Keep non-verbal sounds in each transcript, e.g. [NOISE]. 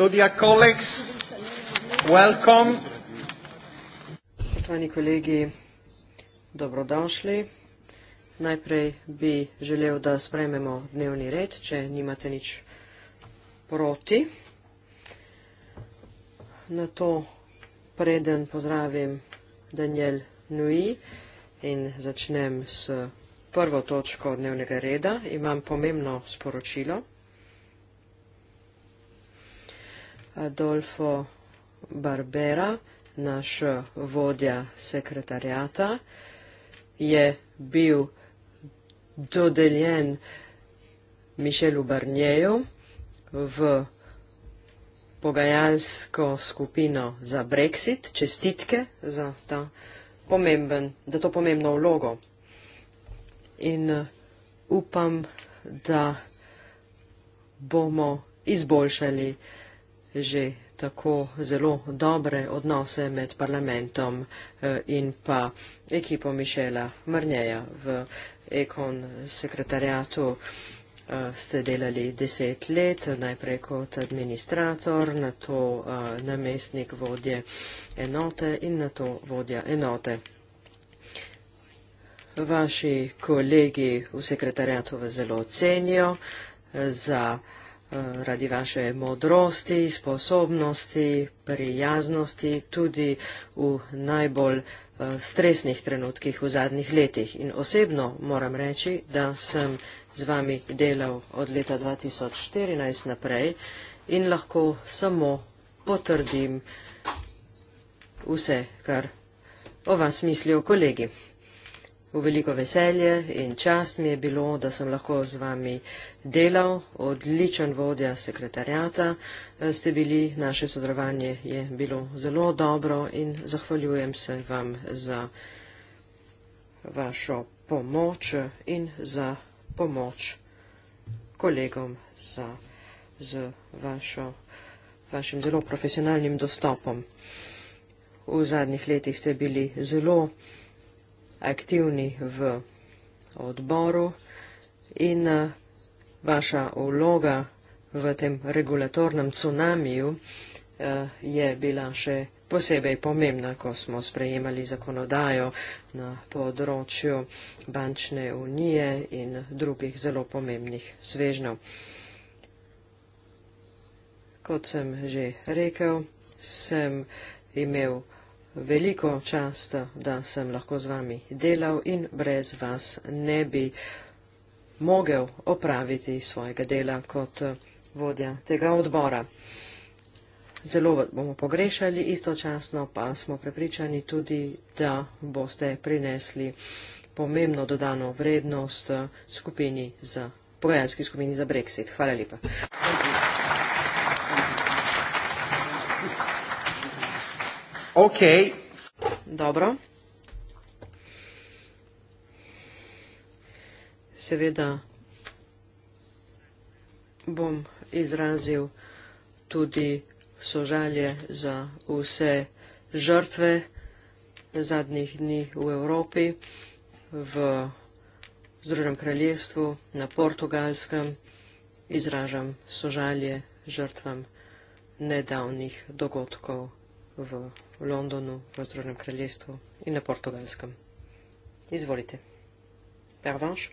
So dear colleagues, welcome. Spoštovani kolegi, dobrodošli. Najprej bi želel, da sprememo dnevni red, če nimate nič proti. Na to preden pozdravim Daniel Nui in začnem s prvo točko dnevnega reda. Imam pomembno sporočilo. Adolfo Barbera, naš vodja sekretarjata, je bil dodeljen Mišelu Barnjeju v pogajalsko skupino za Brexit. Čestitke za, ta pomemben, za to pomembno vlogo. In uh, upam, da bomo izboljšali uh, že tako zelo dobre odnose med parlamentom eh, in pa ekipo Mišela Mrnjeja. V Ekon sekretarijatu eh, ste delali deset let, najprej kot administrator, nato eh, namestnik vodje enote in nato vodja enote. Vaši kolegi v sekretarijatu vas zelo ocenijo za Eh, radi vaše modrosti, sposobnosti, prijaznosti tudi v najbolj eh, stresnih trenutkih v zadnjih letih. In osebno moram reči, da sem z vami delal od leta 2014 naprej in lahko samo potrdim vse, kar o vas mislijo kolegi. V veliko veselje in čast mi je bilo, da sem lahko z vami delal, odličen vodja sekretarjata eh, ste bili, naše sodelovanje je bilo zelo dobro in zahvaljujem se vam za vašo pomoč in za pomoč kolegom za, z vašo, vašim zelo profesionalnim dostopom. V zadnjih letih ste bili zelo profesionalni aktivni v odboru in eh, vaša vloga v tem regulatornem tsunamiju eh, je bila še posebej pomembna, ko smo sprejemali zakonodajo na področju bančne unije in drugih zelo pomembnih svežnov. Kot sem že rekel, sem imel vsega, veliko čast, da sem lahko z vami delal in brez vas ne bi mogel opraviti svojega dela kot vodja tega odbora. Zelo bomo pogrešali, istočasno pa smo prepričani tudi, da boste prinesli pomembno dodano vrednost skupini za, pogajalski skupini za Brexit. Hvala lepa. Hvala lepa. Ok. Dobro. Seveda bom izrazil tudi sožalje za vse žrtve zadnjih dni v Evropi, v Združenem kraljestvu, na portugalskem. Izražam sožalje žrtvam nedavnih dogodkov v Evropi v Londonu, v Združenem kraljestvu in na portugalskem. Izvolite. Pervanš?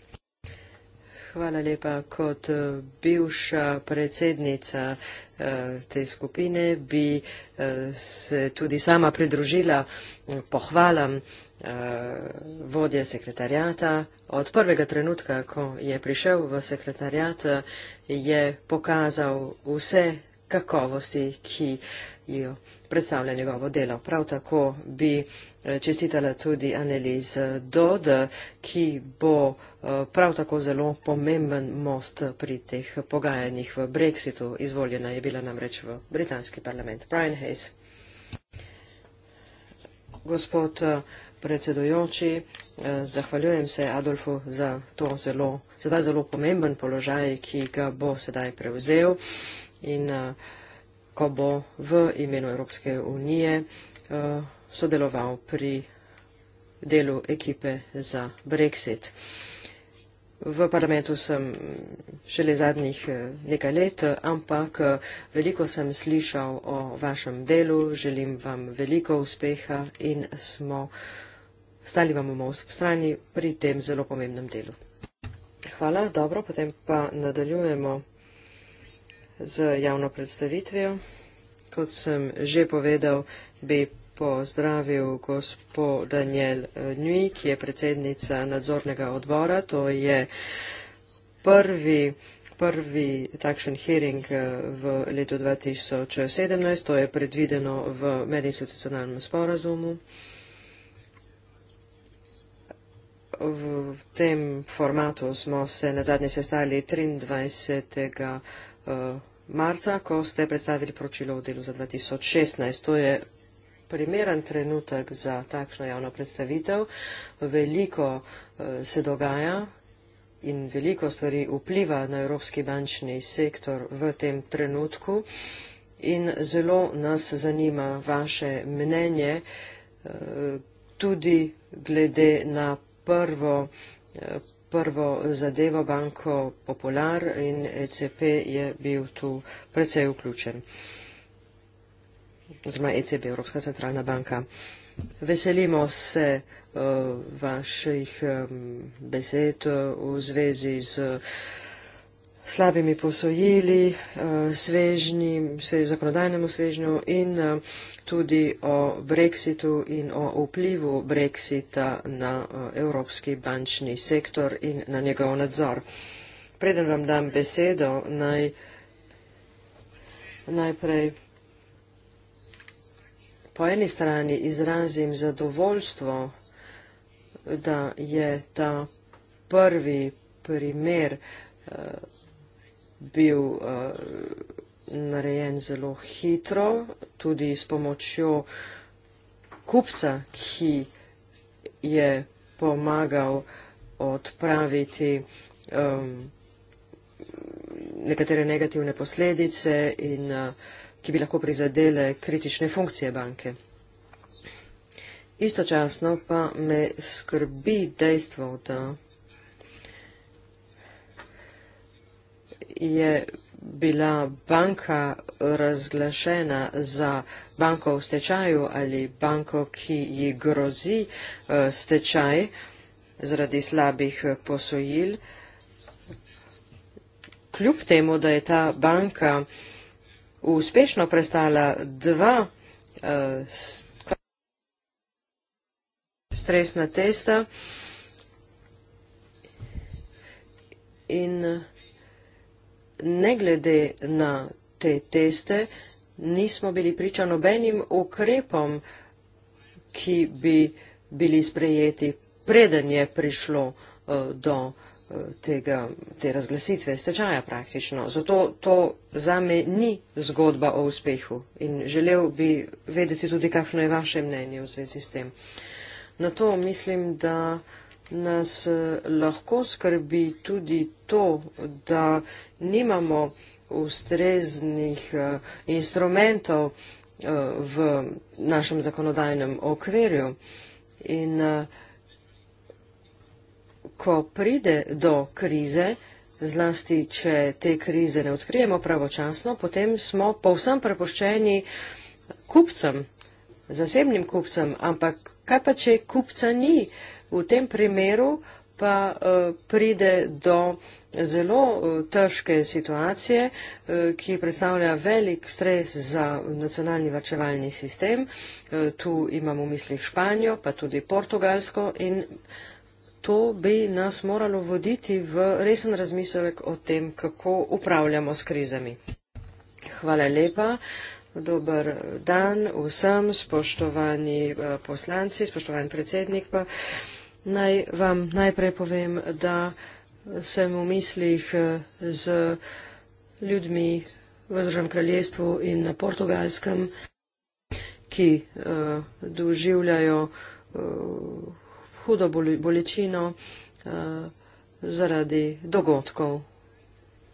Hvala lepa. Kot eh, bivša predsednica eh, te skupine bi eh, se tudi sama pridružila pohvalam vodje sekretarjata. Od prvega trenutka, ko je prišel v sekretarjat, je pokazal vse kakovosti, ki jo predstavlja njegovo delo. Prav tako bi eh, čestitala tudi Annelies Dodd, ki bo eh, prav tako zelo pomemben most pri teh pogajanjih v Brexitu. Izvoljena je bila namreč v britanski parlament. Brian Hayes. Gospod eh, predsedujoči, zahvaljujem se Adolfu za, to zelo, za ta zelo pomemben položaj, ki ga bo sedaj prevzel. In, uh, ko bo v imenu Evropske unije eh, sodeloval pri delu ekipe za Brexit. V parlamentu sem šele zadnjih eh, nekaj let, ampak eh, veliko sem slišal o vašem delu, želim vam veliko uspeha in smo stali vam bomo v strani pri tem zelo pomembnem delu. Hvala, dobro, potem pa nadaljujemo z javno predstavitvijo. Kot sem že povedal, bi pozdravil gospo Daniel eh, Njuj, ki je predsednica nadzornega odbora. To je prvi, prvi takšen hearing eh, v letu 2017. To je predvideno v medinstitucionalnem sporazumu. V tem formatu smo se na zadnji sestali 23. Eh, marca, ko ste predstavili poročilo o delu za 2016. To je primeren trenutek za takšno javno predstavitev. Veliko eh, se dogaja in veliko stvari vpliva na evropski bančni sektor v tem trenutku in zelo nas zanima vaše mnenje eh, tudi glede na prvo prvo zadevo banko Popular in ECP je bil tu precej vključen. Zdaj, ECB, Evropska centralna banka. Veselimo se uh, vaših um, besed uh, v zvezi z uh, slabimi posojili, eh, svežnji, svež, zakonodajnemu svežnju in eh, tudi o brexitu in o vplivu brexita na eh, evropski bančni sektor in na njegov nadzor. Preden vam dam besedo, naj najprej po eni strani izrazim zadovoljstvo, da je ta prvi primer bil uh, narejen zelo hitro, tudi s pomočjo kupca, ki je pomagal odpraviti um, nekatere negativne posledice in uh, ki bi lahko prizadele kritične funkcije banke. Istočasno pa me skrbi dejstvo, da je bila banka razglašena za banko v stečaju ali banko, ki ji grozi eh, stečaj zaradi slabih eh, posojil, kljub temu, da je ta banka uspešno prestala dva eh, stresna testa in ne glede na te teste, nismo bili priča nobenim ukrepom, ki bi bili sprejeti, preden je prišlo eh, do eh, tega, te razglasitve stečaja praktično. Zato to za me ni zgodba o uspehu in želel bi vedeti tudi, kakšno je vaše mnenje v zvezi s tem. Na to mislim, da nas eh, lahko skrbi tudi to, da nimamo ustreznih eh, instrumentov eh, v našem zakonodajnem okvirju. In ko pride do krize, zlasti, če te krize ne odkrijemo pravočasno, potem smo povsem prepoščeni kupcem, zasebnim kupcem, ampak kaj pa, če kupca ni? Uh, V tem primeru pa eh, pride do eh, zelo eh, težke situacije, ki predstavlja velik stres za nacionalni vrčevalni sistem. Tu imamo v mislih Španijo, pa tudi Portugalsko in to bi nas moralo voditi v resen razmislek o tem, kako upravljamo s krizami. Hvala lepa. Dober dan vsem, spoštovani poslanci, spoštovani predsednik. Pa. Naj vam najprej povem, da sem v mislih eh, z ljudmi v Zdravem kraljestvu in na portugalskem, ki uh, doživljajo uh, hudo bolečino uh, zaradi dogodkov,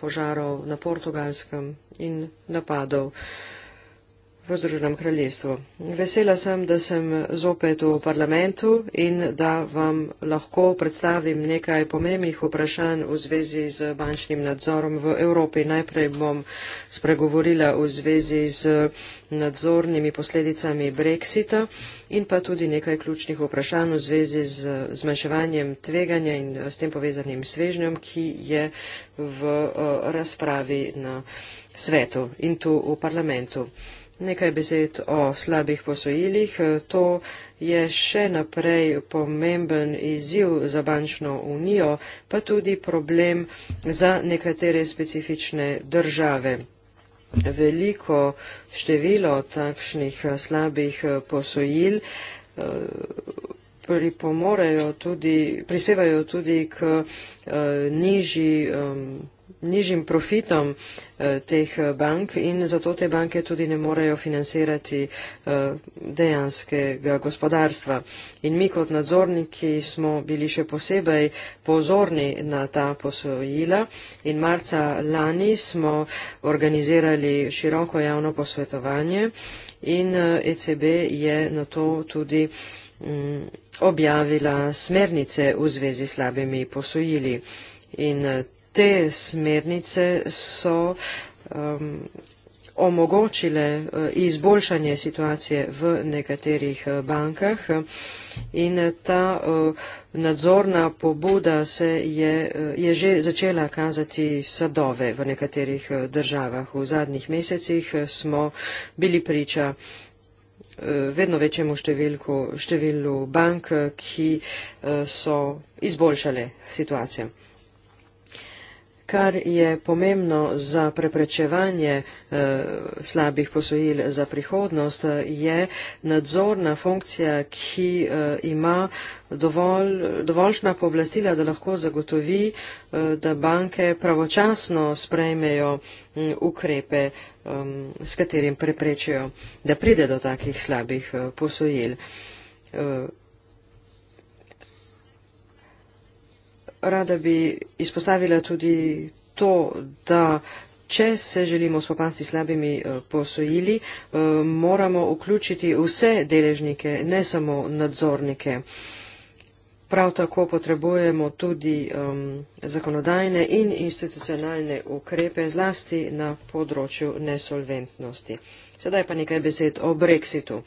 požarov na portugalskem in napadov. Uh, v Združenem kraljestvu. Vesela sem, da sem zopet v parlamentu in da vam lahko predstavim nekaj pomembnih vprašanj v zvezi z bančnim nadzorom v Evropi. Najprej bom spregovorila v zvezi z nadzornimi posledicami Brexita in pa tudi nekaj ključnih vprašanj v zvezi z zmanjševanjem tveganja in eh, s tem povezanim svežnjem, ki je v eh, razpravi na svetu in tu v parlamentu. Nekaj besed o slabih posojilih. To je še naprej pomemben izziv za bančno unijo, pa tudi problem za nekatere specifične države. Veliko število takšnih slabih posojil eh, pripomorejo tudi, prispevajo tudi k uh, nižji um, nižjim profitom eh, teh eh, bank in zato te banke tudi ne morejo financirati eh, dejanskega gospodarstva. In mi kot nadzorniki smo bili še posebej pozorni na ta posojila in marca lani smo organizirali široko javno posvetovanje in ECB e je na to tudi mm, objavila smernice v zvezi s slabimi posojili. In te smernice so um, omogočile uh, izboljšanje situacije v nekaterih uh, bankah uh, in ta nadzorna pobuda se je, je že začela kazati sadove v nekaterih državah. V zadnjih mesecih smo bili priča vedno večjemu številku, številu bank, ki so izboljšale situacijo kar je pomembno za preprečevanje eh, slabih posojil za prihodnost, je nadzorna funkcija, ki eh, ima dovolj, dovoljšna pooblastila, da lahko zagotovi, eh, da banke pravočasno sprejmejo hm, ukrepe, hm, s katerim preprečijo, da pride do takih slabih eh, posojil. Eh, rada bi izpostavila tudi to, da če se želimo spopasti s slabimi eh, posojili, eh, moramo vključiti vse deležnike, ne samo nadzornike. Prav tako potrebujemo tudi um, zakonodajne in institucionalne ukrepe zlasti na področju nesolventnosti. Sedaj pa nekaj besed o Brexitu.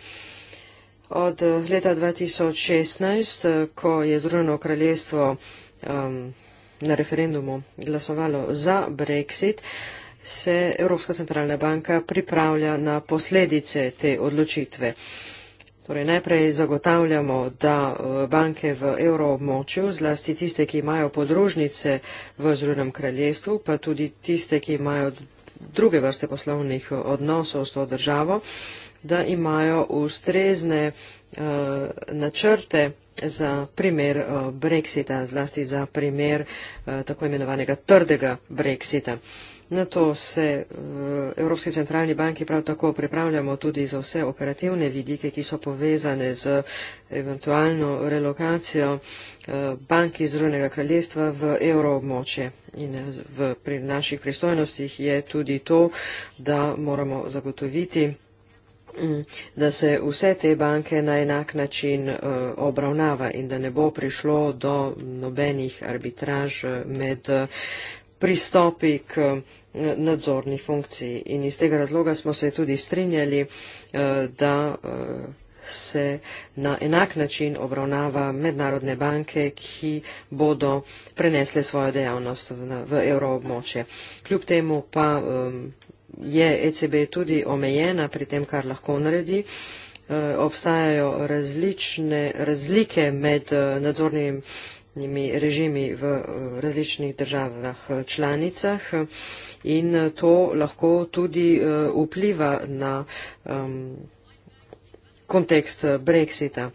Od eh, leta 2016, ko je Združeno kraljestvo uh, um, na referendumu glasovalo za Brexit, se Evropska centralna banka pripravlja na posledice te odločitve. Torej, najprej zagotavljamo, da uh, banke v evroobmočju, zlasti tiste, ki imajo podružnice v Združenem kraljestvu, pa tudi tiste, ki imajo druge vrste poslovnih odnosov s to državo, da imajo ustrezne Eh, načrte za primer eh, Brexita, zlasti za primer eh, tako imenovanega trdega Brexita. Na to se v Evropski centralni banki prav tako pripravljamo tudi za vse operativne vidike, ki so povezane z eventualno relokacijo banki iz Združenega kraljestva v evroobmoče. In v pri naših pristojnostih je tudi to, da moramo zagotoviti Mm, da se vse te banke na enak način eh, obravnava in da ne bo prišlo do nobenih arbitraž eh, med eh, pristopi k nadzorni funkciji. In iz tega razloga smo se tudi strinjali, da se na enak način obravnava mednarodne banke, ki bodo prenesle svojo dejavnost v, v evroobmoče. Kljub temu pa um, je ECB tudi omejena pri tem, kar lahko naredi. Eh, obstajajo različne razlike med eh, nadzornimi režimi v eh, različnih državah članicah in to lahko tudi vpliva na ehm, kontekst Brexita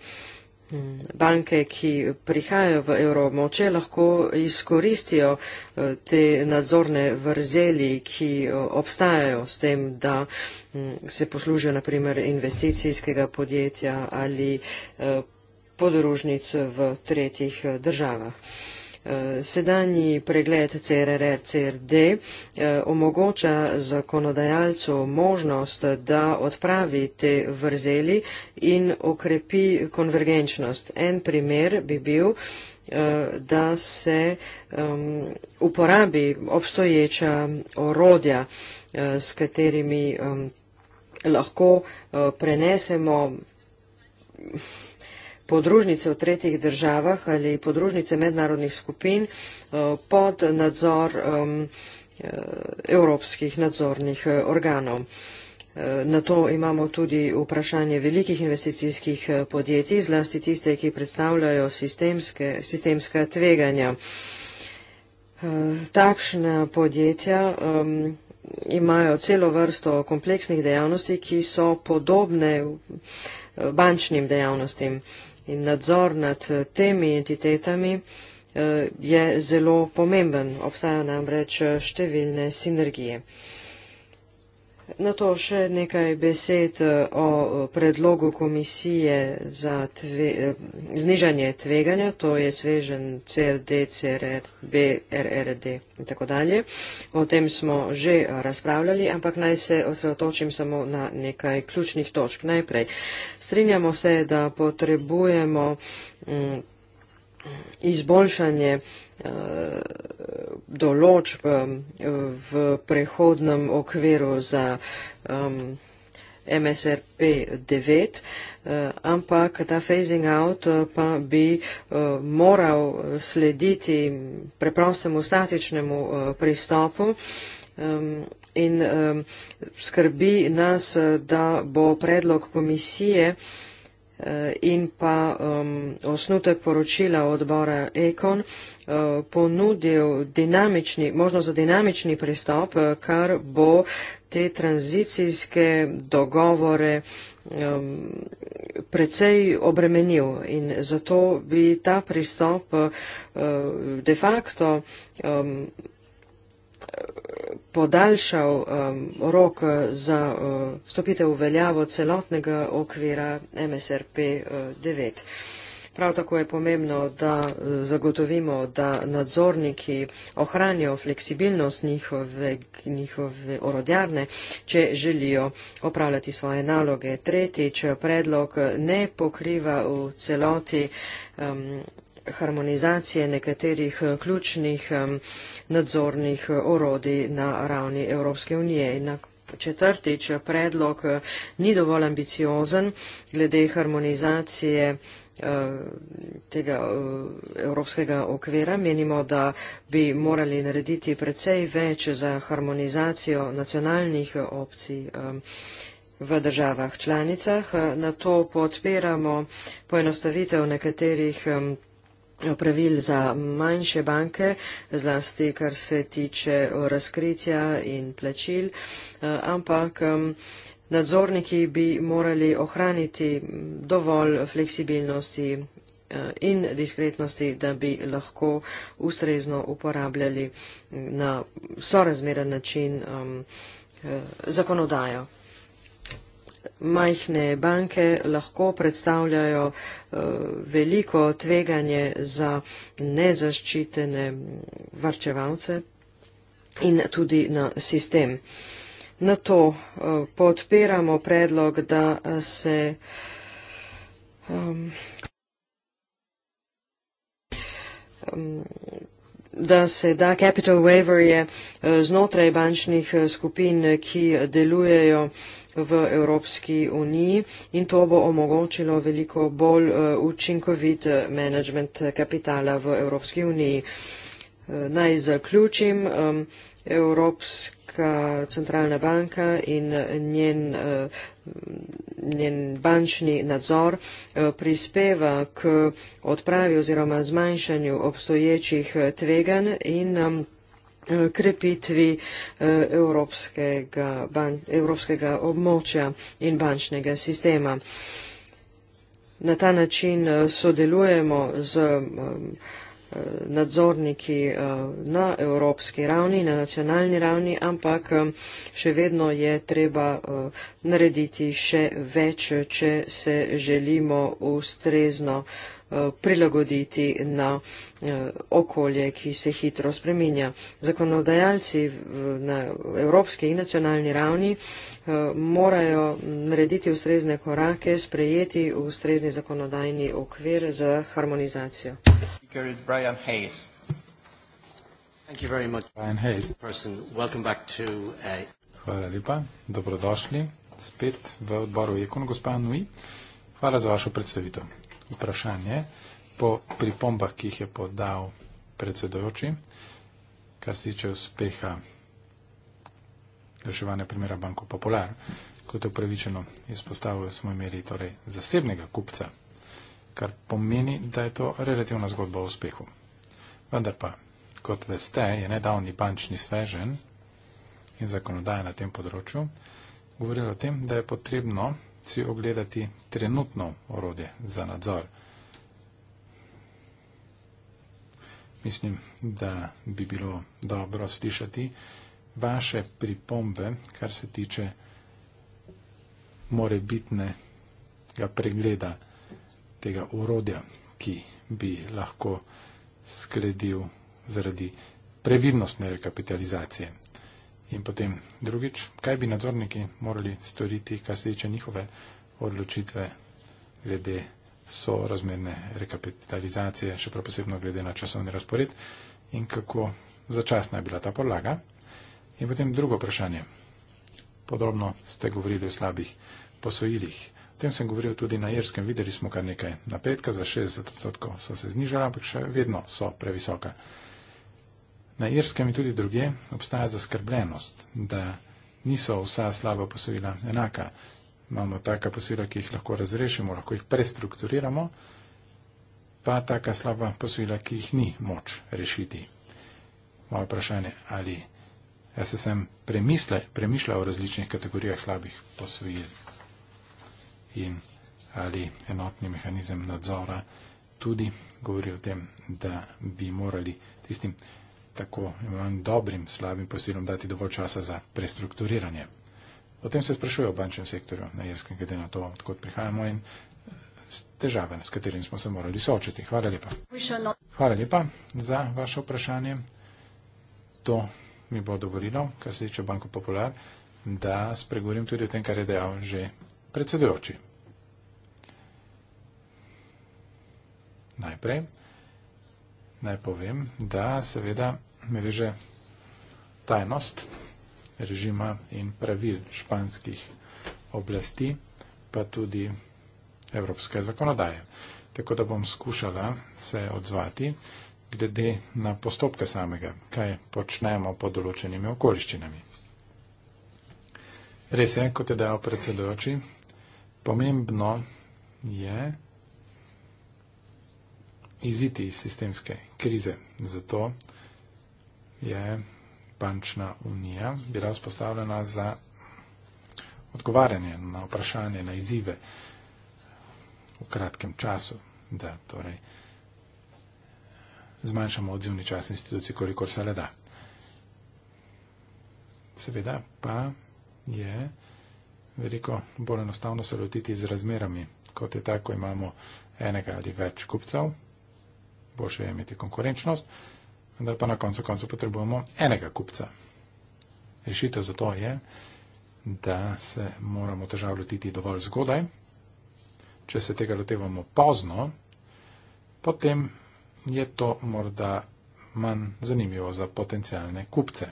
banke, ki prihajajo v evroobmočje, lahko izkoristijo eh, te nadzorne vrzeli, ki eh, obstajajo s tem, da mm, se poslužijo naprimer investicijskega podjetja ali eh, podružnic v tretjih državah. Eh, sedanji pregled CRR-CRD eh, omogoča zakonodajalcu možnost, da odpravi te vrzeli in okrepi konvergenčnost. En primer bi bil, eh, da se um, uporabi obstoječa orodja, s katerimi um, lahko uh, prenesemo podružnice v tretjih državah ali podružnice mednarodnih skupin eh, pod nadzor eh, evropskih nadzornih eh, organov. Na to imamo tudi vprašanje velikih investicijskih podjetij, zlasti tiste, ki predstavljajo sistemske, sistemska tveganja. Takšna podjetja um, imajo celo vrsto kompleksnih dejavnosti, ki so podobne bančnim dejavnostim. Uh, in nadzor nad eh, temi entitetami eh, je zelo pomemben. Obstajajo namreč eh, številne sinergije. Na to še nekaj besed eh, o predlogu komisije za tve, eh, znižanje tveganja, to je svežen CRD, CRR, BRRD in tako dalje. O tem smo že razpravljali, ampak naj se osredotočim samo na nekaj ključnih točk. Najprej, strinjamo se, da potrebujemo m, mm, izboljšanje m, eh, določb um, v prehodnem okviru za MSRP um, 9, uh, ampak ta phasing out uh, pa bi uh, moral slediti preprostemu statičnemu pristopu. Um, in skrbi nas, da bo predlog komisije Eh, in pa um, osnutek poročila odbora Ekon uh, ponudil dinamični, možnost za dinamični pristop, eh, kar bo te tranzicijske dogovore um, precej obremenil in zato bi ta pristop uh, de facto um, podaljšal um, rok za uh, vstopitev uh, v veljavo celotnega okvira MSRP 9. Uh, Prav tako je pomembno, da uh, zagotovimo, da nadzorniki ohranijo fleksibilnost njihove, njihove orodjarne, če želijo opravljati svoje naloge. Tretjič, predlog ne pokriva v celoti um, harmonizacije nekaterih eh, ključnih eh, nadzornih eh, orodij na ravni Evropske unije. Četrtič, predlog ni dovolj ambiciozen glede harmonizacije tega evropskega okvira. Menimo, da bi morali narediti precej več za harmonizacijo nacionalnih opcij v državah članicah. Na to podpiramo poenostavitev nekaterih pravil za manjše banke, zlasti kar se tiče razkritja in plačil, eh, ampak nadzorniki bi morali ohraniti dovolj fleksibilnosti eh, in diskretnosti, da bi lahko ustrezno uporabljali na sorazmeren način eh, zakonodajo majhne banke lahko predstavljajo eh, veliko tveganje za nezaščitene varčevalce in tudi na sistem. Na to eh, podpiramo predlog, da eh, se da se da capital waiver je znotraj bančnih skupin, ki delujejo v Evropski uniji in to bo omogočilo veliko bolj eh, učinkovit management kapitala v Evropski uniji. Eh, naj zaključim. Evropska centralna banka in eh, njen, njen bančni nadzor prispeva k odpravi oziroma zmanjšanju obstoječih tvegan in Eh, krepitvi eh, evropskega, ban, evropskega območja in bančnega sistema. Na ta način eh, sodelujemo z mm, nadzorniki na evropski ravni, na nacionalni ravni, ampak še vedno je treba narediti še več, če se želimo ustrezno Eh, prilagoditi na eh, okolje, ki se hitro spreminja. Zakonodajalci na evropski in nacionalni ravni eh, morajo narediti ustrezne korake, sprejeti ustrezni zakonodajni okvir za harmonizacijo. Uh, Hvala lepa, dobrodošli spet v odboru Ekon, gospa Nui. Hvala za vašo predstavitev vprašanje po pripombah, ki jih je podal predsedojoči, kar se tiče uspeha reševanja primera Banko Popular, kot je upravičeno izpostavil v svoji meri torej zasebnega kupca, kar pomeni, da je to relativna zgodba o uspehu. Vendar pa, kot veste, je nedavni bančni svežen in zakonodaja na tem področju govorila o tem, da je potrebno si ogledati trenutno orodje za nadzor. Mislim, da bi bilo dobro slišati vaše pripombe, kar se tiče morebitnega pregleda tega orodja, ki bi lahko skledil zaradi previdnostne rekapitalizacije. In potem drugič, kaj bi nadzorniki morali storiti, kar se tiče njihove odločitve glede sorazmerne rekapitalizacije, še prav posebno glede na časovni razpored in kako začasna je bila ta podlaga. In potem drugo vprašanje. Podobno ste govorili o slabih posojilih. O tem sem govoril tudi na Jerskem. Videli smo kar nekaj napetka, za 60% so se znižala, ampak še vedno so previsoka. Na Irskem in tudi druge obstaja zaskrbljenost, da niso vsa slaba posojila enaka. Imamo taka posojila, ki jih lahko razrešimo, lahko jih prestrukturiramo, pa taka slaba posojila, ki jih ni moč rešiti. Moje vprašanje, ali SSM premisle, premišlja o različnih kategorijah slabih posojil in ali enotni mehanizem nadzora tudi govori o tem, da bi morali tistim, tako imenovanim dobrim, slabim posilom dati dovolj časa za prestrukturiranje. O tem se sprašuje v bančnem sektorju na jeskem, glede na to, odkot prihajamo in eh, težave, s katerimi smo se morali soočiti. Hvala lepa. Hvala lepa za vaše vprašanje. To mi bo dovolilo, kar se tiče Banko Popular, da spregovorim tudi o tem, kar je dejal že predsedujoči. Najprej naj povem, da seveda meže tajnost režima in pravil španskih oblasti, pa tudi evropske zakonodaje. Tako da bom skušala se odzvati glede na postopke samega, kaj počnemo pod določenimi okoliščinami. Res je, kot je dejal predsedujoči, pomembno je iziti iz sistemske krize. Zato je bančna unija bila vzpostavljena za odgovarjanje na vprašanje, na izzive v kratkem času, da torej zmanjšamo odzivni čas institucij, kolikor se le da. Seveda pa je veliko bolj enostavno se lotiti z razmerami, kot je tako, imamo enega ali več kupcev, boljše je imeti konkurenčnost, vendar pa na koncu koncu potrebujemo enega kupca. Rešitev za to je, da se moramo težav lotiti dovolj zgodaj. Če se tega lotevamo pozno, potem je to morda manj zanimivo za potencijalne kupce,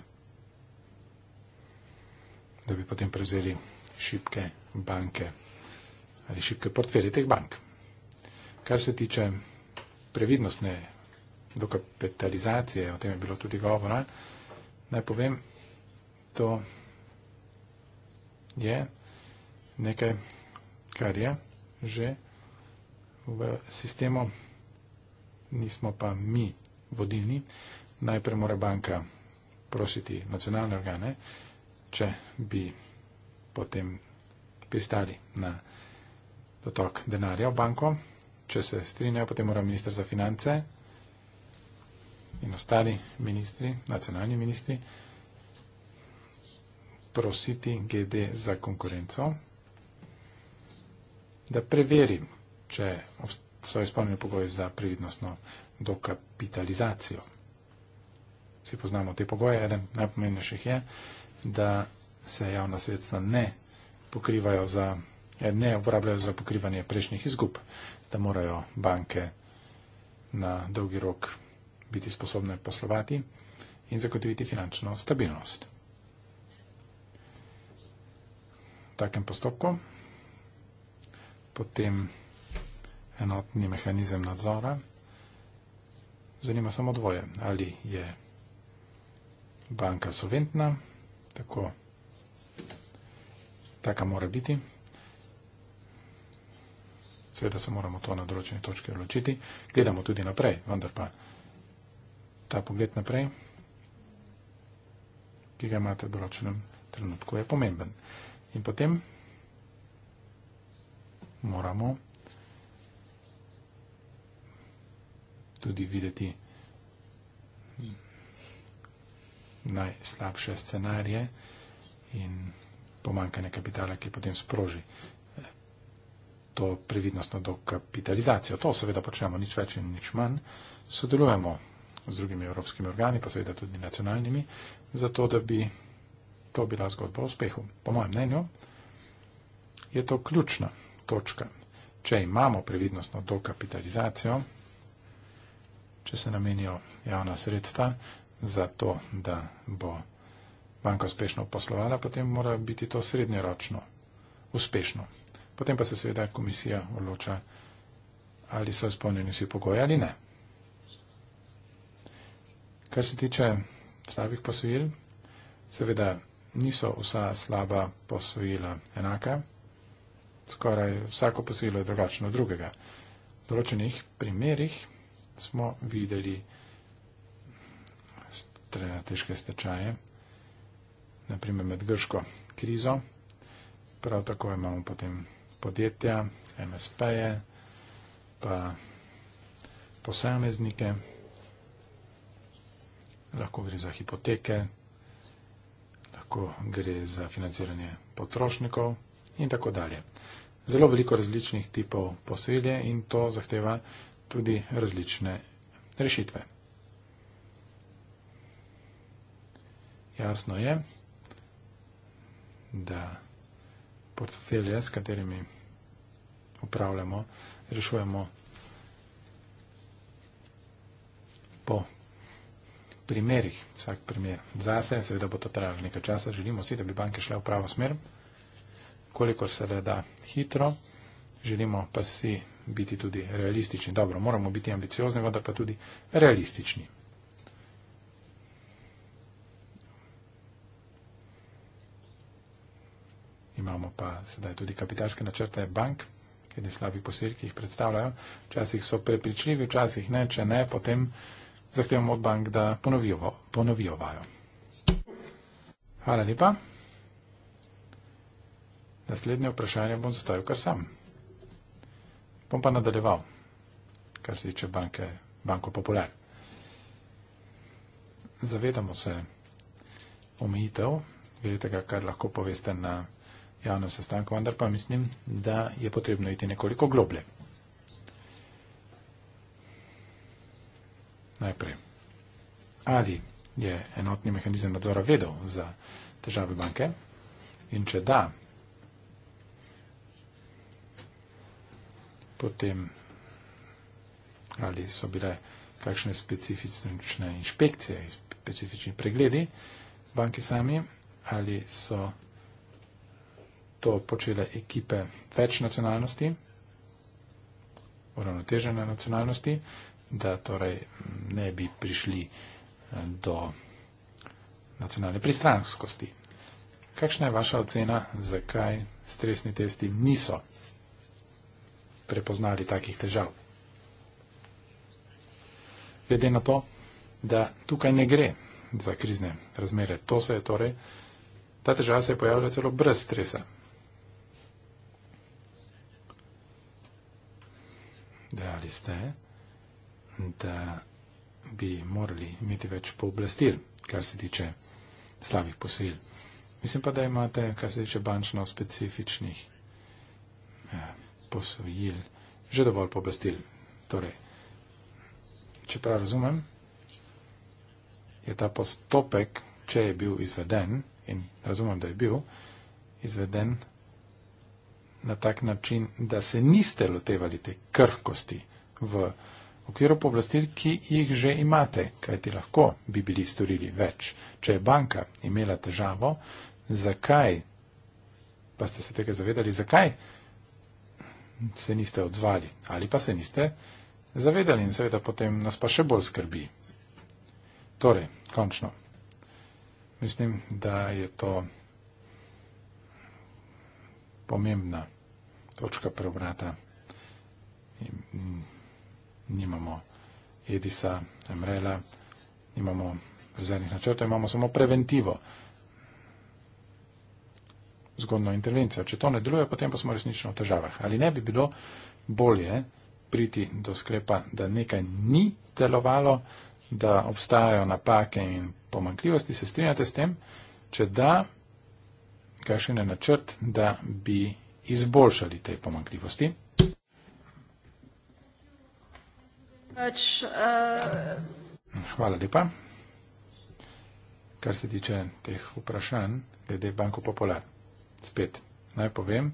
da bi potem prevzeli šibke banke ali šibke portfelje teh bank. Kar se tiče previdnostne dokapitalizacije, o tem je bilo tudi govora, naj povem, to je nekaj, kar je že v sistemu, nismo pa mi vodilni. Najprej mora banka prositi nacionalne organe, če bi potem pristali na dotok denarja v banko. Če se strinjajo, potem mora ministr za finance in ostali ministri, nacionalni ministri, prositi GD za konkurenco, da preveri, če so izpolnjeni pogoji za previdnostno dokapitalizacijo. Vsi poznamo te pogoje, eden najpomembnejših je, da se javna sredstva ne pokrivajo za, ne uporabljajo za pokrivanje prejšnjih izgub, da morajo banke na dolgi rok biti sposobne poslovati in zagotoviti finančno stabilnost. V takem postopku potem enotni mehanizem nadzora. Zanima samo dvoje, ali je banka solventna, tako taka mora biti. Seveda se moramo to na določeni točki odločiti. Gledamo tudi naprej, vendar pa ta pogled naprej, ki ga imate v določenem trenutku, je pomemben. In potem moramo tudi videti najslabše scenarije in pomankanje kapitala, ki potem sproži to previdnostno dokapitalizacijo. To seveda počnemo nič več in nič manj. Sodelujemo z drugimi evropskimi organi, pa seveda tudi nacionalnimi, zato da bi to bila zgodba o uspehu. Po mojem mnenju je to ključna točka. Če imamo previdnostno dokapitalizacijo, če se namenijo javna sredstva za to, da bo banka uspešno poslovala, potem mora biti to srednjeročno uspešno. Potem pa se seveda komisija odloča, ali so izpolnjeni vsi pogoji ali ne. Kar se tiče slabih posojil, seveda niso vsa slaba posojila enaka. Skoraj vsako posojilo je drugačno od drugega. V določenih primerjih smo videli strateške stečaje, naprimer med grško krizo, prav tako imamo potem podjetja, MSP-je, pa posameznike lahko gre za hipoteke, lahko gre za financiranje potrošnikov in tako dalje. Zelo veliko različnih tipov posilje in to zahteva tudi različne rešitve. Jasno je, da portfelje, s katerimi upravljamo, rešujemo po primerih, vsak primer. Za se, seveda, bo to trajalo nekaj časa, želimo si, da bi banke šle v pravo smer, kolikor se le da hitro, želimo pa si biti tudi realistični. Dobro, moramo biti ambiciozni, vendar pa tudi realistični. Imamo pa sedaj tudi kapitalske načrte bank, ki ne slabi posilki, ki jih predstavljajo. Včasih so prepričljivi, včasih ne, če ne, potem zahtevamo od bank, da ponovijo vajo. Hvala lepa. Naslednje vprašanje bom zastavil kar sam. Bom pa nadaljeval, kar se tiče banke, banko popular. Zavedamo se omejitev, glede tega, kar lahko poveste na javnem sestanku, vendar pa mislim, da je potrebno iti nekoliko globlje. najprej. Ali je enotni mehanizem nadzora vedel za težave banke in če da, potem ali so bile kakšne specifične inšpekcije, specifični pregledi banke sami, ali so to počele ekipe več nacionalnosti, uravnotežene nacionalnosti, da torej ne bi prišli eh, do nacionalne pristranskosti. Kakšna je vaša ocena, zakaj stresni testi niso prepoznali takih težav? Glede na to, da tukaj ne gre za krizne razmere, to se je torej, ta težava se je pojavila celo brez stresa. Dejali ste, da bi morali imeti več pooblastil, kar se tiče slabih posojil. Mislim pa, da imate, kar se tiče bančno specifičnih eh, posojil, že dovolj pooblastil. Torej, če prav razumem, je ta postopek, če je bil izveden, in razumem, da je bil izveden na tak način, da se niste lotevali te krhkosti v okviru povlastil, ki jih že imate, kaj ti lahko bi bili storili več. Če je banka imela težavo, zakaj, pa ste se tega zavedali, zakaj se niste odzvali ali pa se niste zavedali in seveda potem nas pa še bolj skrbi. Torej, končno, mislim, da je to pomembna točka preobrata. 嗯。Mm nimamo Edisa, Emrela, nimamo zelenih načrtov, imamo samo preventivo, zgodno intervencijo. Če to ne deluje, potem pa smo resnično v težavah. Ali ne bi bilo bolje priti do sklepa, da nekaj ni delovalo, da obstajajo napake in pomankljivosti, se strinjate s tem, če da, kakšen je načrt, da bi izboljšali te pomankljivosti. Pač, uh... Hvala lepa. Kar se tiče teh vprašanj, glede Banko Popular. Spet naj povem,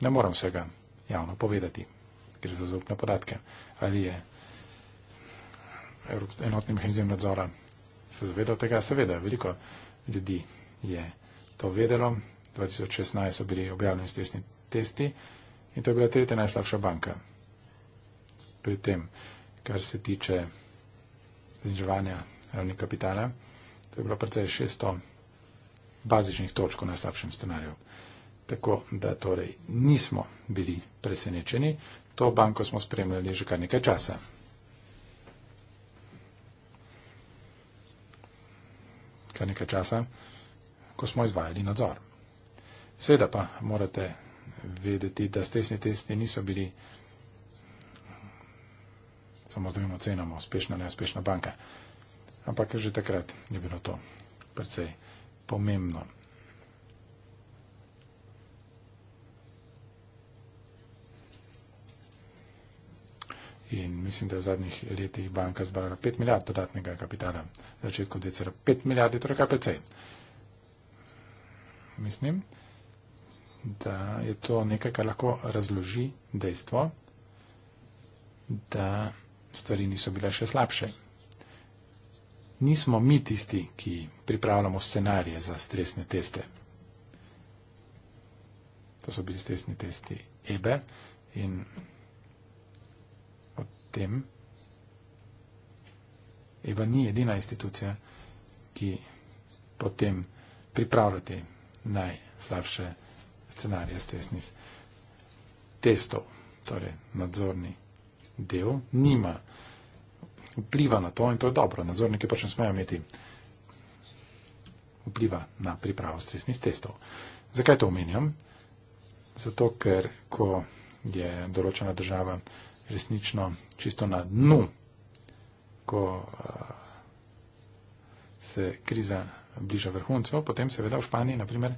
ne moram vsega javno povedati, ker za zaupne podatke. Ali je enotni mehanizem nadzora se zavedal tega? Seveda, veliko ljudi je to vedelo. 2016 so bili objavljeni stresni testi in to je bila tretja najslabša banka pri tem, kar se tiče zniževanja ravni kapitala. To je bilo precej 600 bazičnih točk na slabšem scenariju. Tako da torej nismo bili presenečeni. To banko smo spremljali že kar nekaj časa. Kar nekaj časa, ko smo izvajali nadzor. Seveda pa morate vedeti, da stresni testi niso bili samo z dvema cenama, uspešna, neuspešna banka. Ampak že takrat je bilo to precej pomembno. In mislim, da je v zadnjih letih banka zbrala 5 milijard dodatnega kapitala. V začetku 2,5 milijardi, torej kar precej. Mislim, da je to nekaj, kar lahko razloži dejstvo, da stvari niso bile še slabše. Nismo mi tisti, ki pripravljamo scenarije za stresne teste. To so bili stresni testi EBE in o tem EBE ni edina institucija, ki potem pripravlja te najslabše scenarije stresnih testov, torej nadzorni del nima vpliva na to in to je dobro. Nadzorniki pač ne smejo imeti vpliva na pripravo stresnih testov. Zakaj to omenjam? Zato, ker ko je določena država resnično čisto na dnu, ko uh, se kriza bliža vrhuncu, potem seveda v Španiji, naprimer,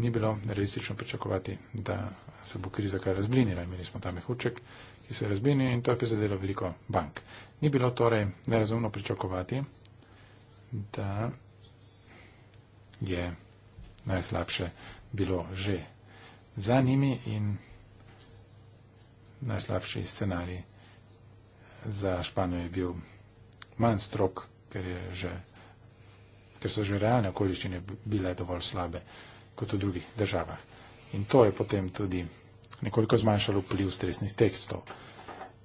ni bilo realistično pričakovati, da se bo kriza kar razblinila. Imeli smo tam mehuček, ki se razbinijo in to je prizadelo veliko bank. Ni bilo torej nerazumno pričakovati, da je najslabše bilo že za njimi in najslabši scenarij za Španijo je bil manj strok, ker, je že, ker so že realne okoliščine bile dovolj slabe kot v drugih državah. In to je potem tudi nekoliko zmanjšalo vpliv stresnih tekstov.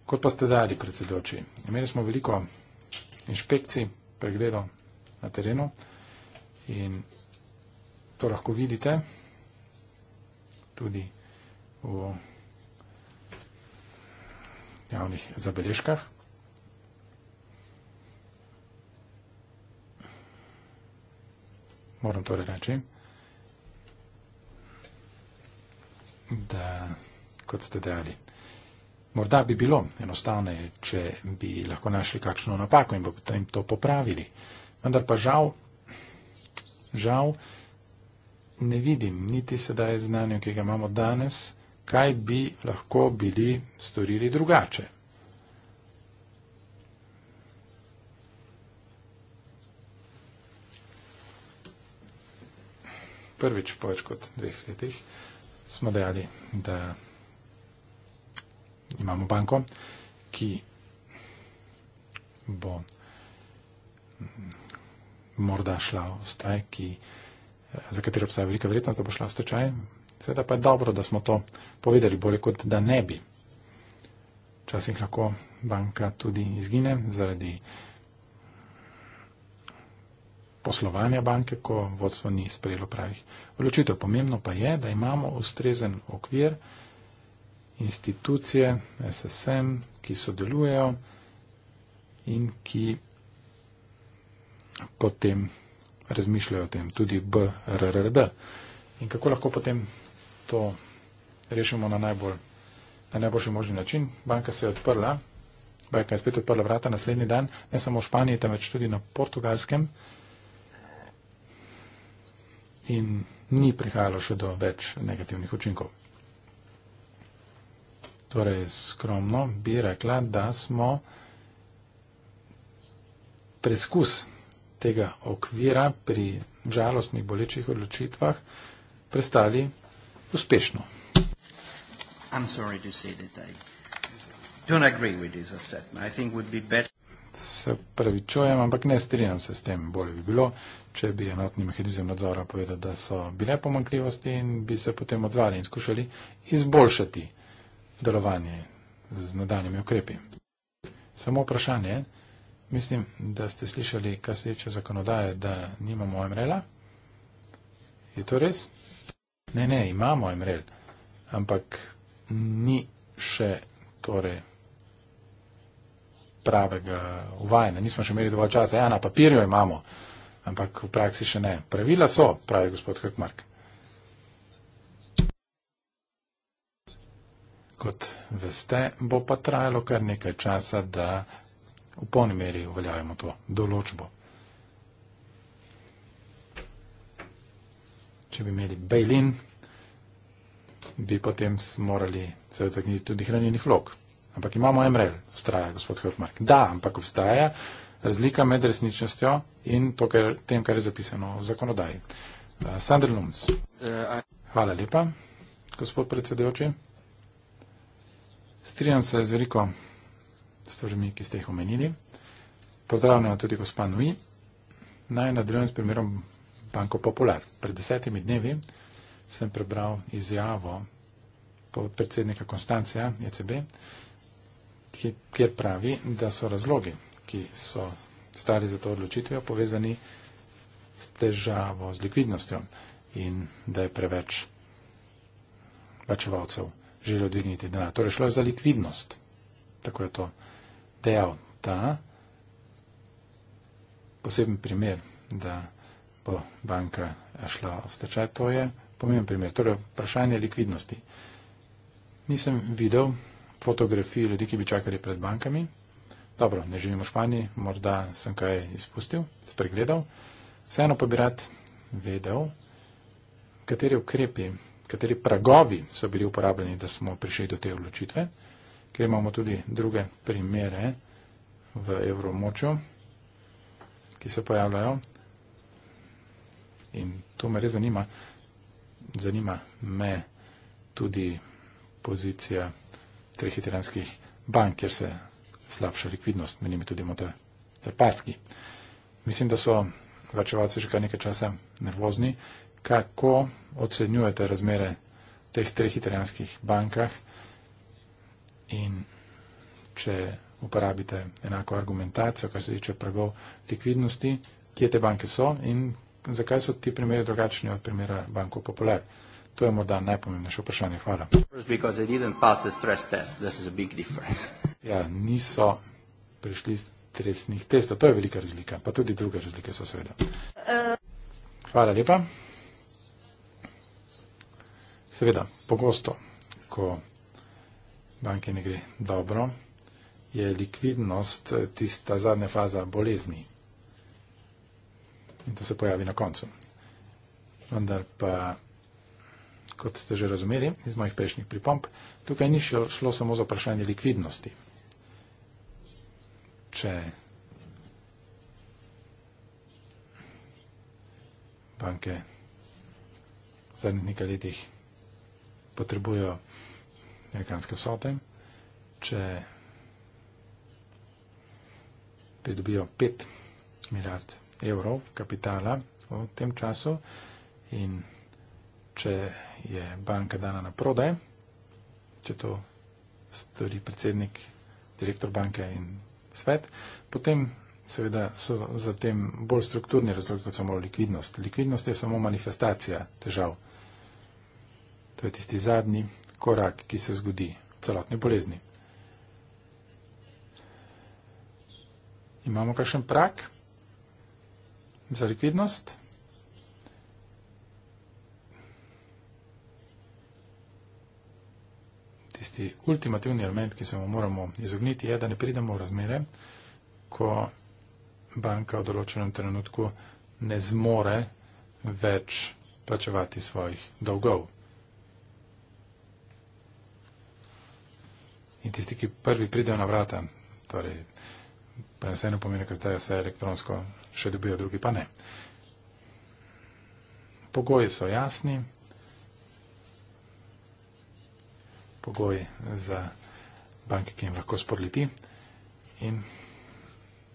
Kot pa ste dali, predsedoči, imeli smo veliko inšpekcij, pregledov na terenu in to lahko vidite tudi v javnih zabeležkah. Moram torej reči. da, kot ste dejali. Morda bi bilo enostavneje, če bi lahko našli kakšno napako in bi potem to popravili. Vendar pa žal, žal ne vidim niti sedaj znanja, ki ga imamo danes, kaj bi lahko bili storili drugače. Prvič po več kot dveh letih smo dejali, da imamo banko, ki bo morda šla v stečaj, za katero obstaja velika verjetnost, da bo šla v stečaj. Sveda pa je dobro, da smo to povedali, bolje kot da ne bi. Včasih lahko banka tudi izgine zaradi poslovanja banke, ko vodstvo ni sprejelo pravih odločitev. Pomembno pa je, da imamo ustrezen okvir, institucije, SSM, ki sodelujejo in ki potem razmišljajo o tem, tudi BRRD. In kako lahko potem to rešimo na, najbolj, na najboljši možni način? Banka se je odprla, banka je spet odprla vrata naslednji dan, ne samo v Španiji, temveč tudi na portugalskem in ni prihajalo še do več negativnih učinkov. Torej, skromno bi rekla, da smo preskus tega okvira pri žalostnih bolečih odločitvah prestali uspešno. Se pravičujem, ampak ne strinjam se s tem. Bolje bi bilo, če bi enotni mehanizem nadzora povedal, da so bile pomankljivosti in bi se potem odzvali in skušali izboljšati delovanje z nadaljnimi ukrepi. Samo vprašanje. Mislim, da ste slišali, kar se tiče zakonodaje, da nimamo MRL-a. Je to res? Ne, ne, imamo MRL, ampak ni še torej pravega uvajanja. Nismo še imeli dovolj časa. Ja, na papirju imamo ampak v praksi še ne. Pravila so, pravi gospod Krkmark. Kot veste, bo pa trajalo kar nekaj časa, da v polni meri uveljavimo to določbo. Če bi imeli bejlin, bi potem morali se odtekniti tudi hranilnih vlog. Ampak imamo MRL, vztraja gospod Hrtmark. Da, ampak obstaja razlika med resničnostjo in to, kar, tem, kar je zapisano v zakonodaji. Eh, Sandr Lunds. Eh, Hvala lepa, gospod predsedujoči. Strijam se z veliko stvarmi, ki ste jih omenili. Pozdravljam tudi gospod Nui. Naj nadaljujem s primerom Banko Popular. Pred desetimi dnevi sem prebral izjavo podpredsednika Konstancija ECB, kjer pravi, da so razlogi ki so stali za to odločitvijo, povezani s težavo, z likvidnostjo in da je preveč plačevalcev želel dvigniti denar. Torej šlo je za likvidnost. Tako je to dejal ta poseben primer, da bo banka šla v stečaj. To je pomemben primer. Torej vprašanje likvidnosti. Nisem videl fotografij ljudi, ki bi čakali pred bankami, Dobro, ne živim v Španiji, morda sem kaj izpustil, spregledal. Vseeno pa bi rad vedel, kateri ukrepi, kateri pragovi so bili uporabljeni, da smo prišli do te odločitve, ker imamo tudi druge primere v evromočju, ki se pojavljajo. In to me res zanima. Zanima me tudi pozicija treh italijanskih bank, kjer se slabša likvidnost, menim tudi motor trpaski. Mislim, da so vračevalci že kar nekaj časa nervozni. Kako ocenjujete razmere teh treh italijanskih bankah in če uporabite enako argumentacijo, kar se tiče pragov likvidnosti, kje te banke so in zakaj so ti primeri drugačni od primera Banko Popular? To je morda najpomembnejše vprašanje. Hvala ja, niso prišli iz resnih testov. To je velika razlika, pa tudi druge razlike so seveda. Hvala lepa. Seveda, pogosto, ko banke ne gre dobro, je likvidnost tista zadnja faza bolezni. In to se pojavi na koncu. Vendar pa, kot ste že razumeli iz mojih prejšnjih pripomp, tukaj ni šlo, šlo samo za vprašanje likvidnosti če banke v zadnjih nekaj letih potrebujejo amerikanske sope, če pridobijo 5 milijard evrov kapitala v tem času in če je banka dana na prodaj, če to stori predsednik, direktor banke in svet, potem seveda so zatem bolj strukturni razlogi kot samo likvidnost. Likvidnost je samo manifestacija težav. To je tisti zadnji korak, ki se zgodi v celotni bolezni. Imamo kakšen prak za likvidnost? tisti ultimativni element, ki se mu moramo izogniti, je, da ne pridemo v razmere, ko banka v določenem trenutku ne zmore več plačevati svojih dolgov. In tisti, ki prvi pridejo na vrata, torej preneseno pomeni, da zdaj vse elektronsko še dobijo, drugi pa ne. Pogoji so jasni, pogoj za banke, ki jim lahko sporliti. In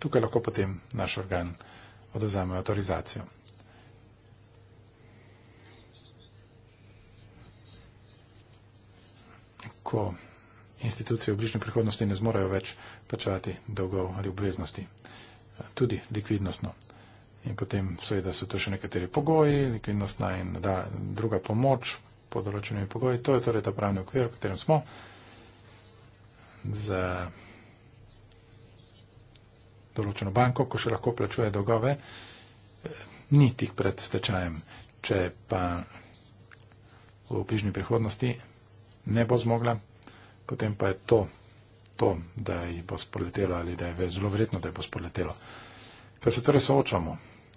tukaj lahko potem naš organ odozame autorizacijo. Ko institucije v bližnji prihodnosti ne zmorajo več plačevati dolgov ali obveznosti, tudi likvidnostno. In potem seveda so to še nekateri pogoji, likvidnostna in da, druga pomoč, pod določenimi pogoji. To je torej ta pravni okvir, v katerem smo. Z določeno banko, ko še lahko plačuje dolgove, eh, ni tik pred stečajem. Če pa v bližnji prihodnosti ne bo zmogla, potem pa je to, to da ji bo spoletelo ali da je zelo verjetno, da je bo spoletelo. Ker se torej soočamo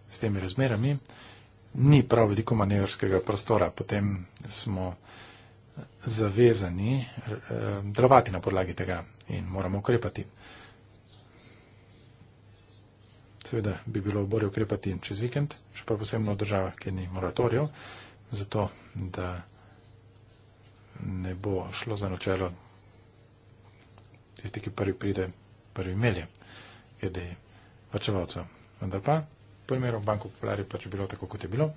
s temi razmerami, ni prav veliko manevrskega prostora, potem smo zavezani eh, delovati na podlagi tega in moramo ukrepati. Seveda bi bilo bolje ukrepati čez vikend, še pa posebno v državah, kjer ni moratorijev, zato da ne bo šlo za načelo tisti, ki prvi pride, prvi melje, glede vrčevalcev. Vendar pa primerom Banko Popular je pač bilo tako, kot je bilo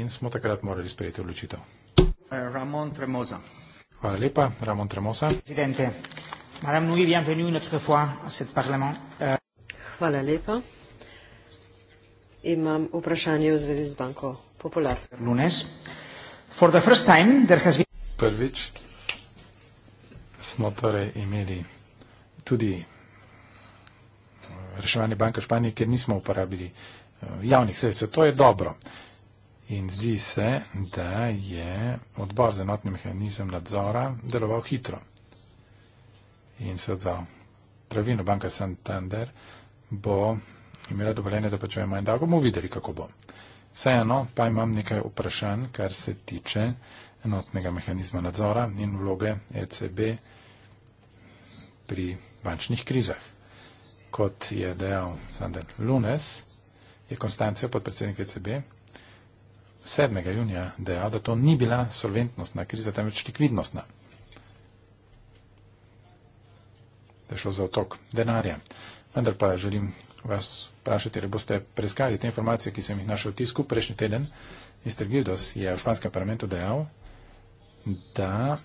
in smo takrat morali sprejeti odločitev. Eh, Ramon Tremoza. Hvala lepa, Ramon Tremoza. Presidente. Madame Nui, bienvenue une autre fois à cet parlement. Eh. Hvala lepa. Imam vprašanje v zvezi z Banko Popular. Lunes. For the first time there has been... Prvič smo torej imeli tudi eh, reševanje banka Španije, ker nismo uporabili Eh, javnih sredstev. To je dobro. In zdi se, da je odbor za notni mehanizem nadzora deloval hitro in se odzval. Pravilno, banka Santander bo imela dovoljenje, da plačuje manj davkov, bomo videli, kako bo. Vseeno pa imam nekaj vprašanj, kar se tiče enotnega mehanizma nadzora in vloge ECB pri bančnih krizah. Kot je dejal Sander Lunes, je Konstancija, podpredsednik ECB, 7. junija dejal, da to ni bila solventnostna kriza, temveč likvidnostna. Da je šlo za otok denarja. Vendar pa želim vas vprašati, ali boste preiskali te informacije, ki sem jih našel v tisku prejšnji teden. Mr. Gildos je v španskem parlamentu dejal, da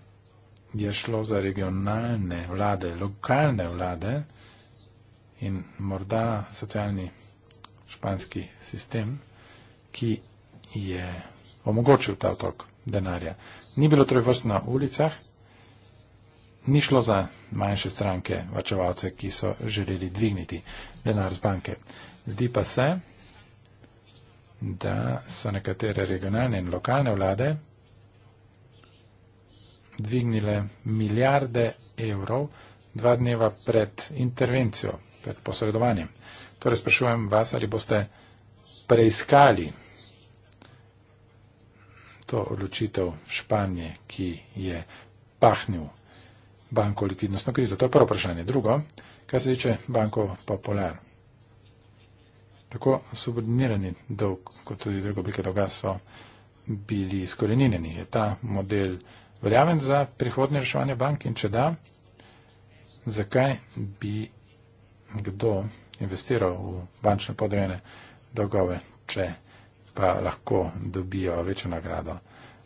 je šlo za regionalne vlade, lokalne vlade in morda socialni španski sistem, ki je omogočil ta otok denarja. Ni bilo trojvrst na ulicah, ni šlo za manjše stranke, vačevalce, ki so želeli dvigniti denar z banke. Zdi pa se, da so nekatere regionalne in lokalne vlade dvignile milijarde evrov dva dneva pred intervencijo, pred posredovanjem. Torej sprašujem vas, ali boste preiskali to odločitev Španije, ki je pahnil banko likvidnostno krizo. To je prvo vprašanje. Drugo, kaj se tiče banko Popular. Tako subordinirani dolg, kot tudi druge oblike dolga so bili izkorenjeni. Je ta model veljaven za prihodnje reševanje bank in če da, zakaj bi kdo investiral v bančne podrejene dolgove, če pa lahko dobijo večjo nagrado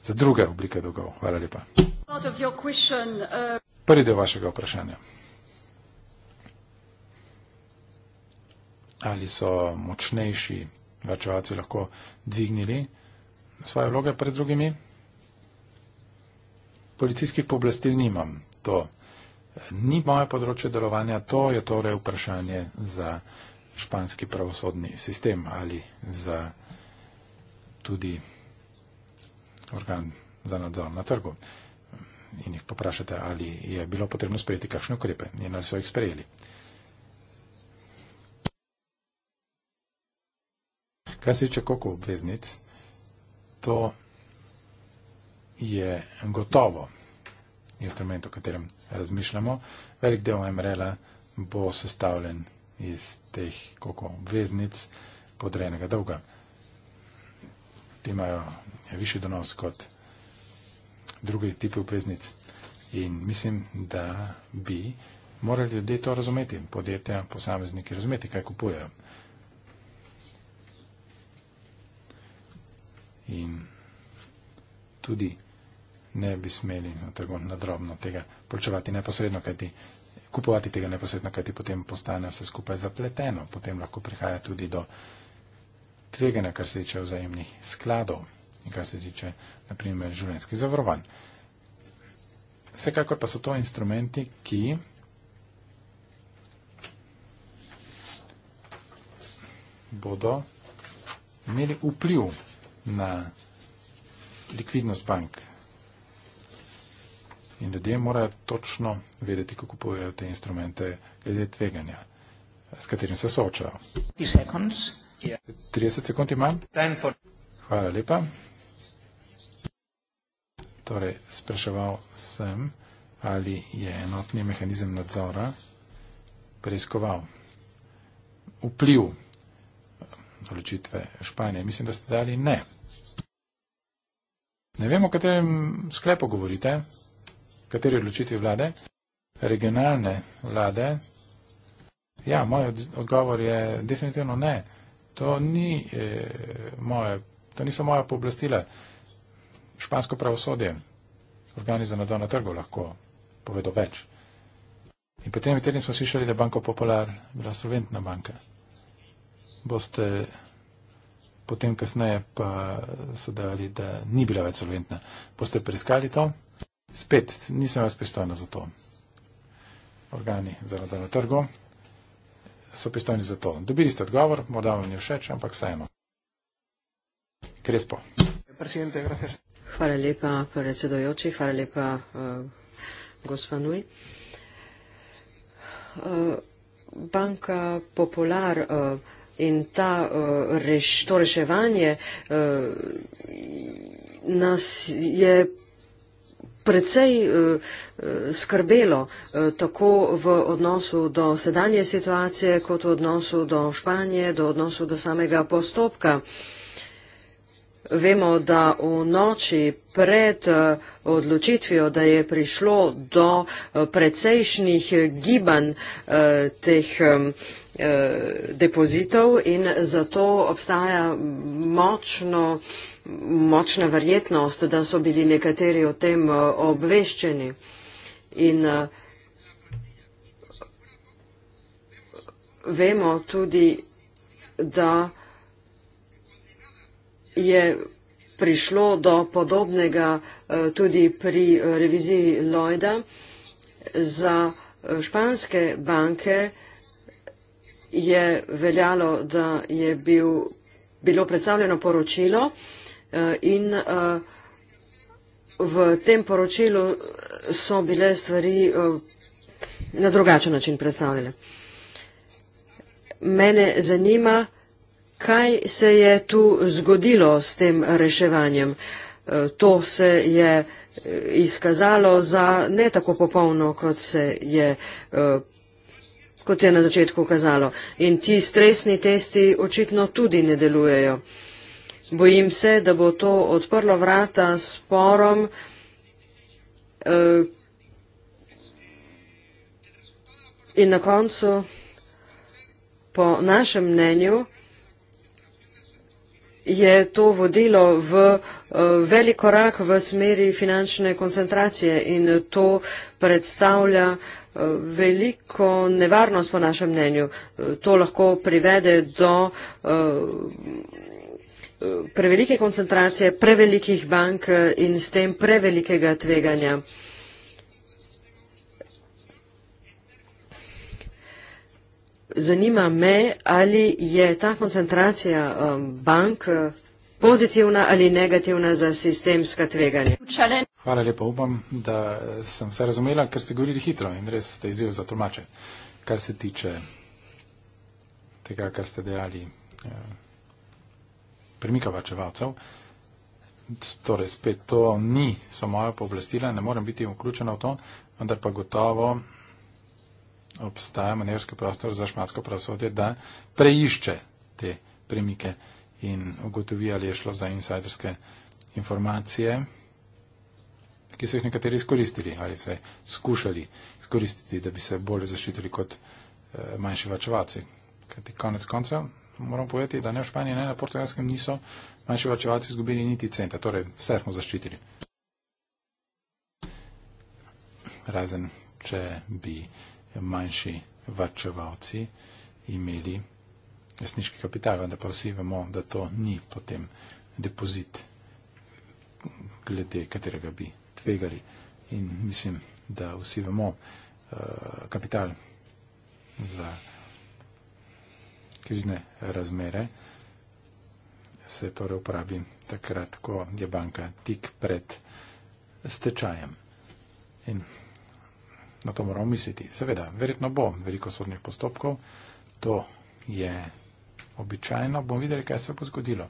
za druge oblike dolgov. Hvala lepa. Uh, Prvi del vašega vprašanja. Ali so močnejši vračevalci lahko dvignili svoje vloge pred drugimi? Policijskih pooblastil nimam. To ni moje področje delovanja, to je torej vprašanje za španski pravosodni sistem ali za tudi organ za nadzor na trgu in jih poprašate, ali je bilo potrebno sprejeti kakšne ukrepe in ali so jih sprejeli. Kaj se tiče koliko obveznic, to je gotovo instrument, o katerem razmišljamo. Velik del MRL-a bo sestavljen iz teh koliko obveznic podrejenega dolga. Ti imajo više donos kot druge tipe obveznic in mislim, da bi morali ljudje to razumeti, podjetja, posamezniki razumeti, kaj kupujejo. In tudi ne bi smeli na trgu nadrobno tega plačevati neposredno, kajti kupovati tega neposredno, kajti potem postane vse skupaj zapleteno. Potem lahko prihaja tudi do tveganja, kar se tiče vzajemnih skladov in kar se tiče, naprimer, življenjskih zavarovanj. Vsekakor pa so to instrumenti, ki. bodo imeli vpliv na likvidnost bank, In ljudje morajo točno vedeti, kako povejo te instrumente glede tveganja, s katerim se soočajo. 30 sekund imam. Hvala lepa. Torej, spraševal sem, ali je enotni mehanizem nadzora preiskoval vpliv določitve Španije. Mislim, da ste dali ne. Ne vem, o katerem sklepu govorite kateri odločitvi vlade, regionalne vlade. Ja, moj odgovor je definitivno ne. To, ni, eh, moje, to niso moja pooblastila. Špansko pravosodje, organi za nadzor na trgu lahko povedo več. In potem v tem tednu smo slišali, da je Banko Popular bila solventna banka. Boste potem kasneje pa se dali, da ni bila več solventna. Boste preiskali to? Spet, nisem vas pristojna za to. Organi za nadzor na trgu so pristojni za to. Dobili ste odgovor, morda vam ni všeč, ampak vseeno. Krespo. Hvala lepa, predsedojoči, hvala lepa, uh, gospa Nui. Uh, banka Popular uh, in ta, uh, reš, to reševanje uh, nas je precej eh, eh, skrbelo eh, tako v odnosu do sedanje situacije, kot v odnosu do Španije, do odnosu do samega postopka. Vemo, da v noči pred odločitvijo, da je prišlo do precejšnjih gibanj teh depozitov in zato obstaja močno močna verjetnost, da so bili nekateri o tem eh, obveščeni. In eh, vemo tudi, da je prišlo do podobnega eh, tudi pri reviziji Lloyda za španske banke je veljalo, da je bil, bilo predstavljeno poročilo, Eh, in eh, v tem poročilu so bile stvari eh, na drugačen način predstavljene. Mene zanima, kaj se je tu zgodilo s tem reševanjem. To se je izkazalo za ne tako popolno, kot se je kot je na začetku kazalo. In ti stresni testi očitno tudi ne delujejo. Bojim se, da bo to odprlo vrata sporom, eh, In na koncu, po našem mnenju, je to vodilo v eh, velik korak v smeri finančne koncentracije in to predstavlja eh, veliko nevarnost po našem mnenju. To lahko privede do vsega prevelike koncentracije, prevelikih bank eh, in s tem prevelikega tveganja. Zanima me, ali je ta koncentracija eh, bank eh, pozitivna ali negativna za sistemska tveganja. Hvala lepo, upam, da sem se razumela, ker ste govorili hitro in res ste izjiv za tolmače. Kar se tiče tega, kar ste dejali. Ja premika plačevalcev. Torej, spet to ni, so moja pooblastila, ne morem biti vključena v to, vendar pa gotovo obstaja manevrski prostor za šmatsko pravosodje, da preišče te premike in ugotovi, ali je šlo za insajderske informacije, ki so jih nekateri izkoristili ali se skušali izkoristiti, da bi se bolje zaščitili kot eh, manjši vačevalci. Kajti konec koncev, moram povedati, da ne v Španiji, ne na portugalskem niso naši varčevalci izgubili niti centa. Torej, vse smo zaščitili. Razen, če bi manjši varčevalci imeli resniški kapital, da pa vsi vemo, da to ni potem depozit, glede katerega bi tvegali. In mislim, da vsi vemo, eh, kapital za krizne razmere, se torej uporabi takrat, ko je banka tik pred stečajem. In na to moramo misliti. Seveda, verjetno bo veliko sodnih postopkov, to je običajno, bomo videli, kaj se bo zgodilo.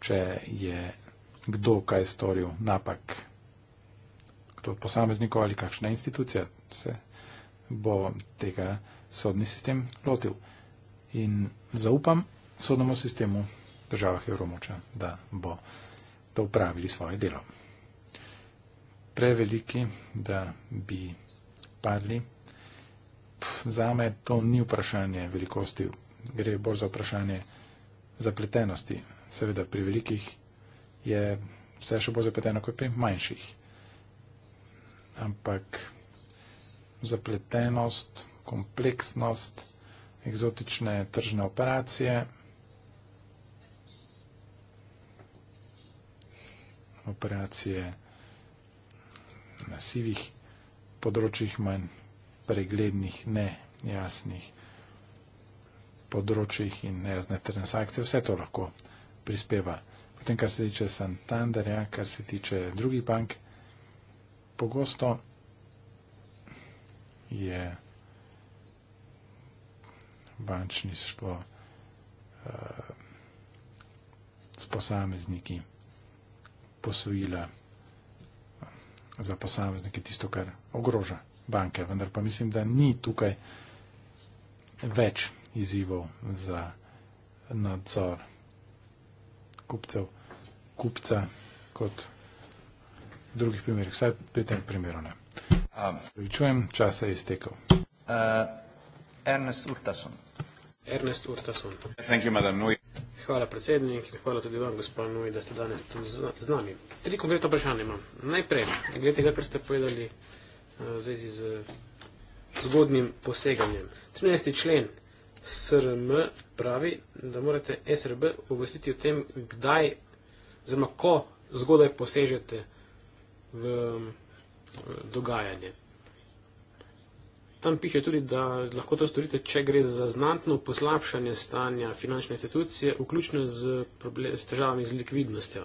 Če je kdo kaj storil napak, kdo od posameznikov ali kakšna institucija, se bo tega sodni sistem lotil in zaupam sodnemu sistemu državah Evromoča, da bo to upravili svoje delo. Preveliki, da bi padli. Pff, zame to ni vprašanje velikosti, gre bolj za vprašanje zapletenosti. Seveda pri velikih je vse še bolj zapleteno kot pri manjših. Ampak zapletenost, kompleksnost, eksotične tržne operacije. operacije na sivih področjih, manj preglednih, nejasnih področjih in nejasne transakcije. Vse to lahko prispeva. Potem, kar se tiče Santanderja, kar se tiče drugih bank, pogosto je vsega, bančništvo eh, s posamezniki, posojila eh, za posameznike, tisto, kar ogroža banke. Vendar pa mislim, da ni tukaj več izzivov za nadzor kupcev, kupca kot v drugih primerih. Vsaj pri tem primeru ne. Pričujem, čas je iztekel. Uh, Ernest Urtason. Ernest Urtasun. Hvala predsednik in hvala tudi vam, gospod Nuj, da ste danes tu z nami. Tri konkretne vprašanje imam. Najprej, glede tega, kar ste povedali eh, v zvezi z zgodnim poseganjem. 13. člen SRM pravi, da morate SRB obvestiti o tem, kdaj oziroma ko zgodaj posežete v eh, dogajanje. Tam piše tudi, da lahko to storite, če gre za znatno poslabšanje stanja finančne institucije, vključno z, problem, z težavami z likvidnostjo.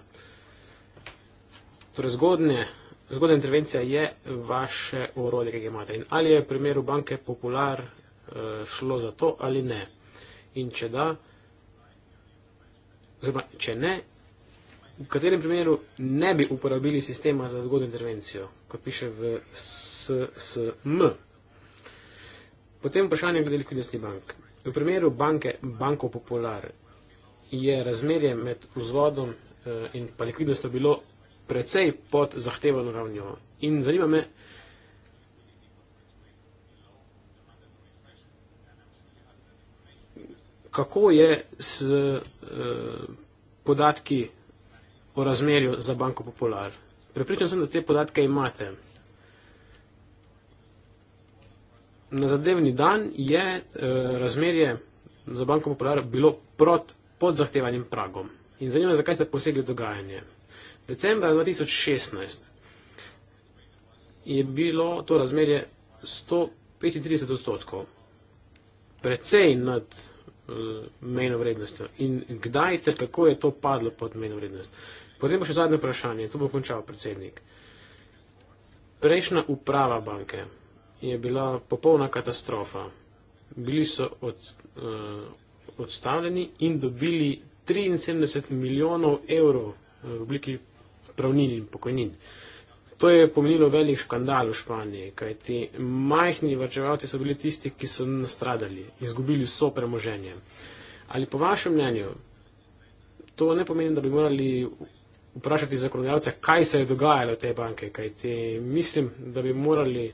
Torej, zgodne, zgodna intervencija je vaše orodje, ki ga imate. In ali je v primeru banke popular eh, šlo za to ali ne. In če da, oziroma če ne, v katerem primeru ne bi uporabili sistema za zgodno intervencijo, kot piše v SSM. Potem vprašanje glede likvidnosti bank. V primeru banke Banko Popular je razmerje med vzvodom eh, in pa likvidnostjo bilo precej pod zahtevano ravnjo. In zanima me, kako je s eh, podatki o razmerju za Banko Popular. Prepričan sem, da te podatke imate. na zadevni dan je eh, razmerje za banko popularno bilo prot pod zahtevanjem pragom. In zanima me, zakaj ste posegli v dogajanje. Decembra 2016 je bilo to razmerje 135 odstotkov, precej nad eh, mejno vrednostjo. In kdaj ter kako je to padlo pod mejno vrednost? Potem pa še zadnje vprašanje, to bo končal predsednik. Prejšnja uprava banke je bila popolna katastrofa. Bili so od, uh, odstavljeni in dobili 73 milijonov evrov eh, v obliki pravnin in pokojnin. To je pomenilo velik škandal v Španiji, kajti majhni vrčevalci so bili tisti, ki so nastradali, izgubili vso premoženje. Ali po vašem mnenju to ne pomeni, da bi morali vprašati zakonodajalce, kaj se je dogajalo v tej banke, kajti mislim, da bi morali uh,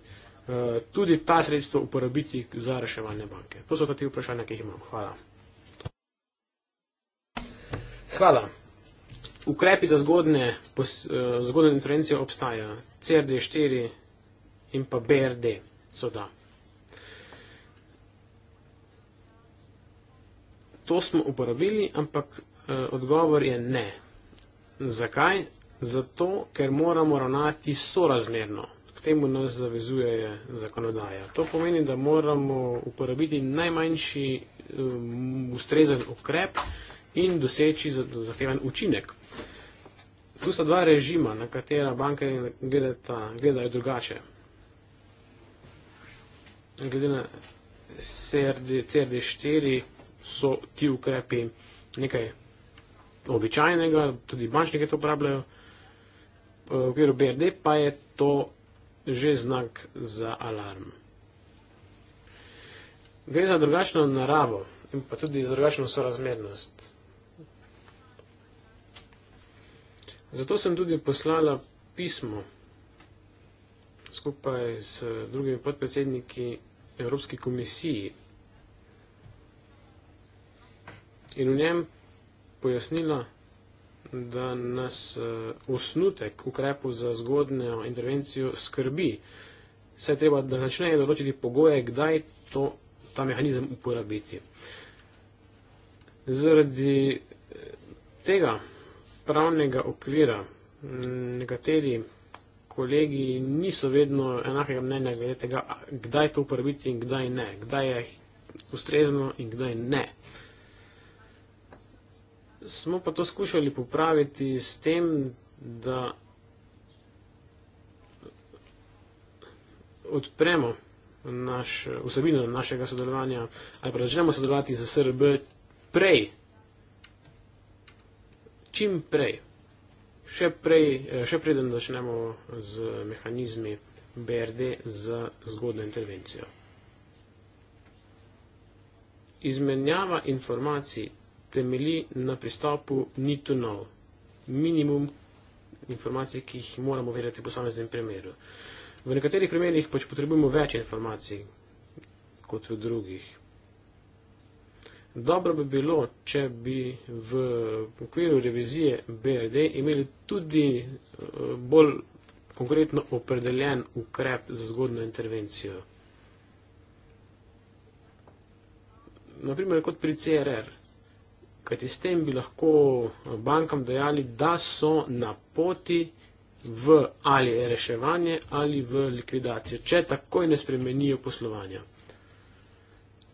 Eh, tudi ta sredstva uporabiti za reševanje banke. To so ta tri vprašanja, ki jih imam. Hvala. Hvala. Ukrepi za zgodne, eh, zgodne intervencije obstaja. CRD4 in pa BRD so da. To smo uporabili, ampak eh, odgovor je ne. Zakaj? Zato, ker moramo ravnati sorazmerno temu nas zavezuje zakonodaja. To pomeni, da moramo uporabiti najmanjši um, ustrezen ukrep in doseči zahteven učinek. Tu sta dva režima, na katera banke gledata, gledajo drugače. Glede na CRD, CRD4 so ti ukrepi nekaj običajnega, tudi bančnike to uporabljajo, v okviru BRD pa je to že znak za alarm. Gre za drugačno naravo in pa tudi za drugačno sorazmernost. Zato sem tudi poslala pismo skupaj s drugimi podpredsedniki Evropske komisije in v njem pojasnila, da nas eh, osnutek ukrepov za zgodnjo intervencijo skrbi. Saj treba da začne določiti pogoje, kdaj to, ta mehanizem uporabiti. Zaradi eh, tega pravnega okvira mm, nekateri kolegi niso vedno enakega mnenja glede tega, kdaj to uporabiti in kdaj ne, kdaj je ustrezno in kdaj ne. Uh, smo pa to skušali popraviti s tem, da odpremo naš, vsebino našega sodelovanja ali pa začnemo sodelovati z SRB prej, čim prej, še prej, eh, še preden začnemo z mehanizmi BRD za zgodno intervencijo. Izmenjava informacij temelji na pristopu need to know. Minimum informacij, ki jih moramo vedeti v posameznem primeru. V nekaterih primerjih pač potrebujemo več informacij kot v drugih. Dobro bi bilo, če bi v okviru revizije BRD imeli tudi eh, bolj konkretno opredeljen ukrep za zgodno intervencijo. Naprimer, kot pri CRR kajti s tem bi lahko bankam dejali, da so na poti v ali reševanje ali v likvidacijo, če takoj ne spremenijo poslovanja.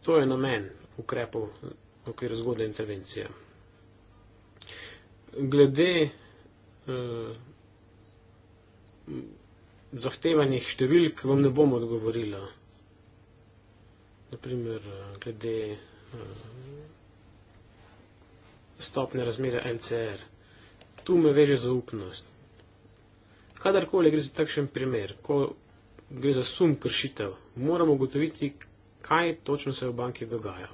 To je namen ukrepov v okviru zgodne intervencije. Glede eh, zahtevanih številk vam ne bom odgovorila. Naprimer, eh, glede. Eh, stopne razmere LCR. Tu me veže zaupnost. Kadarkoli gre za takšen primer, ko gre za sum kršitev, moramo ugotoviti, kaj točno se v banki dogaja.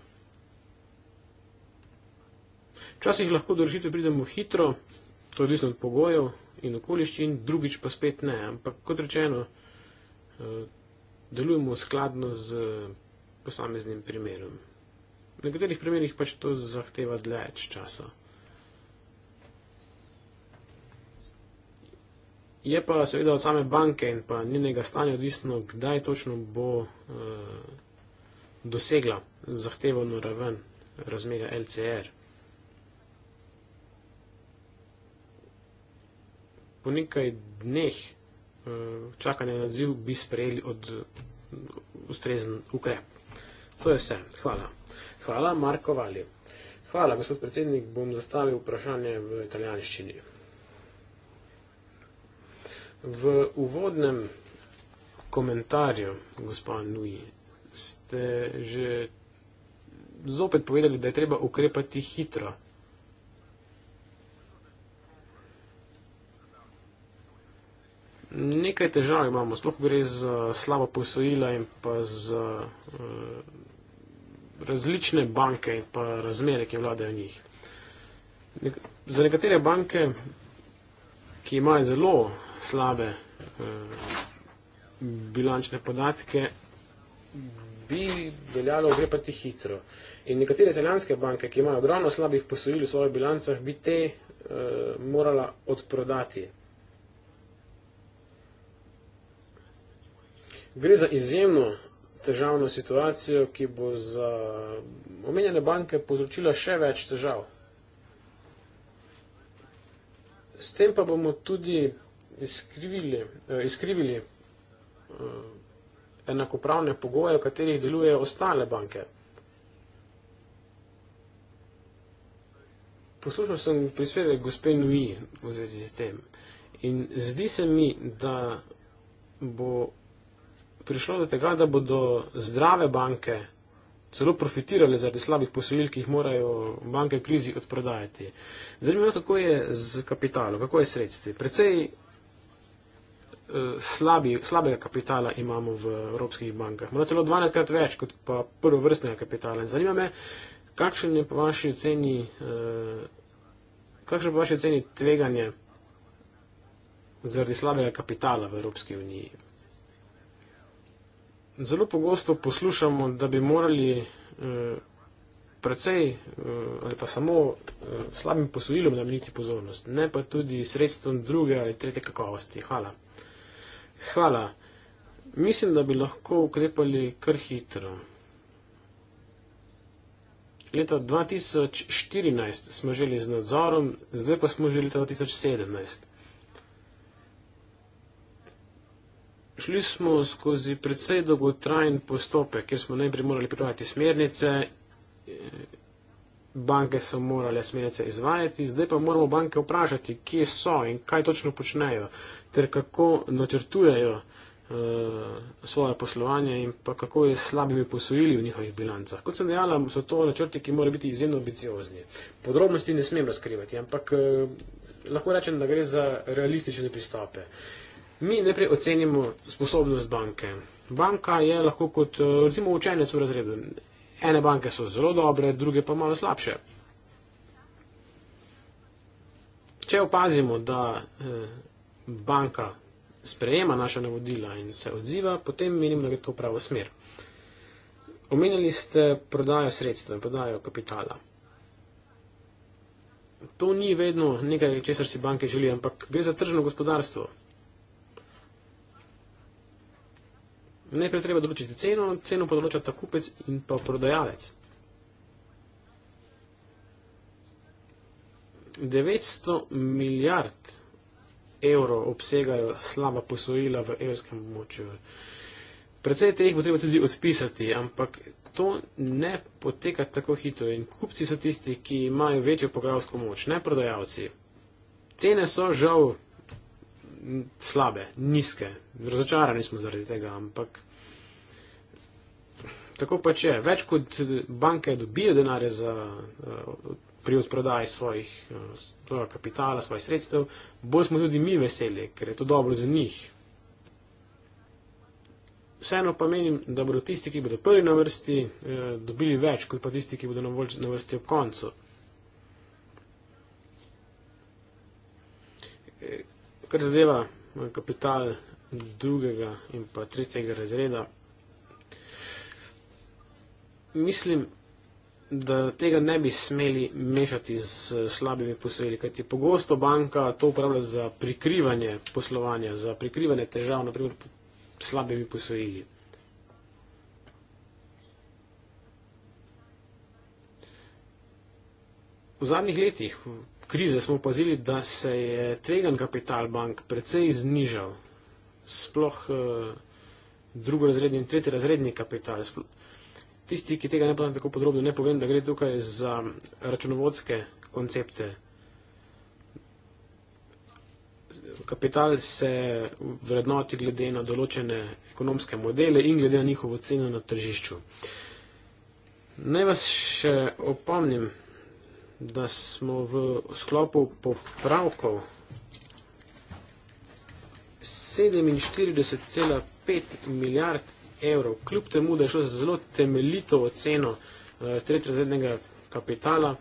Včasih lahko do rešitve pridemo hitro, to je odvisno od pogojev in okoliščin, drugič pa spet ne. Ampak kot rečeno, eh, delujemo skladno z posameznim primerom. V nekaterih primerjih pač to zahteva dlje časa. Je pa seveda od same banke in pa njenega stanja odvisno, kdaj točno bo eh, dosegla zahtevano raven razmerja LCR. Po nekaj dneh eh, čakanja na odziv bi sprejeli od eh, ustrezen ukrep. To je vse. Hvala. Hvala, Marko Valje. Hvala, gospod predsednik, bom zastavil vprašanje v italijanščini. V uvodnem komentarju, gospa Nui, ste že zopet povedali, da je treba ukrepati hitro. Nekaj težav imamo, sploh gre za slaba posojila in pa za uh, različne banke in pa razmere, ki vladajo njih. Nek, za nekatere banke, ki imajo zelo slabe eh, bilančne podatke, bi veljalo ukrepati hitro. In nekatere italijanske banke, ki imajo ogromno slabih posojil v svojih bilancah, bi te eh, morala odprodati. Gre za izjemno težavno situacijo, ki bo za omenjene banke povzročila še več težav. S tem pa bomo tudi izkrivili, eh, izkrivili eh, enakopravne pogoje, v katerih delujejo ostale banke. Poslušal sem prispevek gospe Nui v zvezi s tem in zdi se mi, da bo prišlo do tega, da bodo zdrave banke celo profitirale zaradi slabih posojil, ki jih morajo banke v krizi odprodajati. Zdaj me, kako je z kapitalom, kako je s sredstvi. Predvsej eh, slabi, slabega kapitala imamo v evropskih bankah. Morda celo 12 krat več kot pa prvovrstnega kapitala. Zanima me, kakšen je po vaši oceni, eh, kakšen je po vaši oceni tveganje zaradi slabega kapitala v Evropski uniji. Zelo pogosto poslušamo, da bi morali eh, precej eh, ali pa samo eh, slabim posojilom nameniti pozornost, ne pa tudi sredstvom druge ali trete kakovosti. Hvala. Hvala. Mislim, da bi lahko ukrepali kar hitro. Leta 2014 smo želi z nadzorom, zdaj pa smo želi 2017. Šli smo skozi predvsej dolgotrajen postopek, ker smo najprej morali pripraviti smernice, eh, banke so morale smernice izvajati, zdaj pa moramo banke vprašati, kje so in kaj točno počnejo, ter kako načrtujejo eh, svoje poslovanje in pa kako je slabimi posojili v njihovih bilancah. Kot sem dejala, so to načrti, ki morajo biti izjemno ambiciozni. Podrobnosti ne smem razkrivati, ampak eh, lahko rečem, da gre za realistične pristope. Eh, Mi najprej ocenimo sposobnost banke. Banka je lahko kot, eh, recimo, učenec v razredu. Ene banke so zelo dobre, druge pa malo slabše. Če opazimo, da eh, banka sprejema naša navodila in se odziva, potem menimo, da je to pravo smer. Omenjali ste prodajo sredstva in prodajo kapitala. To ni vedno nekaj, česar si banke želijo, ampak gre za tržno gospodarstvo. Najprej treba določiti ceno, ceno pa določa ta kupec in pa prodajalec. 900 milijard evrov obsegajo slaba posojila v evrskem območju. Predvsej teh bo treba tudi odpisati, ampak to ne poteka tako hitro in kupci so tisti, ki imajo večjo pogajalsko moč, ne prodajalci. Cene so žal slabe, nizke. Razočarani smo zaradi tega, ampak tako pač je. Več kot banke dobijo denarje za, eh, pri odprodaji svojih eh, kapitala, svojih sredstev, bolj smo tudi mi veseli, ker je to dobro za njih. Vseeno pa menim, da bodo tisti, ki bodo prvi na vrsti, eh, dobili več kot pa tisti, ki bodo na vrsti ob koncu. kar zadeva eh, kapital drugega in pa tretjega razreda, mislim, da tega ne bi smeli mešati z eh, slabimi posojili, kajti pogosto banka to uporablja za prikrivanje poslovanja, za prikrivanje težav, naprimer slabimi posojili. V zadnjih letih, krize smo opazili, da se je tvegan kapital bank precej znižal. Sploh eh, drugorazredni in tretjerazredni kapital. Sploh, tisti, ki tega ne poznam tako podrobno, ne povem, da gre tukaj za računovodske koncepte. Kapital se vrednoti glede na določene ekonomske modele in glede na njihovo ceno na tržišču. Naj vas še opomnim, da smo v sklopu popravkov 47,5 milijard evrov, kljub temu, da je šlo za zelo temeljito oceno eh, tretjerazrednega kapitala,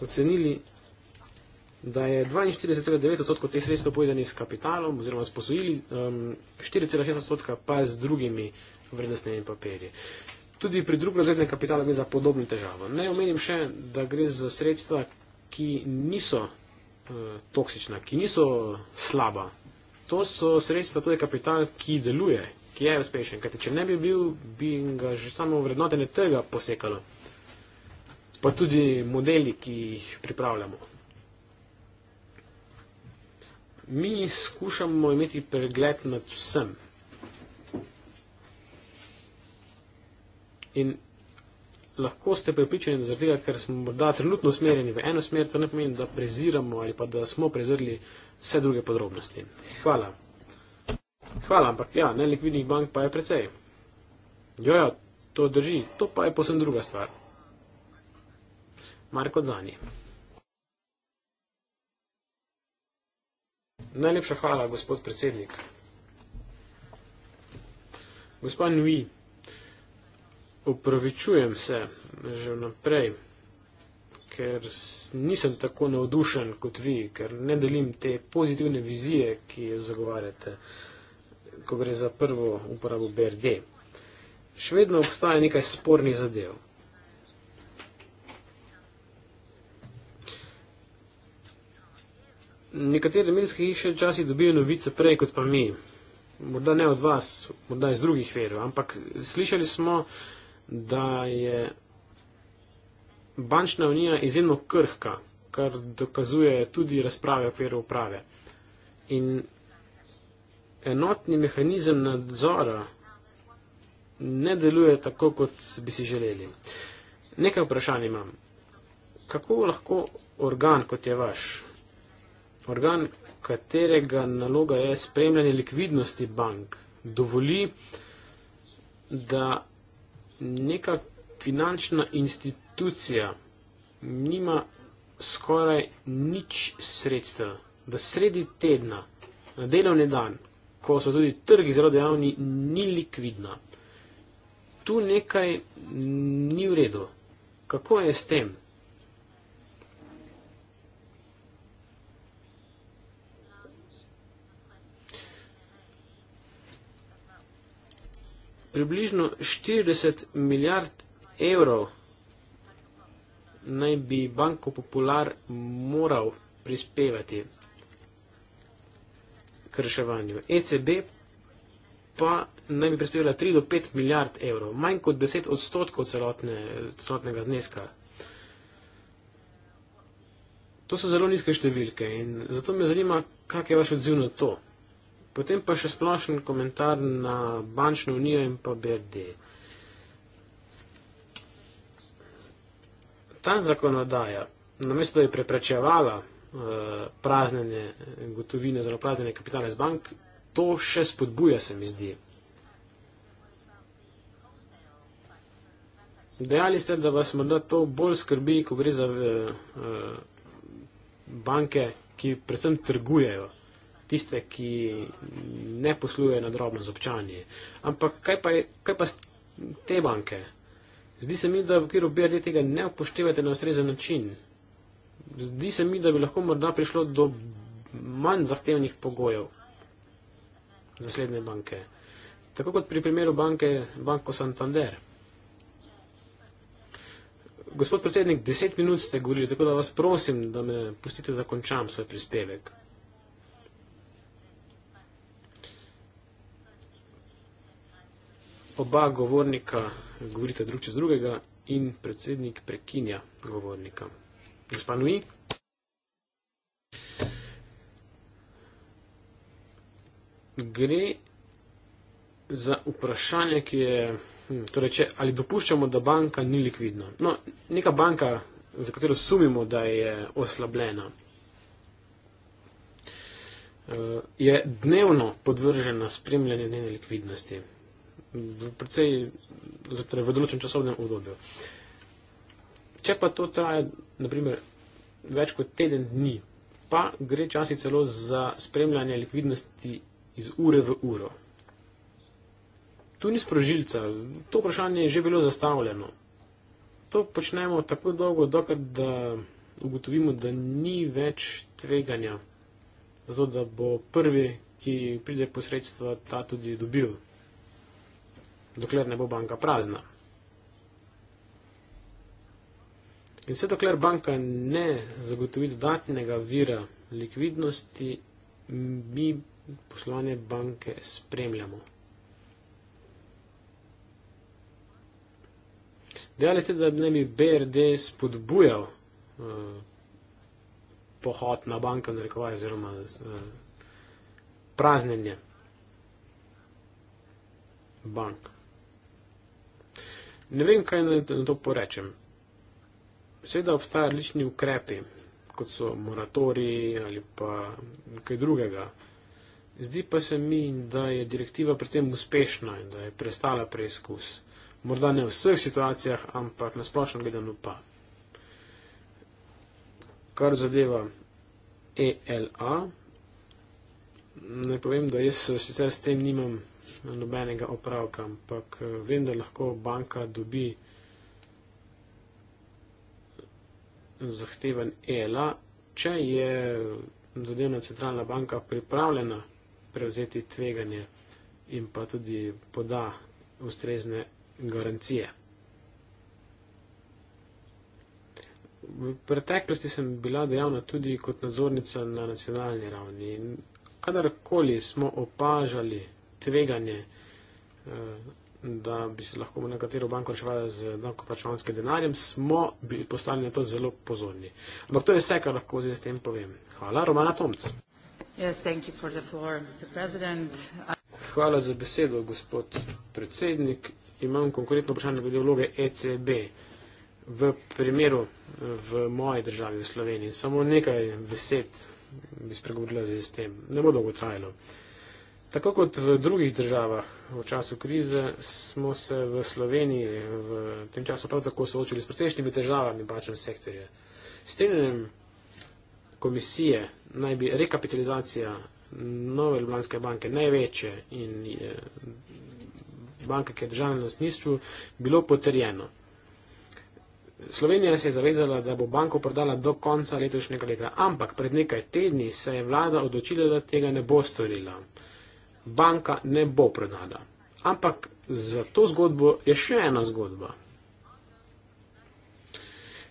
ocenili, da je 42,9 odstotkov teh sredstev povezani s kapitalom oziroma s posojili, 4,6 ehm, odstotka pa z drugimi vrednostnimi papirji. Tudi pri drugorazrednem kapitalu gre za podobno težavo. Ne omenim še, da gre za sredstva, ki niso eh, toksična, ki niso slaba. To so sredstva, to je kapital, ki deluje, ki je uspešen. Kajte, če ne bi bil, bi ga že samo vrednotenje trga posekalo. Pa tudi modeli, ki jih pripravljamo. Mi skušamo imeti pregled nad vsem. In lahko ste pripričani, da zaradi tega, ker smo morda trenutno usmerjeni v eno smer, to ne pomeni, da preziramo ali pa da smo prezrli vse druge podrobnosti. Hvala. Hvala, ampak ja, nelikvidnih bank pa je precej. Jo, jo, ja, to drži, to pa je posebno druga stvar. Marko Zani. Najlepša hvala, gospod predsednik. Gospod Nui. Upravičujem se že vnaprej, ker nisem tako navdušen kot vi, ker ne delim te pozitivne vizije, ki jo zagovarjate, ko gre za prvo uporabo BRD. Še vedno obstaja nekaj spornih zadev. Nekatere medijske hiše včasih dobijo novice prej kot pa mi. Morda ne od vas, morda iz drugih verov, ampak slišali smo, da je bančna unija izjemno krhka, kar dokazuje tudi razprave o peru uprave. In enotni mehanizem nadzora ne deluje tako, kot bi si želeli. Nekaj vprašanj imam. Kako lahko organ, kot je vaš, organ, katerega naloga je spremljanje likvidnosti bank, dovoli, da neka finančna institucija nima skoraj nič sredstev, da sredi tedna, na delovni dan, ko so tudi trgi zelo dejavni, ni likvidna. Tu nekaj ni v redu. Kako je s tem? približno 40 milijard evrov naj bi Banko Popular moral prispevati k reševanju. ECB pa naj bi prispevala 3 do 5 milijard evrov, manj kot 10 odstotkov celotne, celotnega zneska. To so zelo nizke številke in zato me zanima, kak je vaš odziv na to. Potem pa še splošen komentar na bančno unijo in pa BRD. Ta zakonodaja, namesto da je preprečevala eh, praznjenje gotovine oziroma praznjenje kapitala iz bank, to še spodbuja, se mi zdi. Dejali ste, da vas morda to bolj skrbi, ko gre za eh, eh, banke, ki predvsem trgujejo tiste, ki ne poslujejo na drobno z občanji. Ampak kaj pa, kaj pa te banke? Zdi se mi, da v okviru BRD tega ne upoštevate na ustrezen način. Zdi se mi, da bi lahko morda prišlo do manj zahtevnih pogojev za slednje banke. Tako kot pri primeru banke Banko Santander. Gospod predsednik, deset minut ste govorili, tako da vas prosim, da me pustite, da končam svoj prispevek. oba govornika govorita drug čez drugega in predsednik prekinja govornika. Gospa Nui? Gre za vprašanje, ki je, hm, torej če, ali dopuščamo, da banka ni likvidna. No, neka banka, za katero sumimo, da je oslabljena, eh, je dnevno podvržena spremljanje njene likvidnosti v precej torej, v določenem časovnem obdobju. Če pa to traja, naprimer, več kot teden dni, pa gre časi celo za spremljanje likvidnosti iz ure v uro. Tu ni sprožilca, to vprašanje je že bilo zastavljeno. To počnemo tako dolgo, dokler da ugotovimo, da ni več tveganja, zato da bo prvi, ki pride posredstva, ta tudi dobil dokler ne bo banka prazna. In vse dokler banka ne zagotovi dodatnega vira likvidnosti, mi poslovanje banke spremljamo. Dejali ste, da ne bi BRD spodbujal uh, pohod na banke, narekovaj, oziroma uh, eh, praznenje bank. Ne vem, kaj na to porečem. Seveda obstajajo različni ukrepi, kot so moratori ali pa kaj drugega. Zdi pa se mi, da je direktiva pri tem uspešna in da je prestala preizkus. Morda ne v vseh situacijah, ampak na splošno gledano pa. Kar zadeva ELA, ne povem, da jaz sicer s tem nimam nobenega opravka, ampak eh, vem, da lahko banka dobi zahteven ELA, če je zadevna centralna banka pripravljena prevzeti tveganje in pa tudi poda ustrezne garancije. V preteklosti sem bila dejavna tudi kot nadzornica na nacionalni ravni in kadarkoli smo opažali tveganje, eh, da bi se lahko nekatero banko reševala z davkoplačevalskim denarjem, smo bili postali na to zelo pozorni. Ampak to je vse, kar lahko zdaj s tem povem. Hvala, Romana Tomc. Yes, floor, I... Hvala za besedo, gospod predsednik. Imam konkretno vprašanje glede vloge ECB v primeru eh, v moji državi, v Sloveniji. Samo nekaj besed bi spregovorila z tem. Ne bo dolgo trajalo. Uh, Tako kot v drugih državah v času krize smo se v Sloveniji v tem času prav tako soočili s precejšnjimi težavami bančnega sektorja. S trenjenjem komisije naj bi rekapitalizacija nove Ljubljanske banke, največje in eh, banke, ki je državna lastništvo, bilo potrjeno. Slovenija se je zavezala, da bo banko prodala do konca letošnjega leta, ampak pred nekaj tedni se je vlada odločila, da tega ne bo storila banka ne bo predana. Ampak za to zgodbo je še ena zgodba.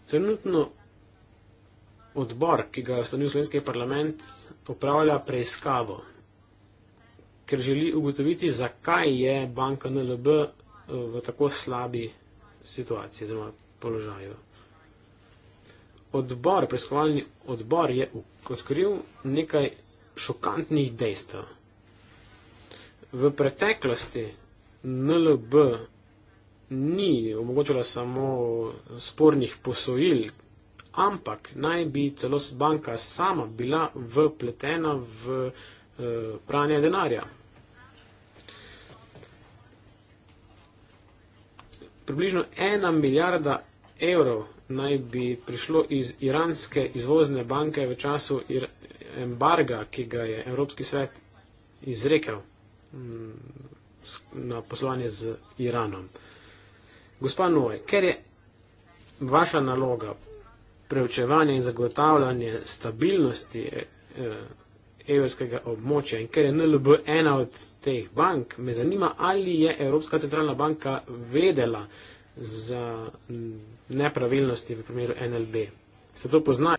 Trenutno odbor, ki ga je ustanovil slovenski parlament, opravlja preiskavo, ker želi ugotoviti, zakaj je banka NLB eh, v tako slabi situaciji oziroma položaju. Odbor, preiskovalni odbor je odkril nekaj šokantnih dejstev v preteklosti NLB ni omogočala samo spornih posojil, ampak naj bi celo banka sama bila vpletena v eh, pranje denarja. Približno ena milijarda evrov naj bi prišlo iz iranske izvozne banke v času embarga, ki ga je Evropski svet izrekel. Mm, na poslovanje z Iranom. Gospa Noe, ker je vaša naloga preučevanje in zagotavljanje stabilnosti eh, evrskega območja in ker je NLB ena od teh bank, me zanima, ali je Evropska centralna banka vedela za mm, nepravilnosti v primeru NLB. Se to pozna?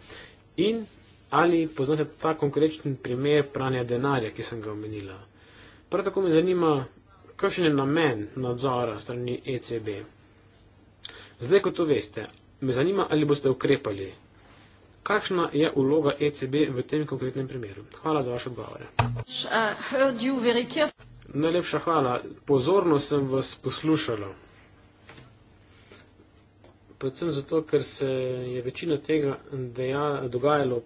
In ali poznate ta konkrečen primer pranja denarja, ki sem ga omenila? Prav tako me zanima, kakšen je namen nadzora strani ECB. Zdaj, ko to veste, me zanima, ali boste ukrepali. Kakšna je uloga ECB v tem konkretnem primeru? Hvala za vaše odgovore. Najlepša hvala. Pozorno sem vas poslušala. Predvsem zato, ker se je večina tega deja, dogajalo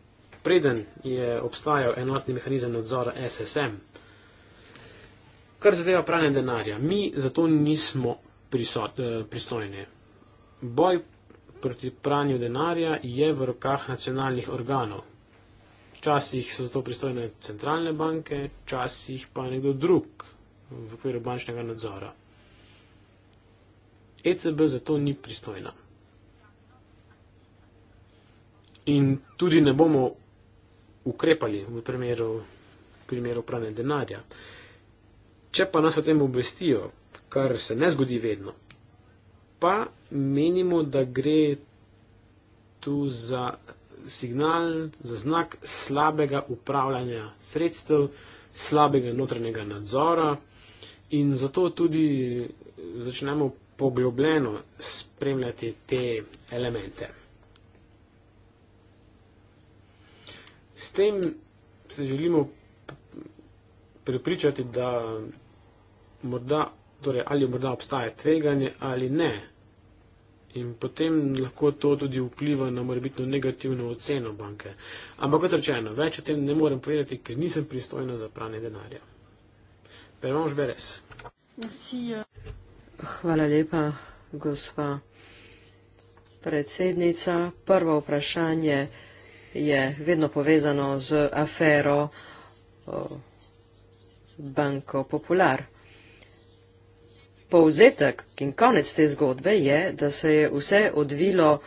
preden je obstajal enotni mehanizem nadzora SSM kar zadeva pranje denarja. Mi zato nismo eh, pristojni. Boj proti pranju denarja je v rokah nacionalnih organov. Včasih so za to pristojne centralne banke, včasih pa nekdo drug v okviru bančnega nadzora. ECB zato ni pristojna. In tudi ne bomo ukrepali v primeru, primeru pranja denarja. Uh, Če pa nas o tem obvestijo, kar se ne zgodi vedno, pa menimo, da gre tu za signal, za znak slabega upravljanja sredstev, slabega notranjega nadzora in zato tudi začnemo poglobljeno spremljati te elemente. S tem se želimo prepričati, da morda, torej ali morda obstaja tveganje ali ne. In potem lahko to tudi vpliva na morebitno negativno oceno banke. Ampak kot rečeno, več o tem ne morem povedati, ker nisem pristojna za pranje denarja. Peremož Beres. Eh. Hvala lepa, gospa predsednica. Prvo vprašanje je vedno povezano z afero. Oh. Banko Popular. Povzetek in konec te zgodbe je, da se je vse odvilo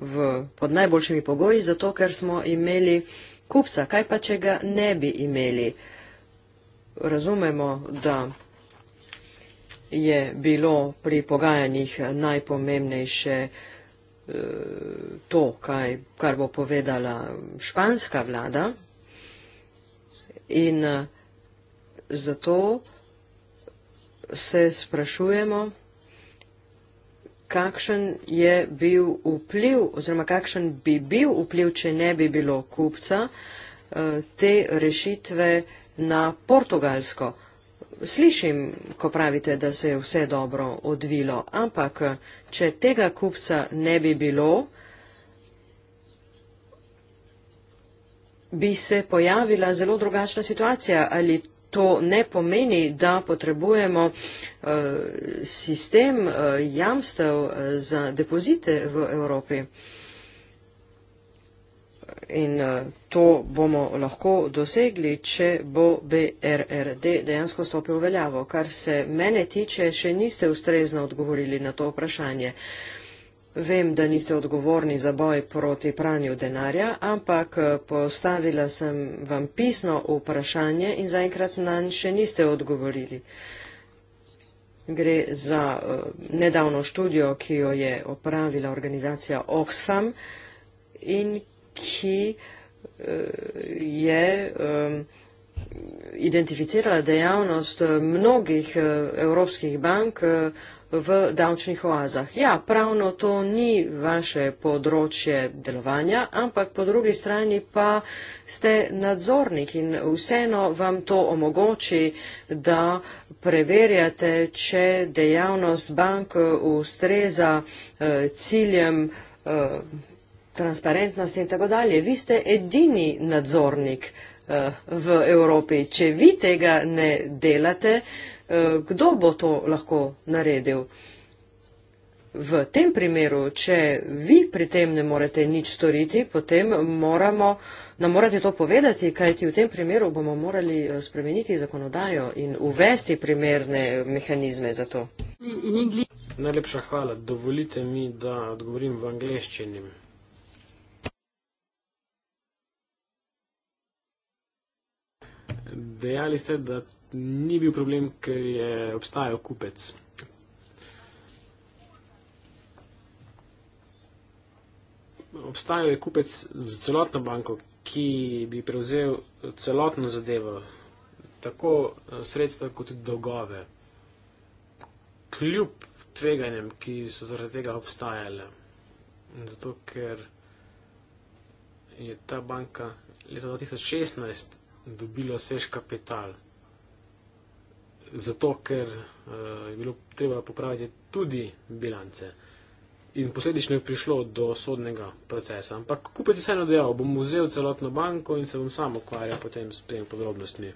v, pod najboljšimi pogoji, zato ker smo imeli kupca, kaj pa če ga ne bi imeli. Razumemo, da je bilo pri pogajanjih najpomembnejše eh, to, kaj, kar bo povedala španska vlada in eh, zato se sprašujemo, kakšen je bil vpliv oziroma kakšen bi bil vpliv, če ne bi bilo kupca eh, te rešitve na portugalsko. Slišim, ko pravite, da se je vse dobro odvilo, ampak če tega kupca ne bi bilo, bi se pojavila zelo drugačna situacija ali to ne pomeni, da potrebujemo eh, sistem eh, jamstev eh, za depozite v Evropi. In to bomo lahko dosegli, če bo BRRD dejansko stopil v veljavo. Kar se mene tiče, še niste ustrezno odgovorili na to vprašanje. Vem, da niste odgovorni za boj proti pranju denarja, ampak eh, postavila sem vam pisno vprašanje in zaenkrat nanj še niste odgovorili. Gre za eh, nedavno študijo, ki jo je opravila organizacija Oxfam in ki eh, je identificirala dejavnost mnogih evropskih bank, v davčnih oazah. Ja, pravno to ni vaše področje delovanja, ampak po drugi strani pa ste nadzornik in vseeno vam to omogoči, da preverjate, če dejavnost bank ustreza eh, ciljem eh, transparentnost in tako dalje. Vi ste edini nadzornik eh, v Evropi. Če vi tega ne delate, eh, Eh, kdo bo to lahko naredil. V tem primeru, če vi pri tem ne morete nič storiti, potem moramo, nam morate to povedati, kajti v tem primeru bomo morali eh, spremeniti zakonodajo in uvesti primerne mehanizme za to. Najlepša hvala. Dovolite mi, da odgovorim v angleščini. Dejali ste, da ni bil problem, ker je obstajal kupec. Obstajal je kupec z celotno banko, ki bi prevzel celotno zadevo, tako eh, sredstva kot dolgove, kljub tveganjem, ki so zaradi tega obstajale. Zato, ker je ta banka leta 2016 dobila svež kapital zato, ker uh, je bilo treba popraviti tudi bilance. In posledično je prišlo do sodnega procesa. Ampak kupec je vseeno dejal, bom vzel celotno banko in se bom sam ukvarjal potem s tem podrobnostmi.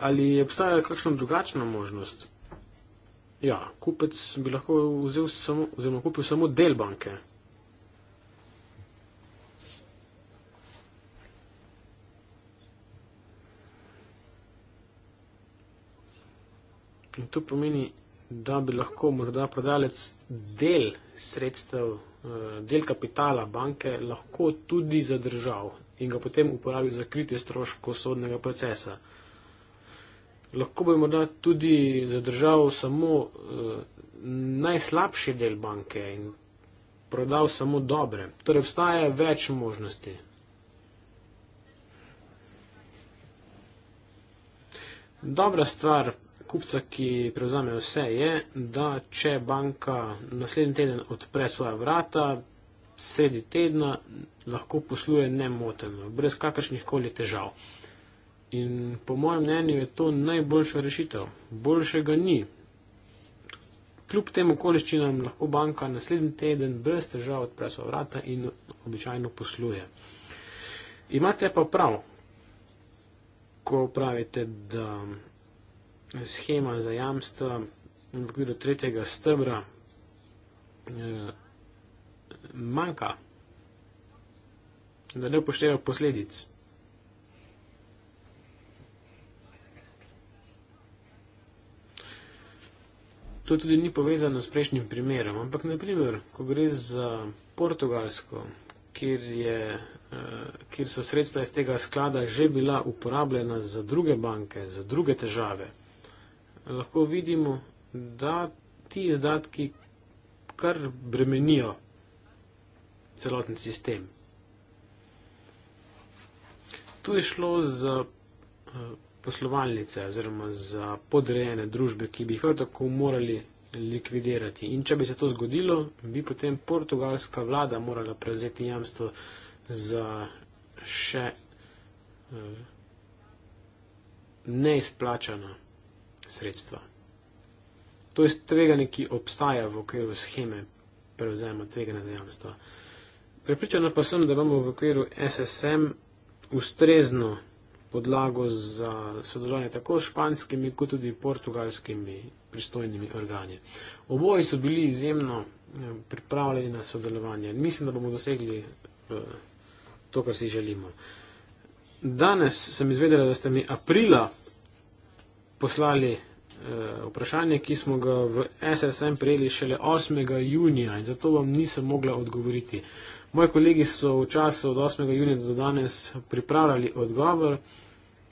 Ali je obstajala kakšna drugačna možnost? Ja, kupec bi lahko vzel samo, oziroma kupil samo del banke. In to pomeni, da bi lahko morda prodalec del sredstev, eh, del kapitala banke lahko tudi zadržal in ga potem uporabil za kritje stroškov sodnega procesa. Lahko bi morda tudi zadržal samo eh, najslabši del banke in prodal samo dobre. Torej obstaja več možnosti. Dobra stvar kupca, ki prevzame vse, je, da če banka naslednji teden odpre svoja vrata, sredi tedna lahko posluje nemoteno, brez kakršnih koli težav. In po mojem mnenju je to najboljša rešitev. Boljšega ni. Kljub tem okoliščinam lahko banka naslednji teden brez težav odpre svoja vrata in običajno posluje. Imate pa prav, ko pravite, da schema za jamstva v okviru tretjega stebra eh, manjka, da ne upošteva posledic. To tudi ni povezano s prejšnjim primerom, ampak naprimer, ko gre za Portugalsko, kjer, je, eh, kjer so sredstva iz tega sklada že bila uporabljena za druge banke, za druge težave lahko vidimo, da ti izdatki kar bremenijo celoten sistem. Tu je šlo za eh, poslovalnice oziroma za podrejene družbe, ki bi jih tako morali likvidirati. In če bi se to zgodilo, bi potem portugalska vlada morala prevzeti jamstvo za še eh, neizplačana sredstva. To je tveganje, ki obstaja v okviru scheme prevzema tvegane dejavstva. Prepričana pa sem, da bomo v okviru SSM ustrezno podlago za sodelovanje tako s španskimi, kot tudi portugalskimi pristojnimi organi. Oboji so bili izjemno eh, pripravljeni na sodelovanje. Mislim, da bomo dosegli eh, to, kar si želimo. Danes sem izvedela, da ste mi aprila poslali eh, vprašanje, ki smo ga v SSM prejeli šele 8. junija in zato vam nisem mogla odgovoriti. Moji kolegi so v času od 8. junija do danes pripravljali odgovor,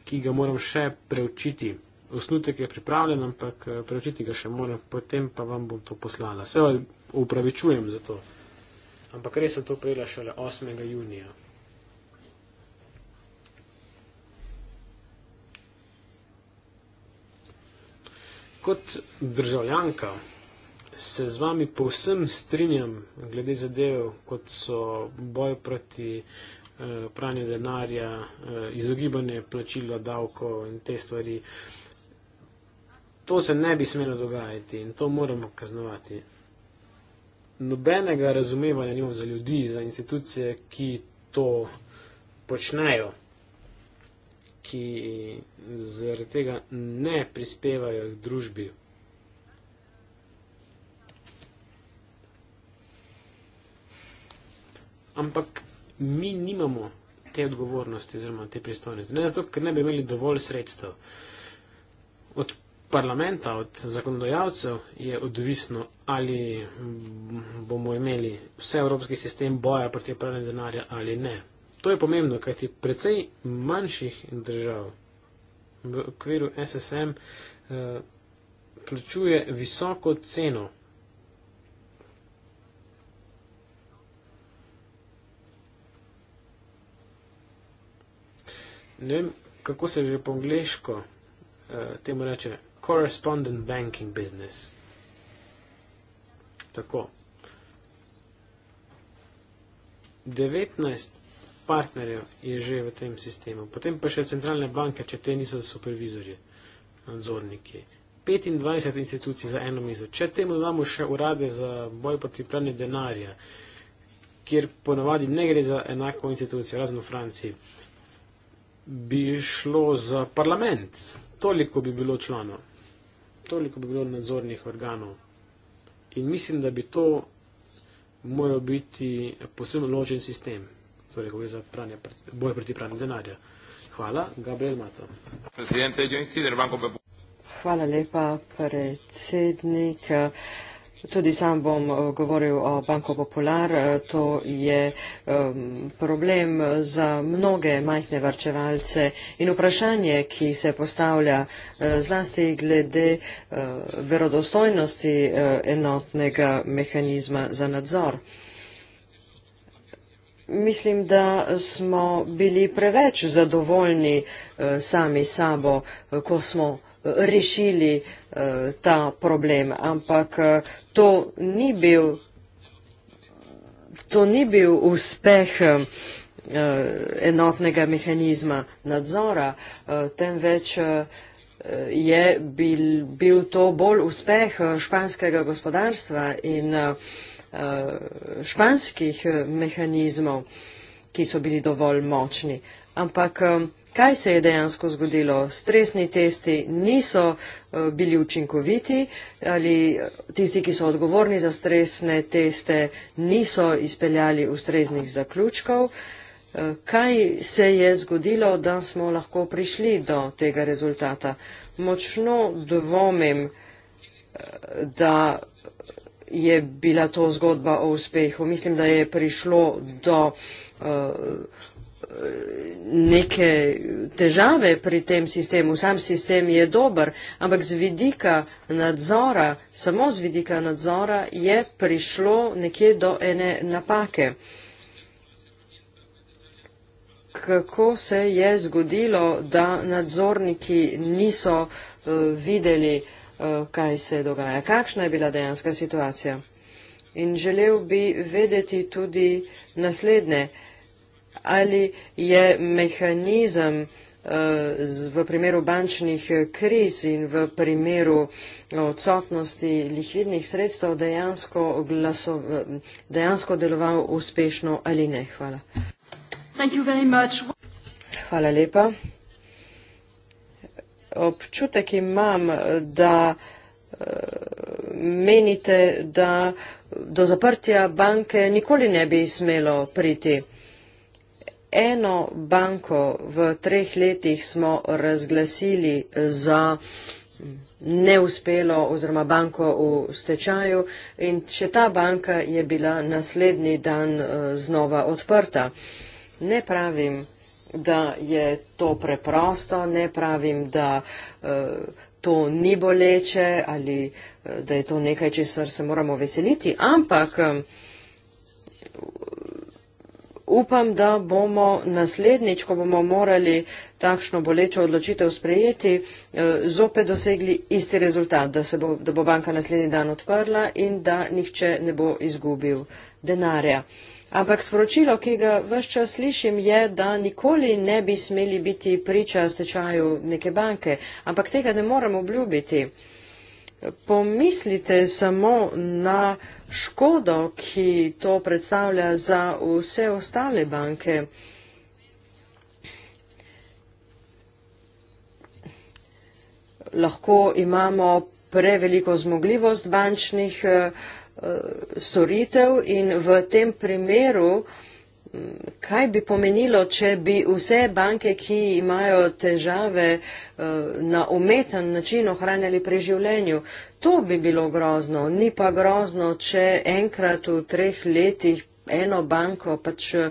ki ga moram še preučiti. Osnutek je pripravljen, ampak eh, preučiti ga še moram, potem pa vam bom to poslala. Se upravičujem za to. Ampak res sem to prejela šele 8. junija. kot državljanka se z vami povsem strinjam glede zadev, kot so boj proti eh, pranje denarja, eh, izogibanje plačila davko in te stvari. To se ne bi smelo dogajati in to moramo kaznovati. Nobenega razumevanja nimam za ljudi, za institucije, ki to počnejo ki zaradi tega ne prispevajo k družbi. Ampak mi nimamo te odgovornosti oziroma te pristojnosti. Ne zato, ker ne bi imeli dovolj sredstev. Od parlamenta, od zakonodajalcev je odvisno, ali bomo imeli vse evropski sistem boja proti pranju denarja ali ne. To je pomembno, kajti precej manjših držav v okviru SSM eh, plačuje visoko ceno. Ne vem, kako se že po angliško uh, eh, temu reče correspondent banking business. Tako. 19 partnerjev je že v tem sistemu. Potem pa še centralne banke, če te niso supervizorje, nadzorniki. 25 institucij za eno mizo. Če temu damo še urade za boj proti pranju denarja, kjer ponovadi ne gre za enako institucijo, razen v Franciji, bi šlo za parlament. Toliko bi bilo članov, toliko bi bilo nadzornih organov. In mislim, da bi to moral biti posebno ločen sistem sobre torej la lucha contra el pranje de dinero. Gracias, Gabriel Mato. Presidente de Unity del Banco Popular. Hvala lepa, predsednik. Tudi sam bom eh, govoril o Banko Popular. Eh, to je problem za mnoge majhne varčevalce in vprašanje, ki se postavlja eh, zlasti glede verodostojnosti enotnega mehanizma za nadzor. Mislim, da smo bili preveč zadovoljni eh, sami sabo, eh, ko smo eh, rešili ta problem, ampak to ni bil, to ni bil uspeh enotnega mehanizma nadzora, temveč je bil, bil to bolj uspeh španskega gospodarstva in Eh, španskih eh, mehanizmov, ki so bili dovolj močni. Ampak eh, kaj se je dejansko zgodilo? Stresni testi niso bili učinkoviti ali tisti, ki so odgovorni za stresne teste, niso izpeljali ustreznih zaključkov. Kaj se je zgodilo, da smo lahko prišli do tega rezultata? Močno dvomim, da je bila to zgodba o uspehu. Mislim, da je prišlo do eh, neke težave pri tem sistemu. Sam sistem je dober, ampak z vidika nadzora, samo z vidika nadzora je prišlo nekje do ene napake. Kako se je zgodilo, da nadzorniki niso uh, videli uh, Eh, kaj se dogaja, kakšna je bila dejanska situacija. In želel bi vedeti tudi naslednje, ali je mehanizem eh, v primeru bančnih kriz in v primeru eh, odsotnosti likvidnih sredstev dejansko, glaso, dejansko deloval uspešno ali ne. Hvala. Hvala lepa občutek imam, da eh, menite, da do zaprtja banke nikoli ne bi smelo priti. Eno banko v treh letih smo razglasili za neuspelo oziroma banko v stečaju in še ta banka je bila naslednji dan eh, znova odprta. Ne pravim, da je to preprosto, ne pravim, da eh, to ni boleče ali eh, da je to nekaj, česar se moramo veseliti, ampak eh, upam, da bomo naslednjič, ko bomo morali takšno bolečo odločitev sprejeti, zopet dosegli isti rezultat, da, bo, da bo banka naslednji dan odprla in da nihče ne bo izgubil denarja. Ampak sporočilo, ki ga vse čas slišim, je, da nikoli ne bi smeli biti priča stečaju neke banke, ampak tega ne moremo obljubiti. Pomislite samo na škodo, ki to predstavlja za vse ostale banke. Lahko imamo preveliko zmogljivost bančnih eh, Eh, storitev in v tem primeru, mm, kaj bi pomenilo, če bi vse banke, ki imajo težave eh, na umeten način ohranjali pri življenju. To bi bilo grozno. Ni pa grozno, če enkrat v treh letih eno banko pač eh,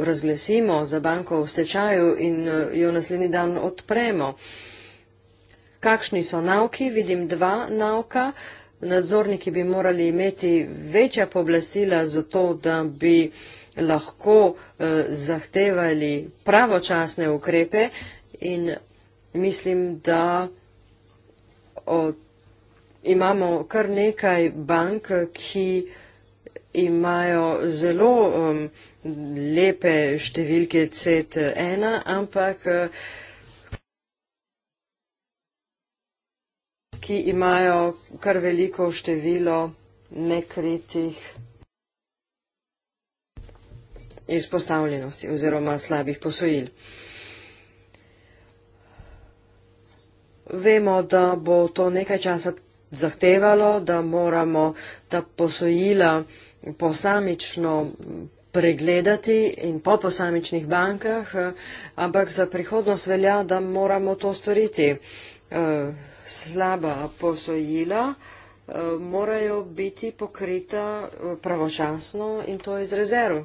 razglesimo za banko v stečaju in jo naslednji dan odpremo. Kakšni so nauki? Vidim dva nauka nadzorniki bi morali imeti večja pooblastila za to, da bi lahko eh, zahtevali pravočasne ukrepe in mislim, da o, imamo kar nekaj bank, ki imajo zelo eh, lepe številke CET1, ampak eh, ki imajo kar veliko število nekritih izpostavljenosti oziroma slabih posojil. Vemo, da bo to nekaj časa zahtevalo, da moramo ta posojila posamično pregledati in po posamičnih bankah, eh, ampak za prihodnost velja, da moramo to storiti. Eh, slaba posojila eh, morajo biti pokrita eh, pravočasno in to iz rezerv.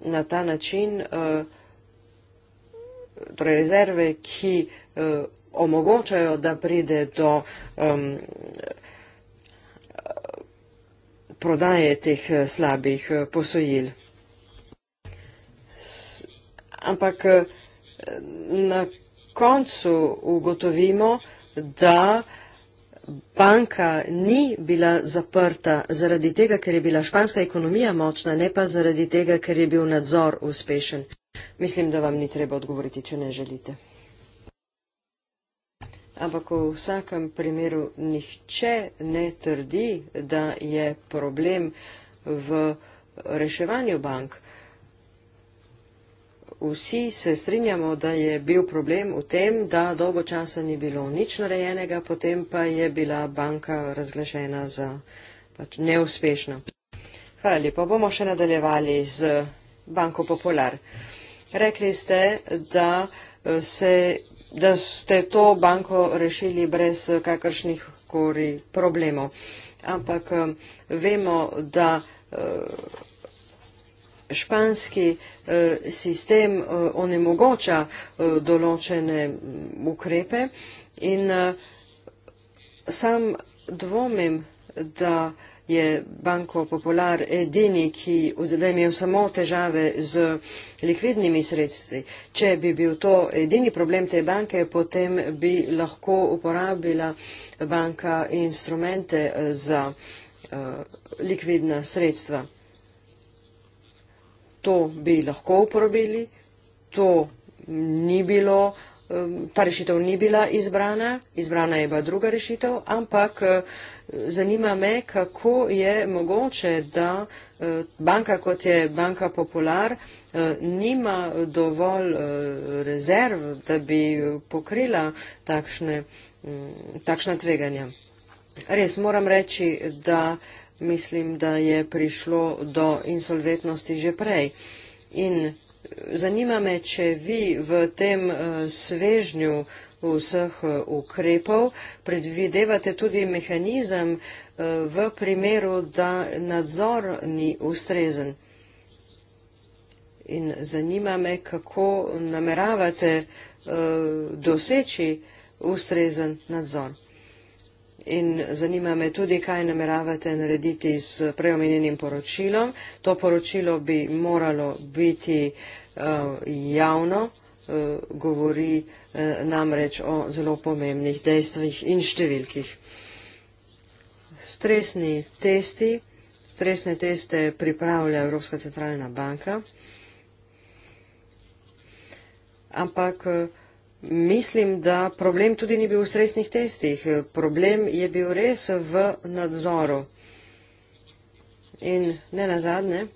Na ta način eh, torej rezerve, ki omogočajo, da pride do prodaje teh slabih posojil. Ampak na koncu ugotovimo, da banka ni bila zaprta zaradi tega, ker je bila španska ekonomija močna, ne pa zaradi tega, ker je bil nadzor uspešen. Mislim, da vam ni treba odgovoriti, če ne želite. Ampak v vsakem primeru nihče ne trdi, da je problem v reševanju bank. Vsi se strinjamo, da je bil problem v tem, da dolgo časa ni bilo nič narejenega, potem pa je bila banka razglašena za pač, neuspešno. Hvala lepa, bomo še nadaljevali z Banko Popular. Rekli ste, da, eh, se, da ste to banko rešili brez kakršnih kori problemov. Ampak eh, vemo, da eh, španski eh, sistem eh, onemogoča eh, določene mm, ukrepe in sam dvomim, da je Banko Popular edini, ki zdaj imel samo težave z likvidnimi sredstvi. Če bi bil to edini problem te banke, potem bi lahko uporabila banka instrumente za likvidna sredstva to bi lahko uporabili, to ni bilo, ta rešitev ni bila izbrana, izbrana je bila druga rešitev, ampak eh, zanima me, kako je mogoče, da eh, banka kot je banka popular eh, nima dovolj rezerv, da bi pokrila takšne, mm, takšna tveganja. Res moram reči, da mislim, da je prišlo do insolventnosti že prej. In zanima me, če vi v tem eh, svežnju vseh eh, ukrepov predvidevate tudi mehanizem eh, v primeru, da nadzor ni ustrezen. In zanima me, kako nameravate doseči ustrezen nadzor in zanima me tudi, kaj nameravate narediti s preomenjenim poročilom. To poročilo bi moralo biti uh, javno, uh, govori uh, namreč o zelo pomembnih dejstvih in številkih. Stresni testi, stresne teste pripravlja Evropska centralna banka, ampak uh, Mislim, da problem tudi ni bil v stresnih testih. Problem je bil res v nadzoru. In ne na zadnje,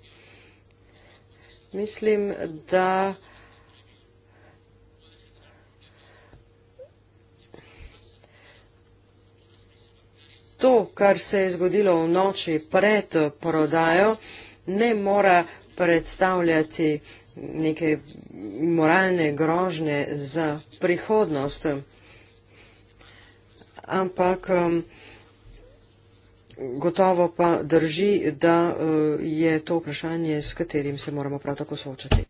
mislim, da to, kar se je zgodilo v noči pred prodajo, ne mora predstavljati neke moralne grožne za prihodnost. Ampak um, gotovo pa drži, da uh, je to vprašanje, s katerim se moramo prav tako soočati.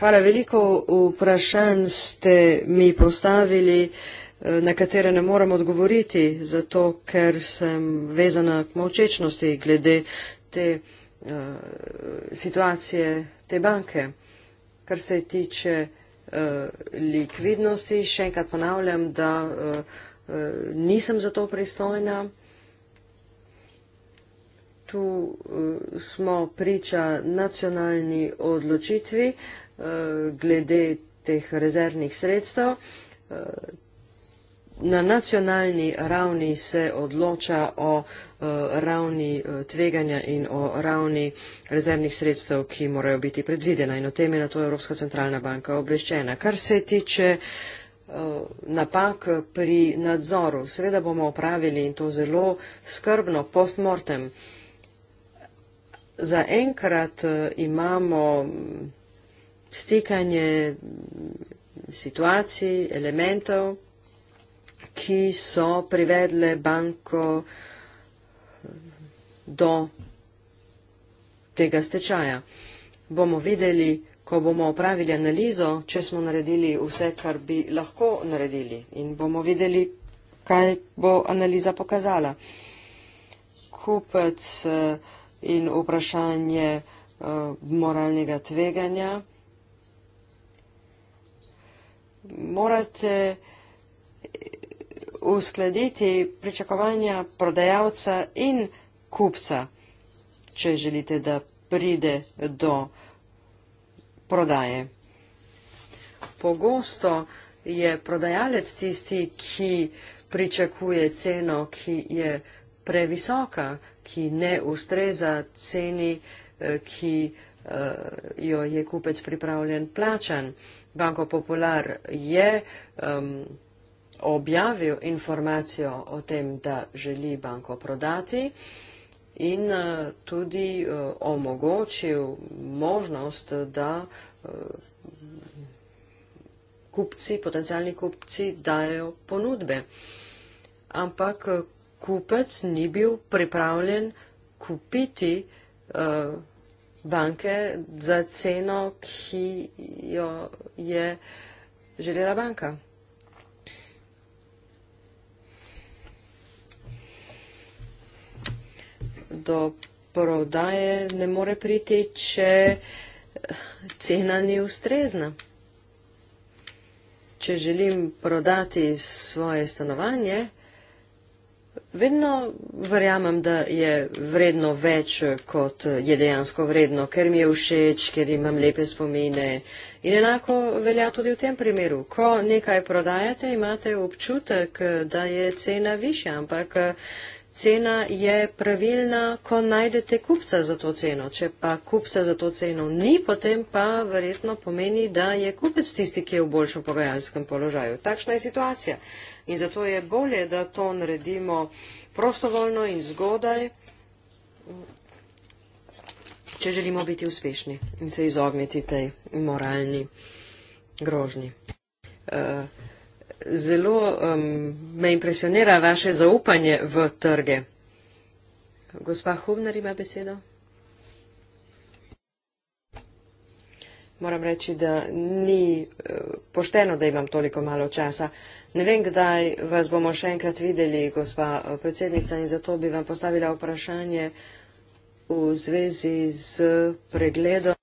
Hvala, veliko vprašanj ste mi postavili, uh, na katere ne morem odgovoriti, zato ker sem vezana k močečnosti glede te vprašanje Eh, situacije te banke. Kar se tiče eh, likvidnosti, še enkrat ponavljam, da eh, nisem za to pristojna. Tu smo priča nacionalni odločitvi glede teh rezervnih sredstev na nacionalni ravni se odloča o eh, ravni eh, tveganja in o ravni rezervnih sredstev, ki morajo biti predvidena in o tem je na to Evropska centralna banka obveščena. Kar se tiče eh, napak pri nadzoru, seveda bomo opravili in to zelo skrbno postmortem. Za enkrat imamo stikanje situacij, elementov, ki so privedle banko do tega stečaja. Bomo videli, ko bomo opravili analizo, če smo naredili vse, kar bi lahko naredili in bomo videli, kaj bo analiza pokazala. Kupec eh, in vprašanje eh, moralnega tveganja. Morate uskladiti pričakovanja prodajalca in kupca, če želite, da pride do prodaje. Pogosto je prodajalec tisti, ki pričakuje ceno, ki je previsoka, ki ne ustreza ceni, eh, ki eh, jo je kupec pripravljen plačan. Banko Popular je um, objavil informacijo o tem, da želi banko prodati in eh, tudi eh, omogočil možnost, da eh, kupci, potencijalni kupci dajo ponudbe. Ampak kupec ni bil pripravljen kupiti banke za ceno, ki jo je želela banka. do prodaje ne more priti, če eh, cena ni ustrezna. Če želim prodati svoje stanovanje, vedno verjamem, da je vredno več, kot je dejansko vredno, ker mi je všeč, ker imam lepe spomine. In enako velja tudi v tem primeru. Ko nekaj prodajate, imate občutek, da je cena višja, ampak cena je pravilna, ko najdete kupca za to ceno. Če pa kupca za to ceno ni, potem pa verjetno pomeni, da je kupec tisti, ki je v boljšem pogajalskem položaju. Takšna je situacija. In zato je bolje, da to naredimo prostovoljno in zgodaj, če želimo biti uspešni in se izogniti tej moralni grožnji. Uh, zelo um, me impresionira vaše zaupanje v trge. Gospa Hubner ima besedo. Moram reči, da ni eh, pošteno, da imam toliko malo časa. Ne vem, kdaj vas bomo še enkrat videli, gospa eh, predsednica, in zato bi vam postavila vprašanje v zvezi z pregledom.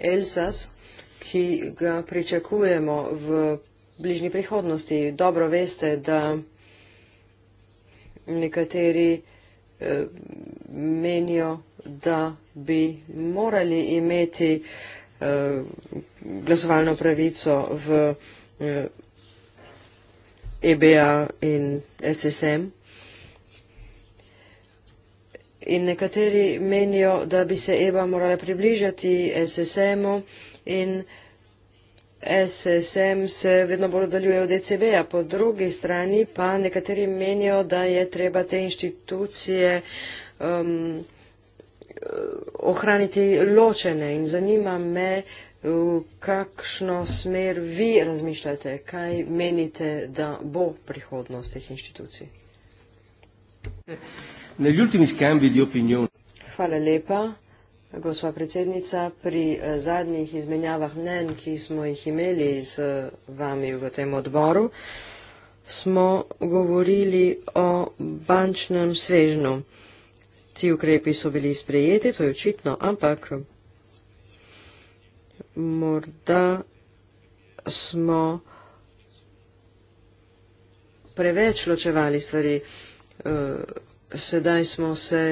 Elsas, ki ga pričakujemo v bližnji prihodnosti. Dobro veste, da nekateri eh, menijo, da bi morali imeti eh, glasovalno pravico v EBA eh, e in SSM. In nekateri menijo, da bi se EBA morala približati SSM-u in SSM se vedno bolj oddaljuje od ECB, a po drugi strani pa nekateri menijo, da je treba te inštitucije um, ohraniti ločene in zanima me, v kakšno smer vi razmišljate, kaj menite, da bo prihodnost teh inštitucij. Hvala lepa. Gospa predsednica, pri eh, zadnjih izmenjavah mnen, ki smo jih imeli z eh, vami v tem odboru, smo govorili o bančnem svežnu. Ti ukrepi so bili sprejeti, to je očitno, ampak morda smo preveč ločevali stvari. Eh, sedaj smo se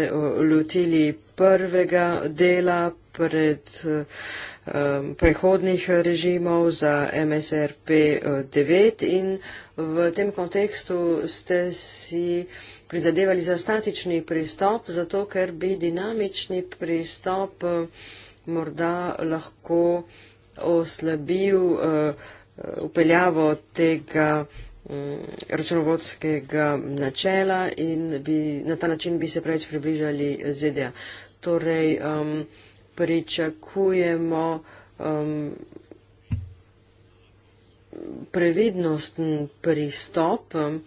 lotili prvega dela pred um, prehodnih režimov za MSRP 9 uh, in v tem kontekstu ste si prizadevali za statični pristop, zato ker bi dinamični pristop uh, morda lahko oslabil uh, upeljavo tega mm, računovodskega načela in bi, na ta način bi se preveč približali ZDA. Uh, torej um, pričakujemo um, previdnosten pristop um,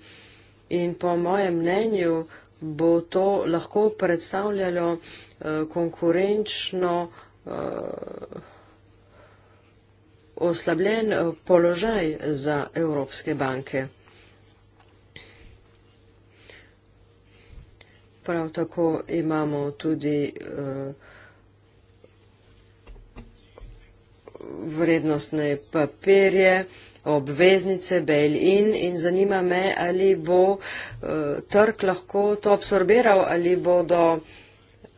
in po mojem mnenju bo to lahko predstavljalo uh, konkurenčno uh, oslabljen uh, položaj za evropske banke. Prav tako imamo tudi eh, vrednostne papirje, obveznice, bail-in in zanima me, ali bo eh, trg lahko to absorbiral ali bodo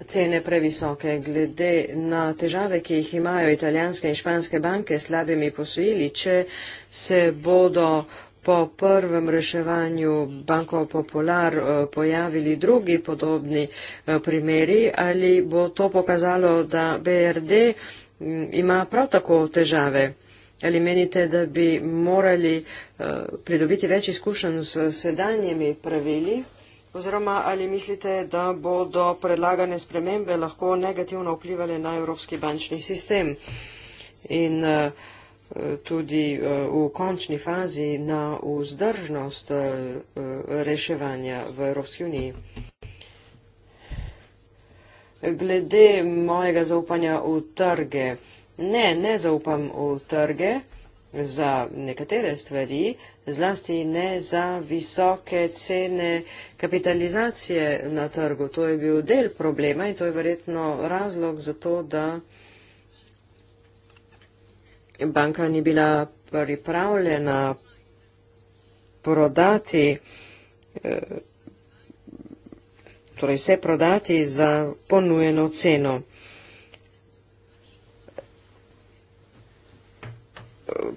cene previsoke glede na težave, ki jih imajo italijanske in španske banke s slabimi posojili, če se bodo po prvem reševanju Banko Popular eh, pojavili drugi podobni eh, primeri, ali bo to pokazalo, da BRD mm, ima prav tako težave? Ali menite, da bi morali eh, pridobiti več izkušenj s sedanjimi pravili? Oziroma, ali mislite, da bodo predlagane spremembe lahko negativno vplivali na evropski bančni sistem? In uh, tudi eh, v končni fazi na vzdržnost eh, reševanja v Evropski uniji. Glede mojega zaupanja v trge, ne, ne zaupam v trge za nekatere stvari, zlasti ne za visoke cene kapitalizacije na trgu. To je bil del problema in to je verjetno razlog za to, da banka ni bila pripravljena prodati, eh, torej se prodati za ponujeno ceno.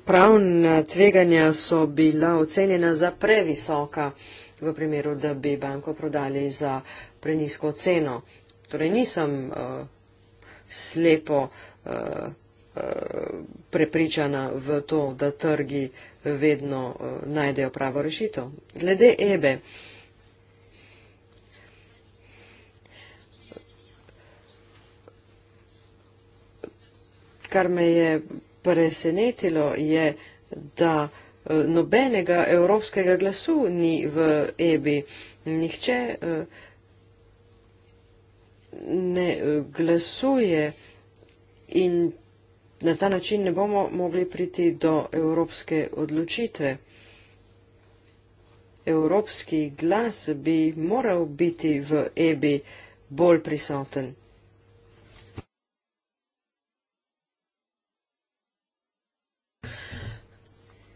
Pravna tveganja so bila ocenjena za previsoka v primeru, da bi banko prodali za prenisko ceno. Torej nisem uh, slepo uh, prepričana v to, da trgi vedno eh, najdejo pravo rešitev. Glede Ebe, kar me je presenetilo, je, da eh, nobenega evropskega glasu ni v Ebi. Nihče eh, ne glasuje in na ta način ne bomo mogli priti do evropske odločitve. Evropski glas bi moral biti v EBI bolj prisoten.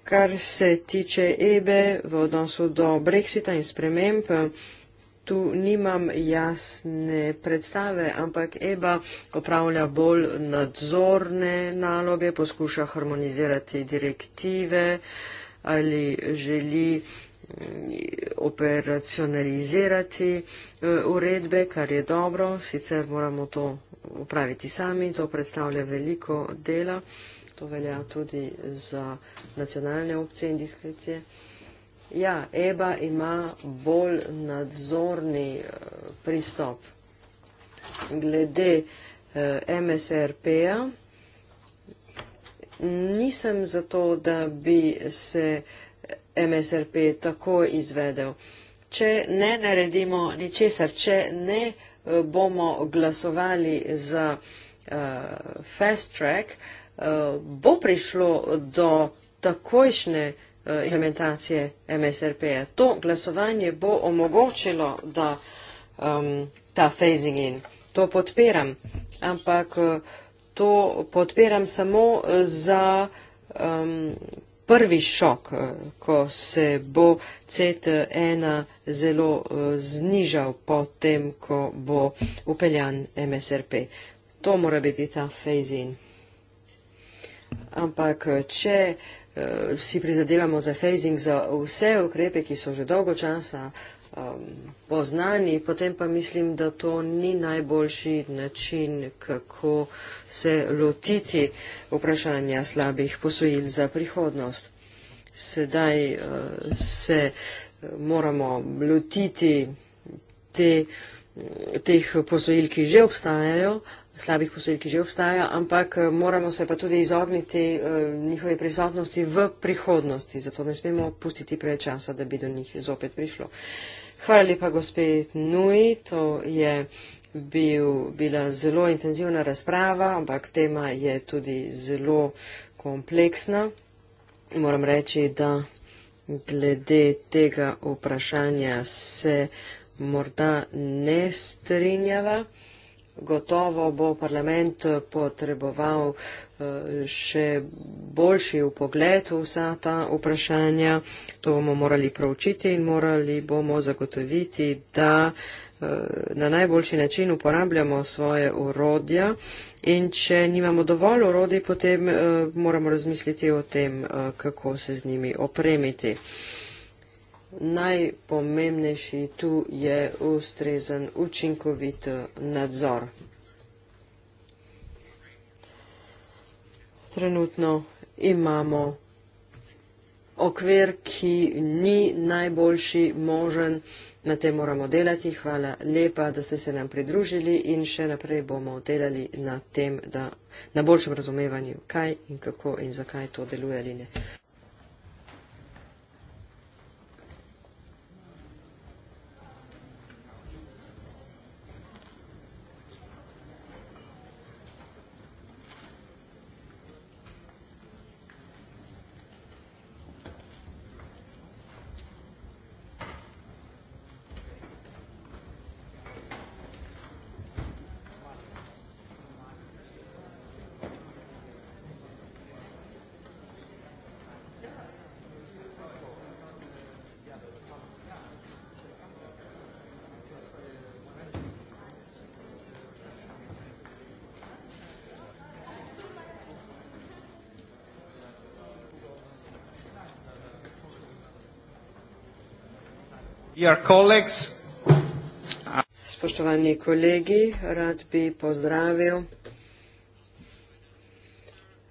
Kar se tiče EBE v odnosu do brexita in sprememb, tu nimam jasne predstave, ampak Eba opravlja bolj nadzorne naloge, poskuša harmonizirati direktive ali želi mm, operacionalizirati e, uredbe, kar je dobro, sicer moramo to upraviti sami, to predstavlja veliko dela, to velja tudi za nacionalne opcije in diskrecije. Ja, Eba ima bolj nadzorni eh, pristop. Glede eh, MSRP-ja, nisem zato, da bi se eh, MSRP tako izvedel. Če ne naredimo ničesar, če ne bomo glasovali za uh, fast track, uh, bo prišlo do takojšnje Eh, implementacije MSRP-ja. To glasovanje bo omogočilo, da um, ta phasing in. To podpiram, ampak eh, to podpiram samo za um, prvi šok, eh, ko se bo CET1 zelo uh, znižal potem, ko bo upeljan MSRP. To mora biti ta phasing. Ampak če uh, vsi eh, prizadevamo za phasing, za vse ukrepe, ki so že dolgo časa ehm, poznani, potem pa mislim, da to ni najboljši način, kako se lotiti vprašanja slabih posojil za prihodnost. Sedaj eh, se eh, moramo lotiti te, teh posojil, ki že obstajajo, slabih posledk, ki že obstaja, ampak eh, moramo se pa tudi izogniti eh, njihovi prisotnosti v prihodnosti, zato ne smemo pustiti preveč časa, da bi do njih zopet prišlo. Hvala lepa, gospod Nui, to je bil, bila zelo intenzivna razprava, ampak tema je tudi zelo kompleksna. Moram reči, da glede tega vprašanja se morda ne strinjava. Gotovo bo parlament potreboval eh, še boljši upogled v vsa ta vprašanja. To bomo morali proučiti in morali bomo zagotoviti, da eh, na najboljši način uporabljamo svoje urodja in če nimamo dovolj urodij, potem eh, moramo razmisliti o tem, kako se z njimi opremiti najpomembnejši tu je ustrezen učinkovit eh, nadzor. Trenutno imamo okvir, ki ni najboljši možen, na tem moramo delati. Hvala lepa, da ste se nam pridružili in še naprej bomo delali na tem, da na boljšem razumevanju, kaj in kako in zakaj to deluje ali ne. Spoštovani kolegi, rad bi pozdravil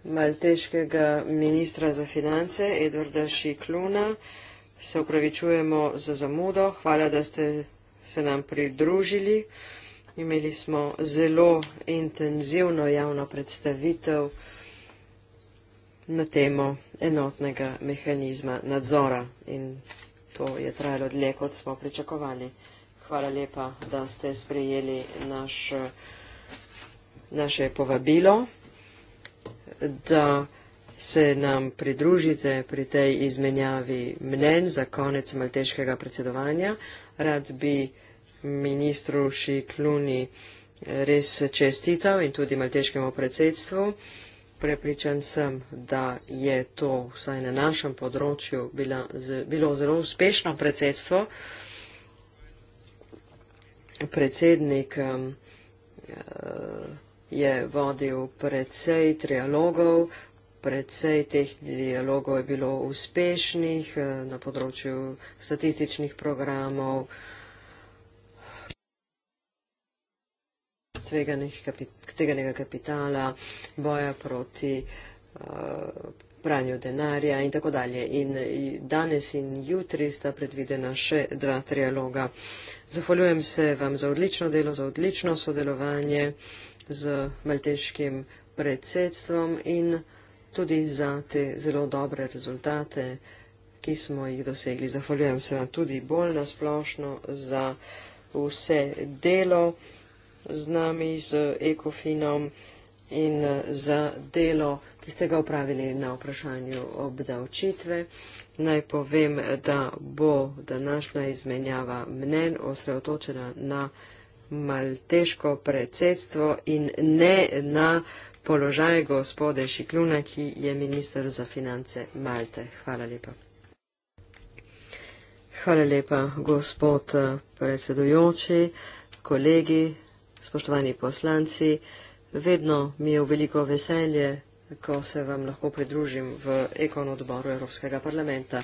malteškega ministra za finance Edvarda Šikluna. Se upravičujemo za zamudo. Hvala, da ste se nam pridružili. Imeli smo zelo intenzivno javno predstavitev na temo enotnega mehanizma nadzora in to je trajalo dlje, kot smo pričakovali. Hvala lepa, da ste sprejeli naš, naše povabilo, da se nam pridružite pri tej izmenjavi mnen za konec malteškega predsedovanja. Rad bi ministru Šikluni res čestital in tudi malteškemu predsedstvu. Prepričan sem, da je to vsaj na našem področju bila, z, bilo zelo uspešno predsedstvo. Predsednik um, je vodil predsej trialogov, predsej teh dialogov je bilo uspešnih eh, na področju statističnih programov. Um, kapit, tveganega kapitala, boja proti uh, pranju denarja in tako dalje. In danes in jutri sta predvidena še dva trialoga. Zahvaljujem se vam za odlično delo, za odlično sodelovanje z malteškim predsedstvom in tudi za te zelo dobre rezultate, ki smo jih dosegli. Zahvaljujem se vam tudi bolj nasplošno za vse delo z nami, z ekofinom in eh, za delo, ki ste ga upravili na vprašanju obdavčitve. Naj povem, da bo današnja izmenjava mnen osredotočena na malteško predsedstvo in ne na položaj gospode Šikluna, ki je minister za finance Malte. Hvala lepa. Hvala lepa, gospod eh, predsedujoči, kolegi, spoštovani poslanci, vedno mi je v veliko veselje, ko se vam lahko pridružim v ekon odboru Evropskega parlamenta.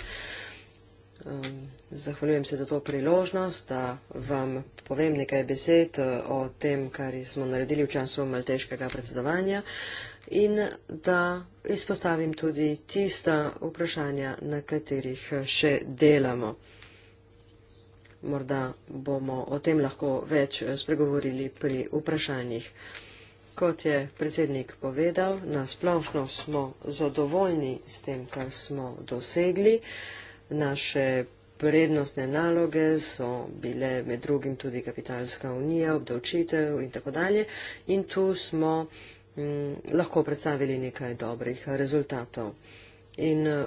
Um, zahvaljujem se za to priložnost, da vam povem nekaj besed uh, o tem, kar smo naredili v času malteškega predsedovanja in da izpostavim tudi tista vprašanja, na katerih še delamo. Morda bomo o tem lahko več eh, spregovorili pri vprašanjih. Kot je predsednik povedal, na splošno smo zadovoljni s tem, kar smo dosegli. Naše prednostne naloge so bile med drugim tudi kapitalska unija, obdavčitev in tako dalje. In tu smo mm, lahko predstavili nekaj dobrih rezultatov. In eh,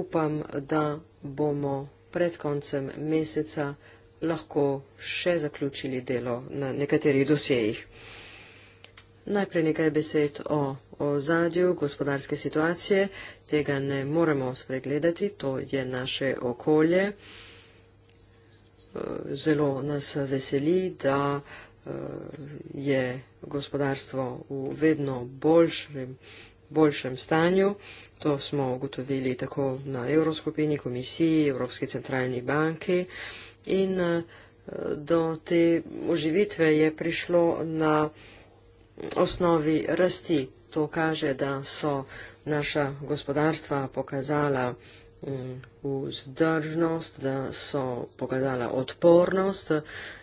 upam, da bomo pred koncem meseca lahko še zaključili delo na nekaterih dosejih. Najprej nekaj besed o ozadju gospodarske situacije. Tega ne moremo spregledati, to je naše okolje. Zelo nas veseli, da eh, je gospodarstvo v vedno boljšem, boljšem stanju. To smo ugotovili tako na Evroskupini, komisiji, Evropski centralni banki in eh, do te oživitve je prišlo na osnovi rasti. To kaže, da so naša gospodarstva pokazala mm, vzdržnost, da so pokazala odpornost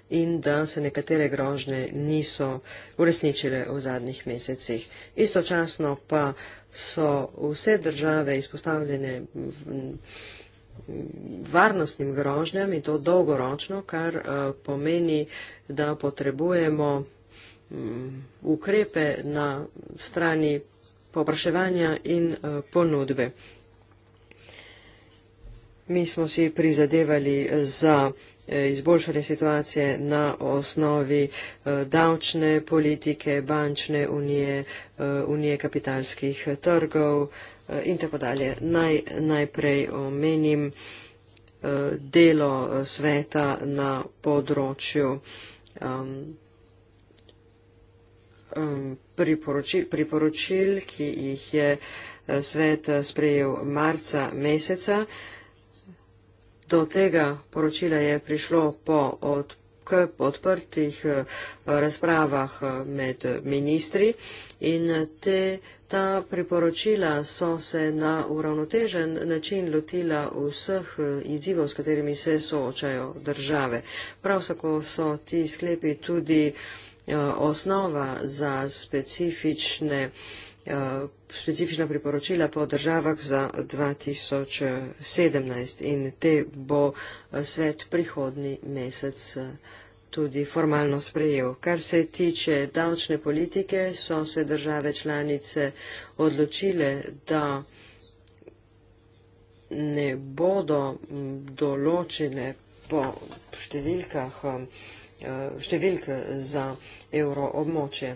in da se nekatere grožne niso uresničile v zadnjih mesecih. Istočasno pa so vse države izpostavljene. V, varnostnim grožnjam in to dolgoročno, kar eh, pomeni, da potrebujemo mm, ukrepe na strani povpraševanja in eh, ponudbe. Mi smo si prizadevali za eh, izboljšanje situacije na osnovi davčne politike, bančne unije, unije kapitalskih trgov, Eh, in tako dalje. Naj, najprej omenim eh, delo eh, sveta na področju um, priporočil, priporočil, ki jih je svet sprejel marca meseca. Do tega poročila je prišlo po od, k podprtih razpravah med ministri in te uh, Ta priporočila so se na uravnotežen način lotila vseh izzivov, s katerimi se soočajo države. Prav tako so ti sklepi tudi eh, osnova za specifične eh, specifična priporočila po državah za 2017 in te bo eh, svet prihodni mesec tudi formalno sprejel. Kar se tiče davčne politike, so se države članice odločile, da ne bodo določene po številkah, e, številk za euroobmoče.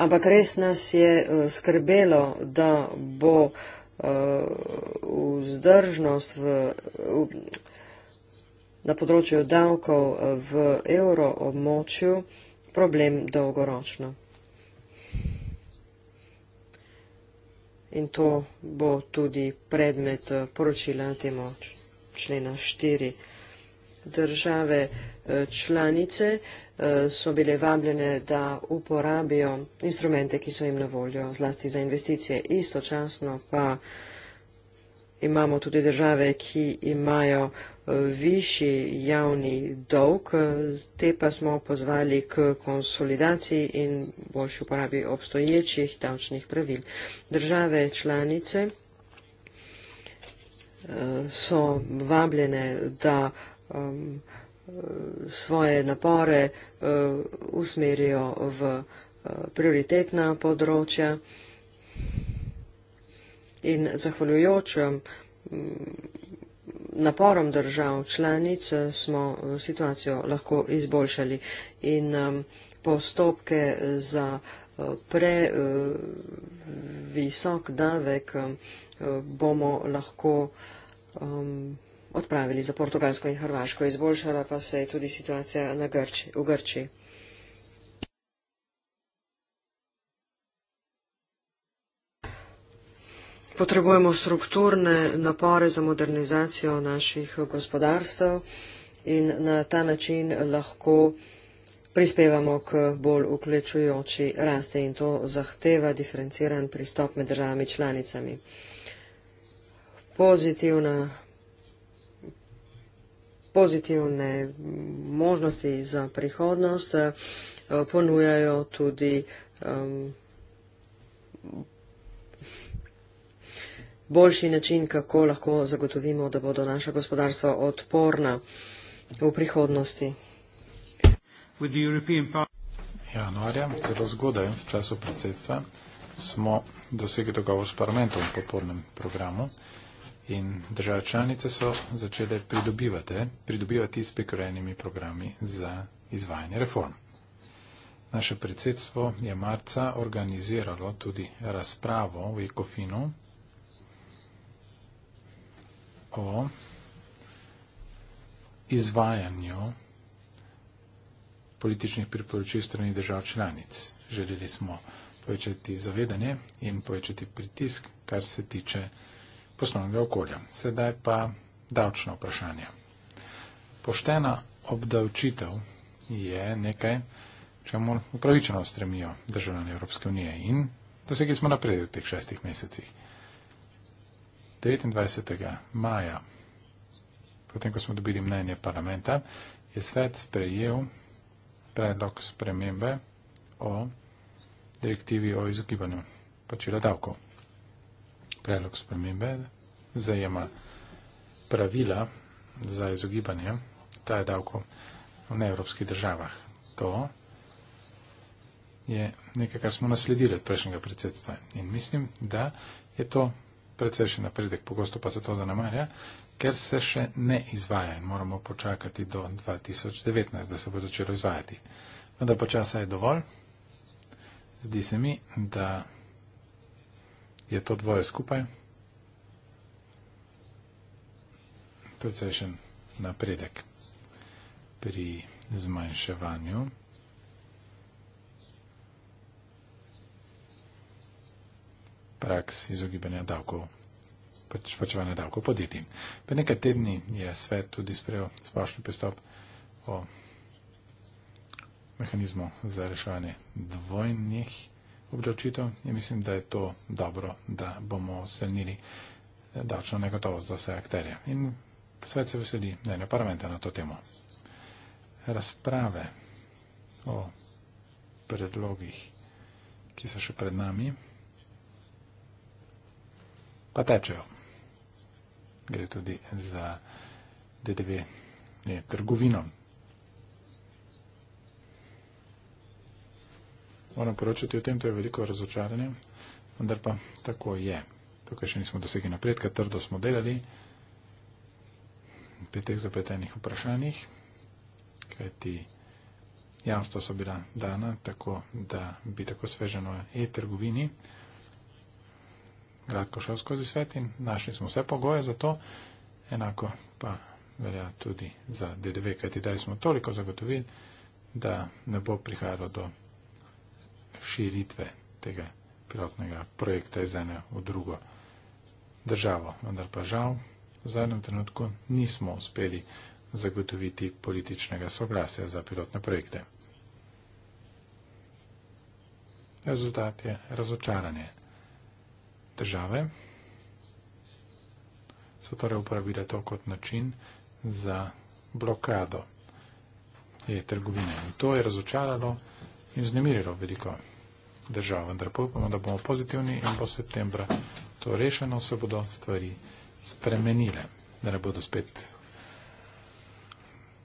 Ampak res nas je e, skrbelo, da bo e, vzdržnost v. v na področju davkov eh, v evroobmočju problem dolgoročno. In to bo tudi predmet eh, poročila na temo člena 4. Države eh, članice so bile vabljene, da uporabijo instrumente, ki so jim na voljo zlasti za investicije, istočasno pa vsega, imamo tudi države, ki imajo eh, višji javni dolg, eh, te pa smo pozvali k konsolidaciji in boljši uporabi obstoječih davčnih pravil. Države članice eh, so vabljene, da svoje napore usmerijo v prioritetna področja in zahvaljujoč um, naporom držav članic uh, smo uh, situacijo lahko izboljšali in um, postopke za uh, previsok davek um, bomo lahko odpravili za Portugalsko in Hrvaško. Izboljšala pa se je tudi situacija v Grči. Potrebujemo strukturne napore za modernizacijo naših gospodarstv in na ta način lahko prispevamo k bolj vključujoči rasti in to zahteva diferenciran pristop med državami članicami. Pozitivna, pozitivne možnosti za prihodnost eh, ponujajo tudi um, boljši način, kako lahko zagotovimo, da bodo naša gospodarstva odporna v prihodnosti. Januarja, zelo zgodaj v času predsedstva, smo dosegli dogovor s parlamentom o podpornem programu in države članice so začele pridobivati, pridobivati s prekrojenimi programi za izvajanje reform. Naše predsedstvo je marca organiziralo tudi razpravo v Ekofinu, o izvajanju političnih priporočil strani držav članic. Želeli smo povečati zavedanje in povečati pritisk, kar se tiče poslovnega okolja. Sedaj pa davčno vprašanje. Poštena obdavčitev je nekaj, čemu upravičeno stremijo državljani Evropske unije in dosegli smo napredek v teh šestih mesecih. 29. maja, potem ko smo dobili mnenje parlamenta, je svet sprejel predlog spremembe o direktivi o izogibanju plačila davkov. Predlog spremembe zajema pravila za izogibanje taj davkov v neevropskih državah. To je nekaj, kar smo nasledili od prejšnjega predsedstva. In mislim, da je to precejšen napredek, pogosto pa se to zanemarja, ker se še ne izvaja in moramo počakati do 2019, da se bo začelo izvajati. Vendar pa časa je dovolj. Zdi se mi, da je to dvoje skupaj precejšen napredek pri zmanjševanju. praks izogibanja davkov, pač plačevanja davkov podjetjem. Pa nekaj tedni je svet tudi sprejel splošni pristop o mehanizmu za reševanje dvojnih obdavčitev. Ja mislim, da je to dobro, da bomo selnili eh, davčno negotovost za vse akterje. In svet se veseli mnenja parlamenta na to temo. Razprave o predlogih, ki so še pred nami pa tečejo. Gre tudi za DDV, ne trgovino. Moram poročati o tem, to je veliko razočaranje, vendar pa tako je. Tukaj še nismo dosegli napredka, trdo smo delali pri teh zapletenih vprašanjih, kajti jamstva so bila dana, tako da bi tako sveženo e-trgovini gladko šel skozi svet in našli smo vse pogoje za to, enako pa velja tudi za DDV, kajti dali smo toliko zagotovili, da ne bo prihajalo do širitve tega pilotnega projekta iz ene v drugo državo. Vendar pa žal v zadnjem trenutku nismo uspeli zagotoviti političnega soglasja za pilotne projekte. Rezultat je razočaranje države. So torej uporabile to kot način za blokado te trgovine. In to je razočaralo in znemirilo veliko držav. Vendar povemo, da bomo pozitivni in bo septembra to rešeno, se bodo stvari spremenile, da ne bodo spet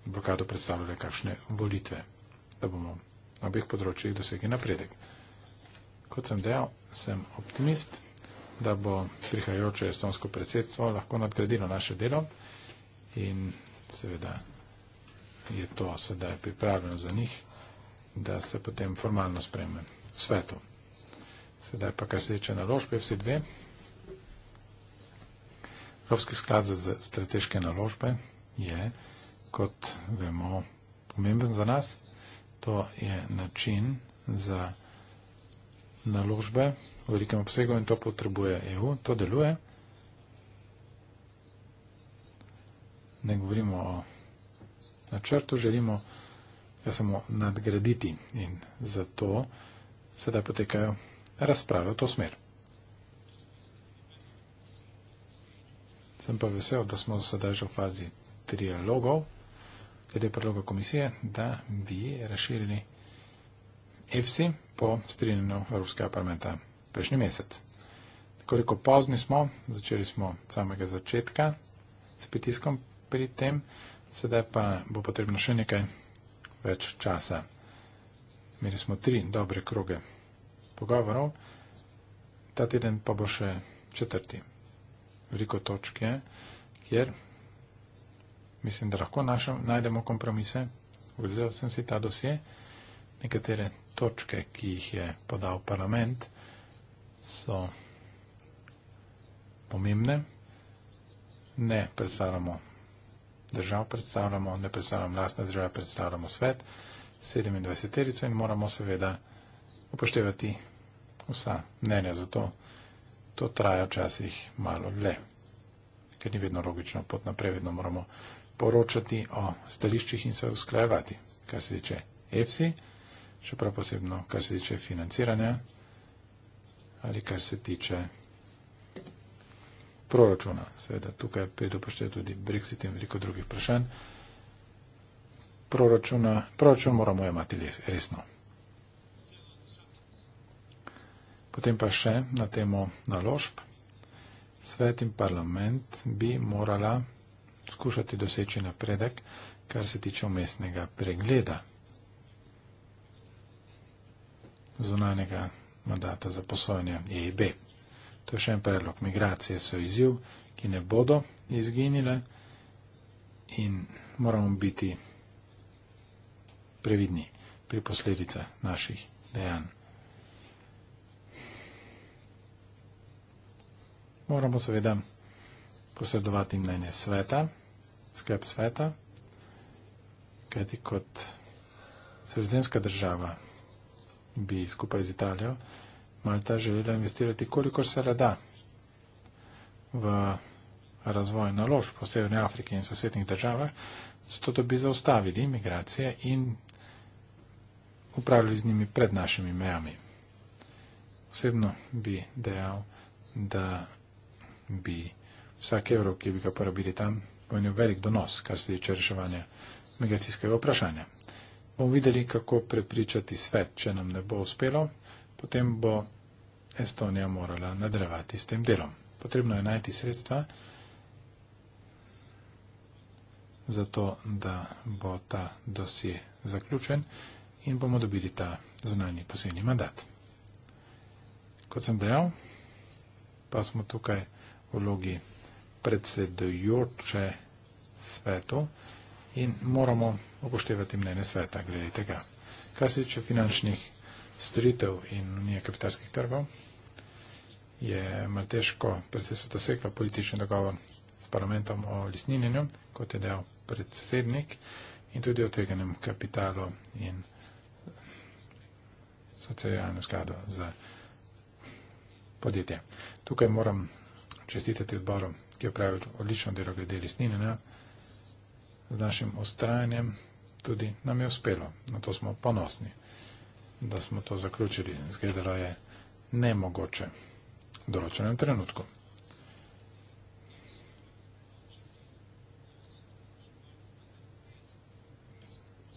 blokado predstavljale kakšne volitve, da bomo na obeh področjih dosegli napredek. Kot sem dejal, sem optimist da bo prihajajoče estonsko predsedstvo lahko nadgradilo naše delo in seveda je to sedaj pripravljeno za njih, da se potem formalno spreme v svetu. Sedaj pa kar se tiče naložbe, vsi dve. Evropski sklad za strateške naložbe je, kot vemo, pomemben za nas. To je način za naložbe v velikem obsegu in to potrebuje EU, to deluje. Ne govorimo o načrtu, želimo ga samo nadgraditi in zato sedaj potekajo razprave v to smer. Sem pa vesel, da smo sedaj že v fazi trialogov, glede predloga komisije, da bi razširili EFSI po strinjenju Evropskega parlamenta prejšnji mesec. Koliko pozni smo, začeli smo od samega začetka s pritiskom pri tem, sedaj pa bo potrebno še nekaj več časa. Imeli smo tri dobre kroge pogovorov, ta teden pa bo še četrti. Veliko točk je, kjer mislim, da lahko našem, najdemo kompromise. Ugledal sem si ta dosje nekatere točke, ki jih je podal parlament, so pomembne. Ne predstavljamo držav, predstavljamo, ne predstavljamo vlastne države, predstavljamo svet, 27-terico in moramo seveda upoštevati vsa mnenja. Zato to traja včasih malo dlje, ker ni vedno logično pot naprej, vedno moramo poročati o stališčih in se usklajevati, kar se tiče EFSI še prav posebno, kar se tiče financiranja ali kar se tiče proračuna. Seveda tukaj predopoštejo tudi Brexit in veliko drugih vprašanj. Proračuna, proračun moramo imati resno. Potem pa še na temo naložb. Svet in parlament bi morala skušati doseči napredek, kar se tiče umestnega pregleda zunanjega mandata za posojanje EIB. To je še en predlog. Migracije so izjiv, ki ne bodo izginile in moramo biti previdni pri posledica naših dejanj. Moramo seveda posredovati mnenje sveta, sklep sveta, kajti kot sredzemska država bi skupaj z Italijo Malta želela investirati, kolikor se le da v razvoj naložb po severni Afriki in sosednjih državah, zato da bi zaustavili imigracije in upravljali z njimi pred našimi mejami. Osebno bi dejal, da bi vsak evro, ki bi ga porabili tam, pomenil velik donos, kar se tiče reševanja migracijskega vprašanja bomo videli, kako prepričati svet, če nam ne bo uspelo, potem bo Estonija morala nadrevati s tem delom. Potrebno je najti sredstva za to, da bo ta dosje zaključen in bomo dobili ta zunanji posebni mandat. Kot sem dejal, pa smo tukaj v vlogi predsedujoče svetu in moramo upoštevati mnenje sveta glede tega. Kar se tiče finančnih storitev in unije kapitalskih trgov, je Malteško predsedstvo doseklo politični dogovor s parlamentom o lisninjenju, kot je dejal predsednik, in tudi o tveganem kapitalu in socialno skladu za podjetje. Tukaj moram čestitati odboru, ki je pravil odlično delo glede lisninjenja z našim ustrajanjem tudi nam je uspelo. Na to smo ponosni, da smo to zaključili. Zgledalo je nemogoče v določenem trenutku.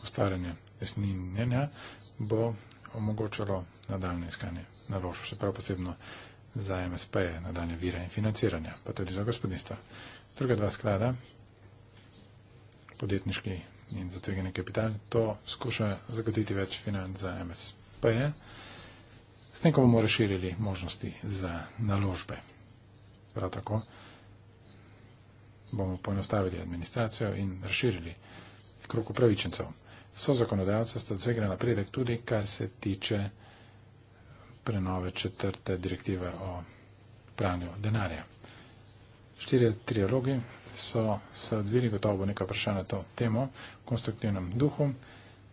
Ustvarjanje esninjenja bo omogočalo nadaljne iskanje naložb, še prav posebno za MSP, nadaljne vire in financiranja, pa tudi za gospodinstva. Druga dva sklada podjetniški in zategeni kapital, to skuša zagotoviti več financ za MS. Pa je, s tem, ko bomo razširili možnosti za naložbe. Prav tako bomo poenostavili administracijo in razširili krok upravičencev. So zakonodajalce, sta dosegla napredek tudi, kar se tiče prenove četrte direktive o pranju denarja. Štirje trialogi so se odvili gotovo neka vprašanja na to temo v konstruktivnem duhu,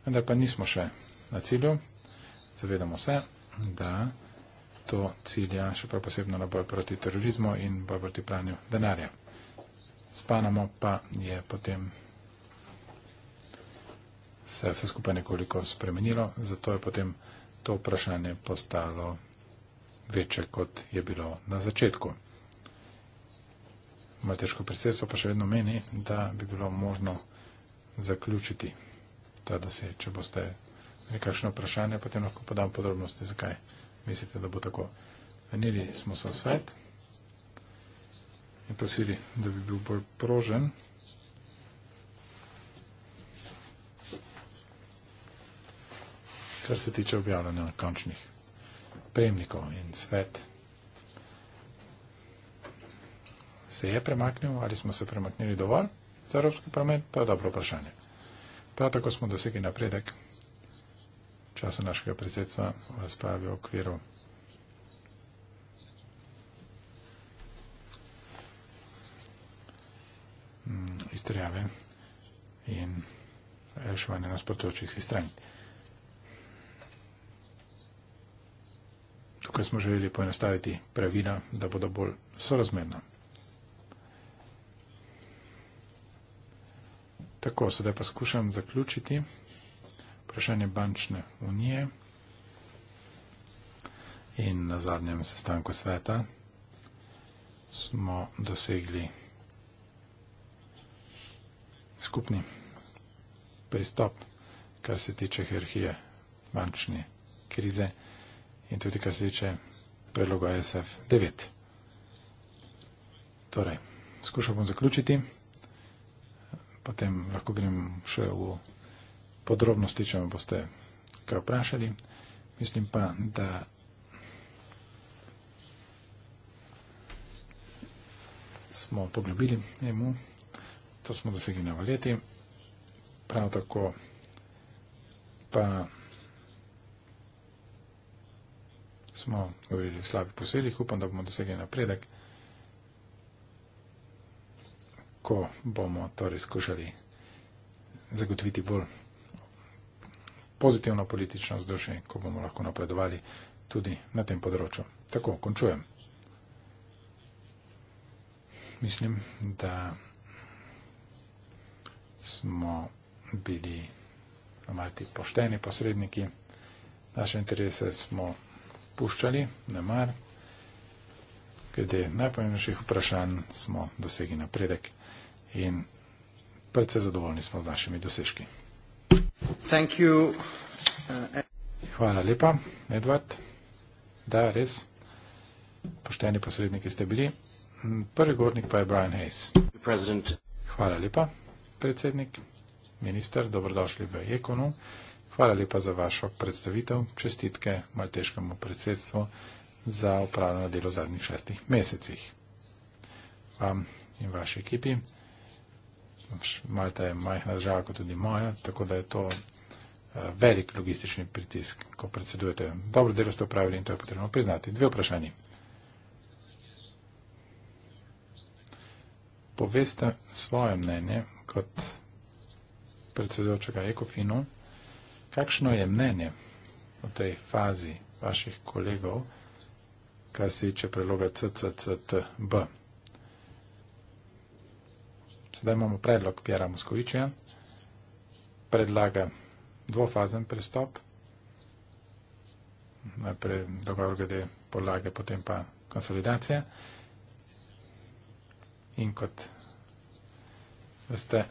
vendar pa nismo še na cilju. Zavedamo se, da to cilja še prav posebno na boj proti terorizmu in boj proti pranju denarja. Spanamo pa je potem se vse skupaj nekoliko spremenilo, zato je potem to vprašanje postalo večje, kot je bilo na začetku. Malteško predsedstvo pa še vedno meni, da bi bilo možno zaključiti ta dosej. Če boste nekakšno vprašanje, potem lahko podam podrobnosti, zakaj mislite, da bo tako. Venili smo se v svet in prosili, da bi bil bolj prožen. kar se tiče objavljanja končnih prejemnikov in svet. se je premaknil ali smo se premaknili dovolj za evropski promet, to je dobro vprašanje. Prav tako smo dosegli napredek v času našega predsedstva v razpravi o okviru mm, izterjave in reševanje nasprotujočih si stran. Tukaj smo želeli poenostaviti pravila, da bodo bolj sorazmerna. Tako, sedaj pa skušam zaključiti vprašanje bančne unije in na zadnjem sestanku sveta smo dosegli skupni pristop, kar se tiče hierarhije bančne krize in tudi kar se tiče predloga SF9. Torej, skušal bom zaključiti potem lahko grem še v podrobnosti, če me boste kaj vprašali. Mislim pa, da smo poglobili emu, to smo dosegli na valeti, prav tako pa smo govorili v slabih posledih, upam, da bomo dosegli napredek. kako bomo torej skušali zagotoviti bolj pozitivno politično vzdušje, ko bomo lahko napredovali tudi na tem področju. Tako, končujem. Mislim, da smo bili malti pošteni posredniki, naše interese smo puščali, ne mar, glede najpomembnejših vprašanj smo dosegli napredek in predvsej zadovoljni smo z našimi dosežki. Hvala lepa, Edvard. Da, res, pošteni posredniki ste bili. Prvi govornik pa je Brian Hayes. Hvala lepa, predsednik, minister, dobrodošli v Ekonu. Hvala lepa za vašo predstavitev. Čestitke malteškemu predsedstvu za upravljeno delo v zadnjih šestih mesecih. Vam in vaši ekipi. Malta je majhna država kot tudi moja, tako da je to eh, velik logistični pritisk, ko predsedujete. Dobro delo ste upravili in to je potrebno priznati. Dve vprašanje. Poveste svoje mnenje kot predsedujočega Ekofinu, kakšno je mnenje v tej fazi vaših kolegov, kar se tiče preloga CCCTB. Sedaj imamo predlog Pjera Moskoviča, predlaga dvofazen pristop, najprej dogovor glede podlage, potem pa konsolidacija. In kot veste,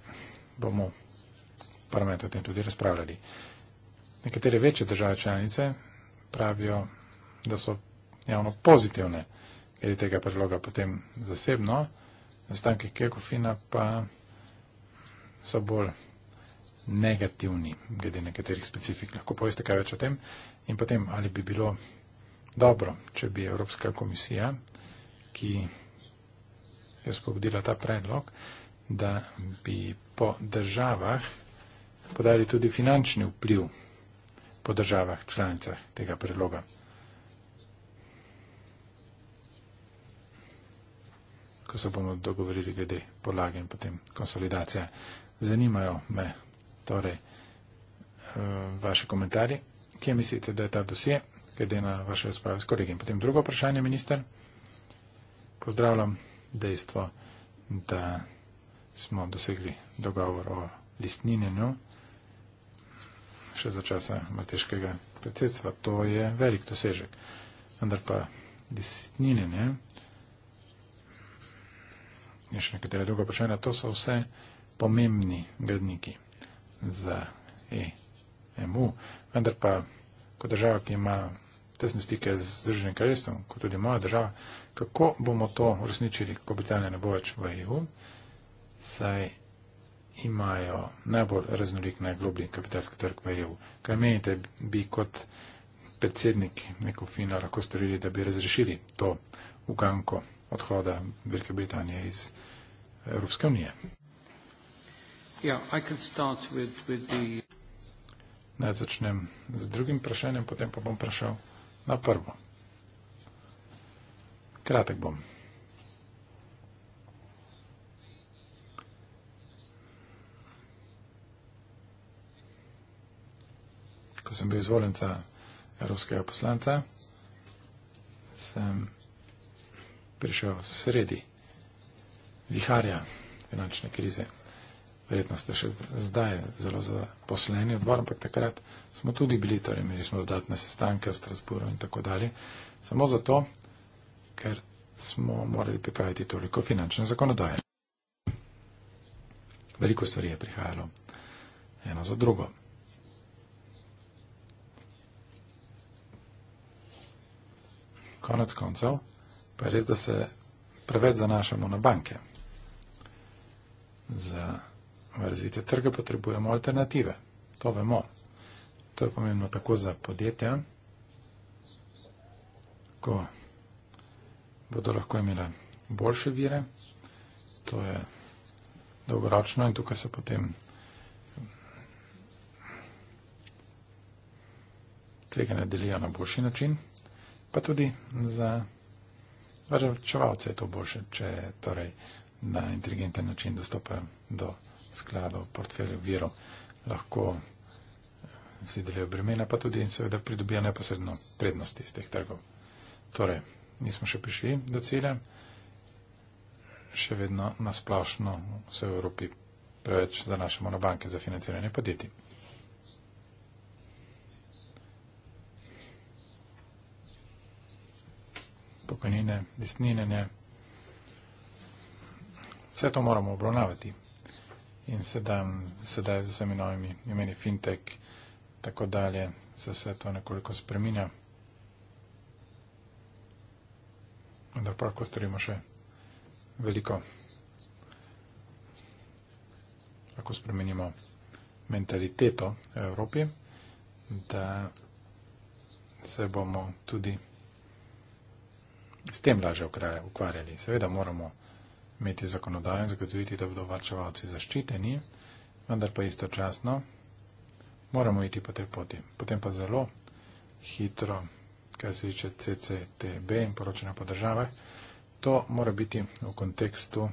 bomo v parlamentu o tem tudi razpravljali. Nekatere večje države članice pravijo, da so javno pozitivne glede tega predloga, potem zasebno nastanki kekofina pa so bolj negativni, glede nekaterih specifik. Lahko poveste kaj več o tem in potem, ali bi bilo dobro, če bi Evropska komisija, ki je spobodila ta predlog, da bi po državah podali tudi finančni vpliv po državah članicah tega predloga. ko se bomo dogovorili glede podlage in potem konsolidacije. Zanimajo me torej eh, vaše komentarje, kje mislite, da je ta dosje, glede na vaše razprave s kolegi. In potem drugo vprašanje, minister. Pozdravljam dejstvo, da smo dosegli dogovor o listninjenju še za časa mateškega predsedstva. To je velik dosežek. Vendar pa listninjenje. Ne? in še nekatere druga vprašanja. To so vse pomembni gradniki za EMU, vendar pa kot država, ki ima tesne stike z Združenim kraljestvom, kot tudi moja država, kako bomo to uresničili, ko Britanija ne bo več v EU, saj imajo najbolj raznolik, najgloblji kapitalski trg v EU. Kaj menite, bi kot predsednik neko fina lahko storili, da bi razrešili to uganko? odhoda Velike Britanije iz Evropske unije. Naj začnem z drugim vprašanjem, potem pa bom prišel na prvo. Kratek bom. Ko sem bil izvoljen za evropskega poslanca, sem prišel sredi viharja finančne krize. Verjetno ste še zdaj zelo zaposleni odbor, ampak takrat smo tudi bili, torej imeli smo dodatne sestanke v Strasburu in tako dalje. Samo zato, ker smo morali pripraviti toliko finančne zakonodaje. Veliko stvari je prihajalo eno za drugo. Konec koncev pa je res, da se preveč zanašamo na banke. Za razvite trge potrebujemo alternative. To vemo. To je pomembno tako za podjetja, ko bodo lahko imele boljše vire. To je dolgoročno in tukaj se potem tveganja delijo na boljši način, pa tudi za. Razumevalce je to boljše, če torej na inteligenten način dostopajo do skladov, portfeljev, virov, lahko eh, si delijo bremena, pa tudi in seveda pridobijo neposredno prednosti iz teh trgov. Torej, nismo še prišli do cilja, še vedno nasplošno se v Evropi preveč zanašamo na banke za financiranje podjetij. pokojnine, desninjenje, vse to moramo obravnavati. In sedaj, sedaj z vsemi novimi imeni fintech, tako dalje, se vse to nekoliko spreminja. Vendar pa lahko storimo še veliko. Lahko spremenimo mentaliteto v Evropi, da se bomo tudi s tem lažje ukvarjali. Seveda moramo imeti zakonodajo in zagotoviti, da bodo varčevalci zaščiteni, vendar pa istočasno moramo iti po tej poti. Potem pa zelo hitro, kaj se tiče CCTB in poročanja po državah, to mora biti v kontekstu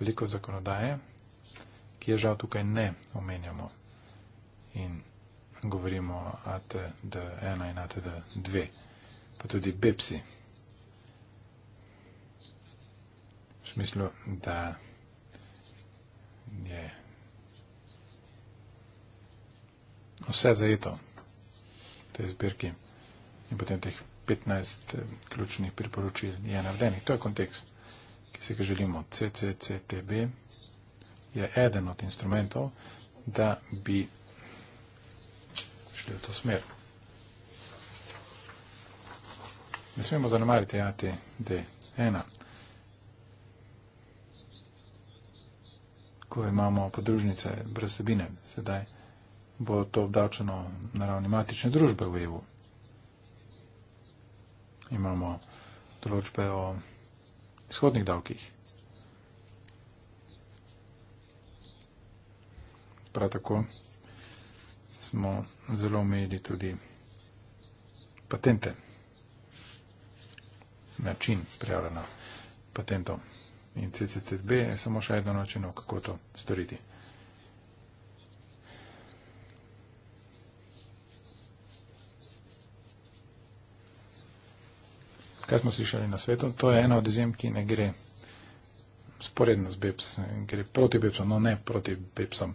veliko zakonodaje, ki je žal tukaj ne omenjamo in govorimo ATD1 in ATD2, pa tudi BEPSI. v smislu, da je vse zajeto v tej zbirki in potem teh 15 eh, ključnih priporočil je navedenih. To je kontekst, ki se ga želimo. CCCTB je eden od instrumentov, da bi šli v to smer. Ne smemo zanemariti ATD 1. ko imamo podružnice brez sebine, sedaj bo to obdavčeno na ravni matične družbe v EU. Imamo določbe o izhodnih davkih. Prav tako smo zelo omejili tudi patente, način prijavljanja patentov in CCTB je samo še eno načino, kako to storiti. Kaj smo slišali na svetu? To je ena od izjem, ki ne gre sporedno z BEPS, gre proti BEPS-om, no ne proti BEPS-om,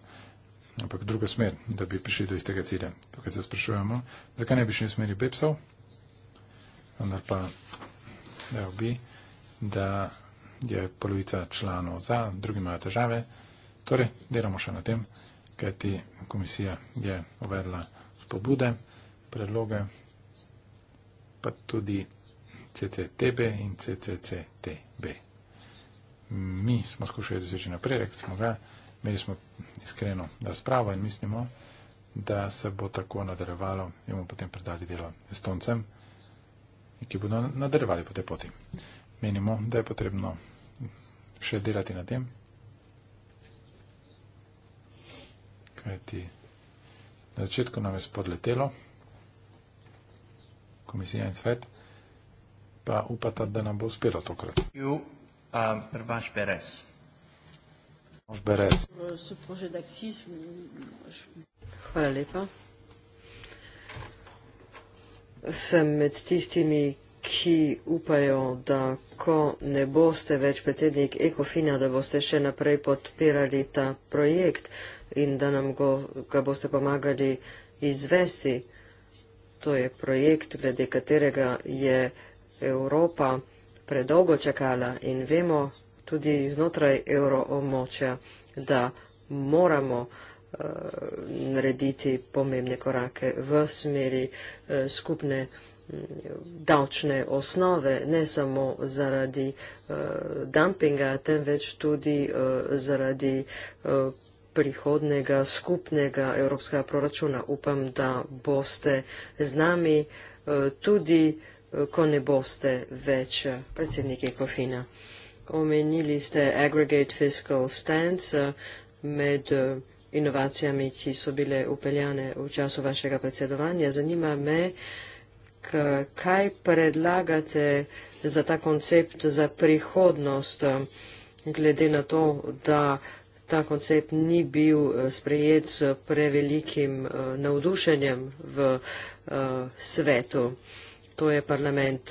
ampak druga smer, da bi prišli do istega cilja. Tukaj se sprašujemo, zakaj ne bi šli v smeri BEPS-ov, vendar pa, da bi, da je polovica članov za, drugi imajo težave. Torej, delamo še na tem, kajti komisija je uvedla spobude, predloge, pa tudi CCTB in CCCTB. Mi smo skušali doseči napredek, smo ga, imeli smo iskreno razpravo in mislimo, da se bo tako nadaljevalo in bomo potem predali delo Estoncem, ki bodo nadaljevali po tej poti. Menimo, da je potrebno še delati na tem. Kajti na začetku nam je spodletelo, komisija in svet, pa upata, da nam bo uspelo tokrat. Jo, prvaš Perez. Prvaš Perez. Hvala lepa. Sem med tistimi, ki upajo, da ko ne boste več predsednik Ekofina, da boste še naprej podpirali ta projekt in da nam go, ga boste pomagali izvesti. To je projekt, glede katerega je Evropa predolgo čakala in vemo tudi znotraj euroomočja, da moramo uh, narediti pomembne korake v smeri uh, skupne davčne osnove, ne samo zaradi eh, dumpinga, temveč tudi eh, zaradi eh, prihodnega skupnega evropskega proračuna. Upam, da boste z nami tudi, ko ne boste več predsedniki Kofina. Omenili ste aggregate fiscal stance med inovacijami, ki so bile upeljane v času vašega predsedovanja. Zanima me, kaj predlagate za ta koncept za prihodnost, glede na to, da ta koncept ni bil eh, sprejet s prevelikim eh, navdušenjem v eh, svetu. To je parlament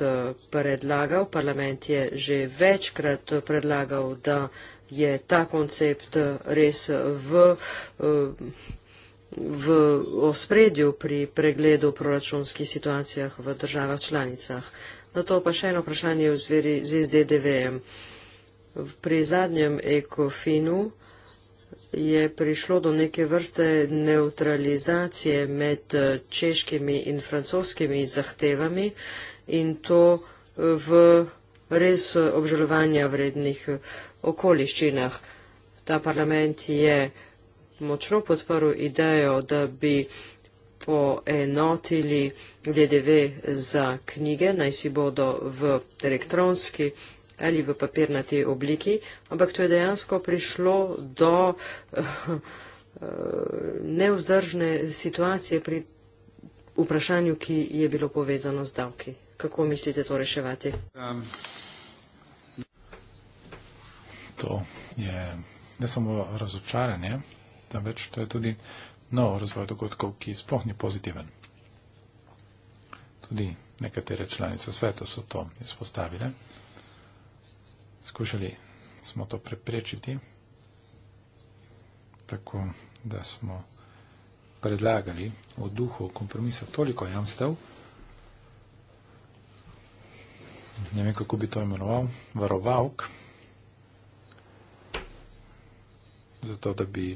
predlagal. Parlament je že večkrat predlagal, da je ta koncept res v v ospredju pri pregledu proračunskih situacijah v državah članicah. Zato pa še eno vprašanje v zveri z SDDV-em. Pri zadnjem ekofinu je prišlo do neke vrste neutralizacije med češkimi in francoskimi zahtevami in to v res obžalovanja vrednih okoliščinah. Ta parlament je močno podprl idejo, da bi poenotili DDV za knjige, naj si bodo v elektronski ali v papirnati obliki, ampak to je dejansko prišlo do eh, neuzdržne situacije pri vprašanju, ki je bilo povezano z davki. Kako mislite to reševati? Um, to je ne samo razočaranje temveč to je tudi nov razvoj dogodkov, ki sploh ni pozitiven. Tudi nekatere članice sveta so to izpostavile. Skušali smo to preprečiti, tako da smo predlagali v duhu kompromisa toliko jamstev, ne vem, kako bi to imenoval, varovalk, zato da bi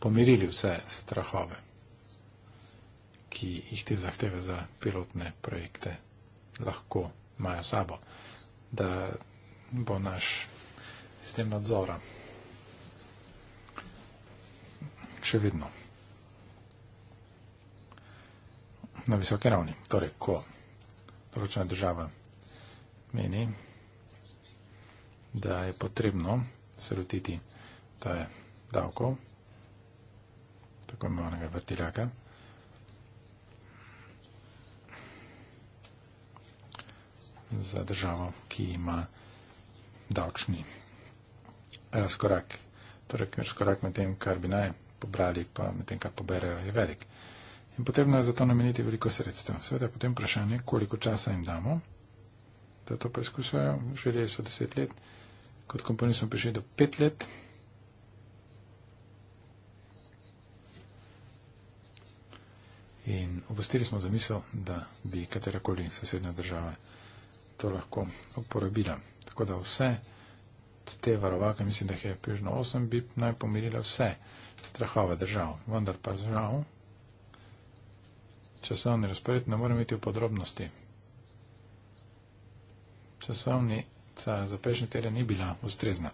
pomirili vse strahove, ki jih te zahteve za pilotne projekte lahko imajo sabo, da bo naš sistem nadzora še vedno na visoke ravni. Torej, ko določena država meni, da je potrebno se lotiti, da je davkov, tako imenovanega vrtiljaka. Za državo, ki ima davčni razkorak. Torej, razkorak med tem, kar bi naj pobrali, pa med tem, kar poberejo, je velik. In potrebno je zato nameniti veliko sredstev. Seveda je potem vprašanje, koliko časa jim damo, da to preizkusijo. Želeli so deset let, kot komponist smo prišli do pet let. In opustili smo zamisel, da bi katerakoli sosednja država to lahko uporabila. Tako da vse te varovake, mislim, da je prižno 8, bi naj pomirila vse strahove držav. Vendar pa žal, časovni razpored ne morem imeti v podrobnosti. Časovnica za prejšnji teden ni bila ustrezna,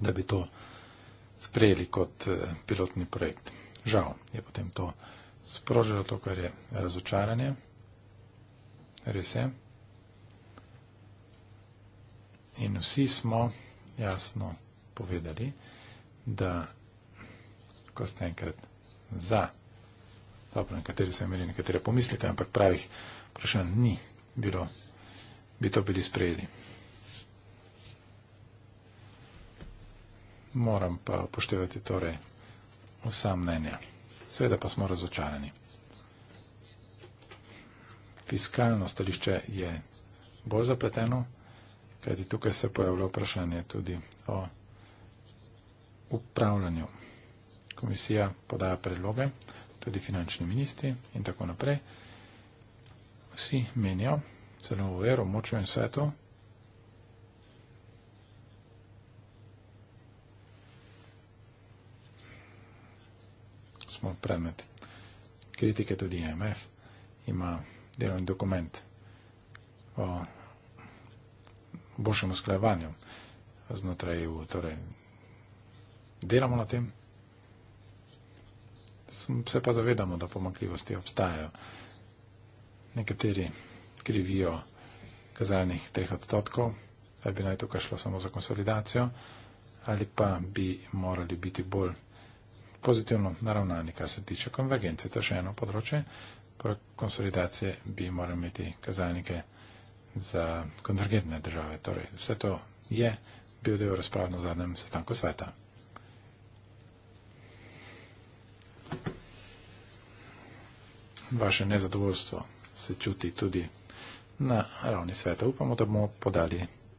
da bi to sprejeli kot eh, pilotni projekt žal je potem to sprožilo to, kar je razočaranje. Res je. In vsi smo jasno povedali, da ko ste enkrat za, dobro, nekateri so imeli nekatere pomisleke, ampak pravih vprašanj ni bilo, bi to bili sprejeli. Moram pa upoštevati torej vsa mnenja. Seveda pa smo razočarani. Fiskalno stališče je bolj zapleteno, kajti tukaj se pojavlja vprašanje tudi o upravljanju. Komisija podaja predloge, tudi finančni ministri in tako naprej. Vsi menijo, celo v Evropi, močujem svetu, smo predmet kritike tudi IMF, e ima delovni dokument o boljšem usklajevanju znotraj EU. Torej, delamo na tem, se pa zavedamo, da pomakljivosti obstajajo. Nekateri krivijo kazalnih teh odstotkov, da bi naj tukaj šlo samo za konsolidacijo, ali pa bi morali biti bolj pozitivno naravnani, kar se tiče konvergence. To je še eno področje. Poleg konsolidacije bi morali imeti kazalnike za konvergentne države. Torej, vse to je bil del razprav na zadnjem sestanku sveta. Vaše nezadovoljstvo se čuti tudi na ravni sveta. Upamo, da bomo podali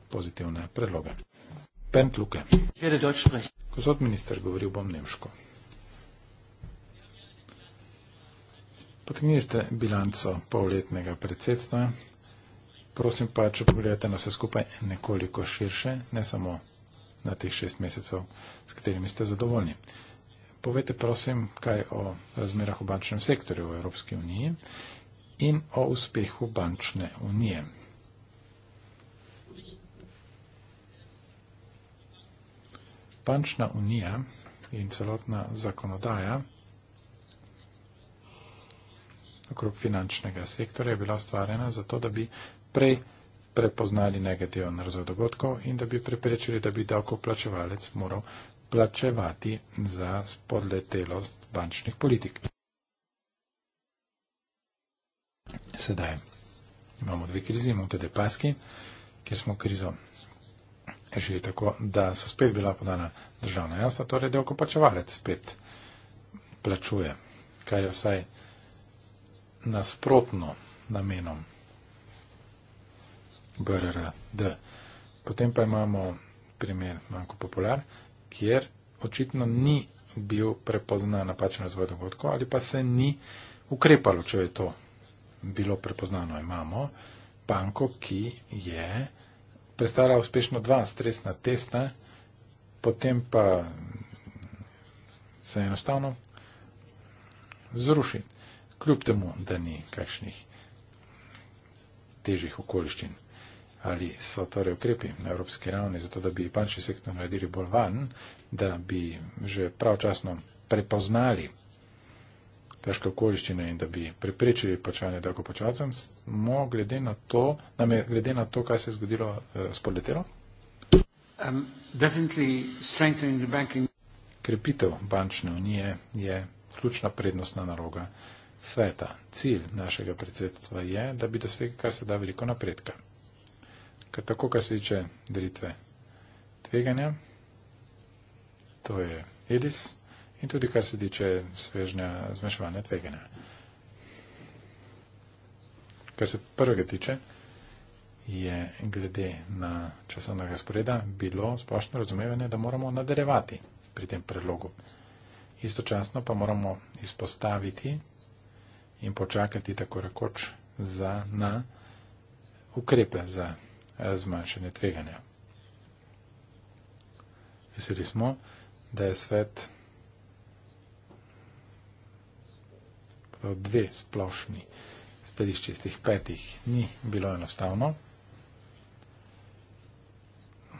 pozitivne predloge. Bent Luke. Gospod minister, govoril bom nemško. Potegnili ste bilanco polletnega predsedstva. Prosim pa, če pogledate na vse skupaj nekoliko širše, ne samo na teh šest mesecev, s katerimi ste zadovoljni. Povejte prosim, kaj o razmerah v bančnem sektorju v Evropski uniji in o uspehu bančne unije. Bančna unija in celotna zakonodaja okrog finančnega sektora je bila ustvarjena zato, da bi prej prepoznali negativen razvoj dogodkov in da bi preprečili, da bi davkoplačevalec moral plačevati za spodletelost bančnih politik. Sedaj imamo dve krizi, imamo tudi paski, kjer smo krizo rešili tako, da so spet bila podana državna jasna, torej da okopačevalec spet plačuje, kar je vsaj nasprotno namenom. BRRD. Potem pa imamo primer, manjko popular, kjer očitno ni bil prepoznan napačen razvoj dogodkov ali pa se ni ukrepalo, če je to bilo prepoznano. Imamo banko, ki je prestala uspešno dva stresna testa, potem pa se enostavno zruši kljub temu, da ni kakšnih težjih okoliščin. Ali so torej ukrepi na evropski ravni, zato da bi bančni sektor naredili bolj van, da bi že pravčasno prepoznali težke okoliščine in da bi preprečili plačevanje davkoplačevalcem, smo glede na to, nam je glede na to, kaj se je zgodilo eh, spodletelo? Um, Krepitev bančne unije je ključna prednostna naloga sveta, cilj našega predsedstva je, da bi dosegli kar se da veliko napredka. Ker tako, kar se tiče delitve tveganja, to je EDIS in tudi kar se tiče svežnja zmešovanja tveganja. Kar se prvega tiče, je glede na časovnega sporeda bilo splošno razumevanje, da moramo nadaljevati pri tem predlogu. Istočasno pa moramo izpostaviti, in počakati tako rekoč za, na ukrepe za eh, zmanjšanje tveganja. Veseli smo, da je svet v dve splošni stališči iz teh petih ni bilo enostavno.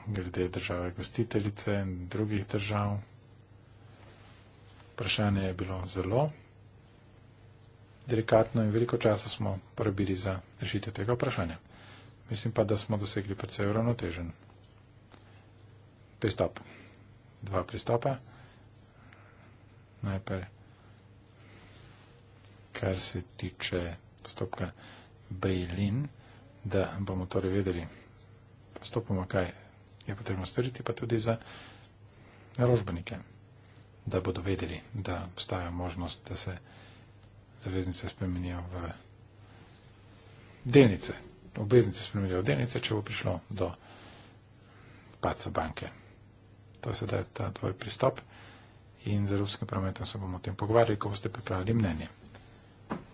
Glede države gostiteljice in drugih držav. Vprašanje je bilo zelo delikatno in veliko časa smo porabili za rešitev tega vprašanja. Mislim pa, da smo dosegli predvsej uravnotežen pristop. Dva pristopa. Najprej, kar se tiče postopka Bejlin, da bomo torej vedeli postopoma, kaj je potrebno storiti, pa tudi za naložbenike, da bodo vedeli, da obstaja možnost, da se zaveznice spremenijo v delnice, obveznice spremenijo v delnice, če bo prišlo do paca banke. To je sedaj ta tvoj pristop in z Evropskim parlamentom se bomo o tem pogovarjali, ko boste pripravili mnenje.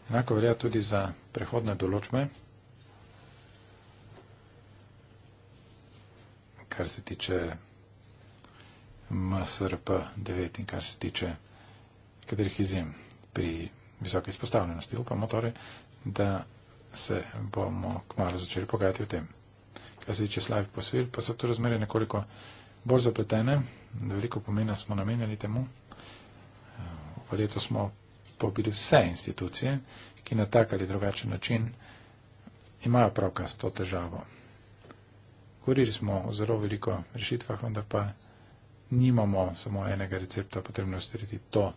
Enako velja tudi za prehodne določbe, kar se tiče MSRP 9 in kar se tiče katerih izjem pri visoke izpostavljenosti. Upamo torej, da se bomo kmalo začeli pogajati o tem. Kaj se tiče slabih posojil, pa so tu razmere nekoliko bolj zapletene, veliko pomena smo namenjali temu. V leto smo pobili vse institucije, ki na tak ali drugačen način imajo pravka s to težavo. Govorili smo o zelo veliko rešitvah, vendar pa nimamo samo enega recepta, potrebno je storiti to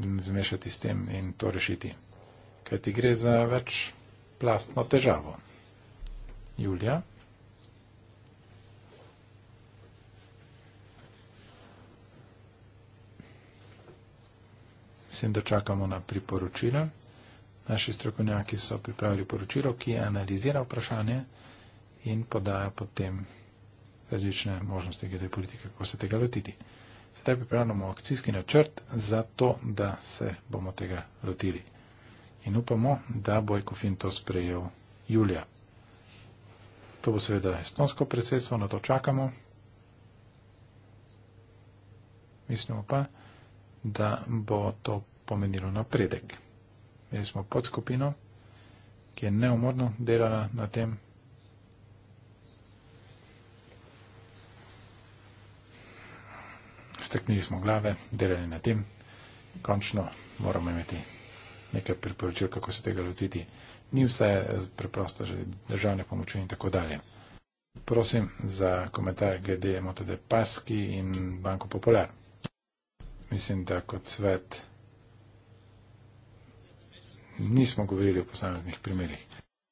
zmešati s tem in to rešiti. Kaj ti gre za več plastno težavo? Julija? Mislim, da čakamo na priporočila. Naši strokovnjaki so pripravili poročilo, ki analizira vprašanje in podaja potem različne možnosti glede politike, kako se tega lotiti. Sedaj pripravljamo akcijski načrt za to, da se bomo tega lotili. In upamo, da bo Ekofin to sprejel julija. To bo seveda estonsko predsedstvo, na to čakamo. Mislimo pa, da bo to pomenilo napredek. Imeli smo podskupino, ki je neumorno delala na tem strknili smo glave, delali na tem. Končno moramo imeti nekaj priporočil, kako se tega lotiti. Ni vse preprosto, že državne pomoči in tako dalje. Prosim za komentar glede MOTD Paski in Banko Popular. Mislim, da kot svet nismo govorili o posameznih primerih,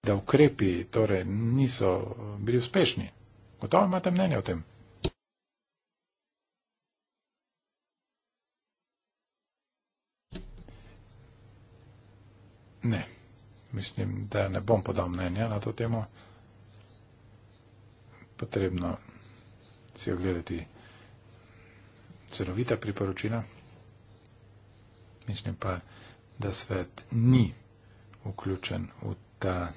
da ukrepi torej niso bili uspešni. Gotovo imate mnenje o tem. Ne. Mislim, da ne bom podal mnenja na to temo. Potrebno si ogledati celovita priporočila. Mislim pa, da svet ni vključen v ta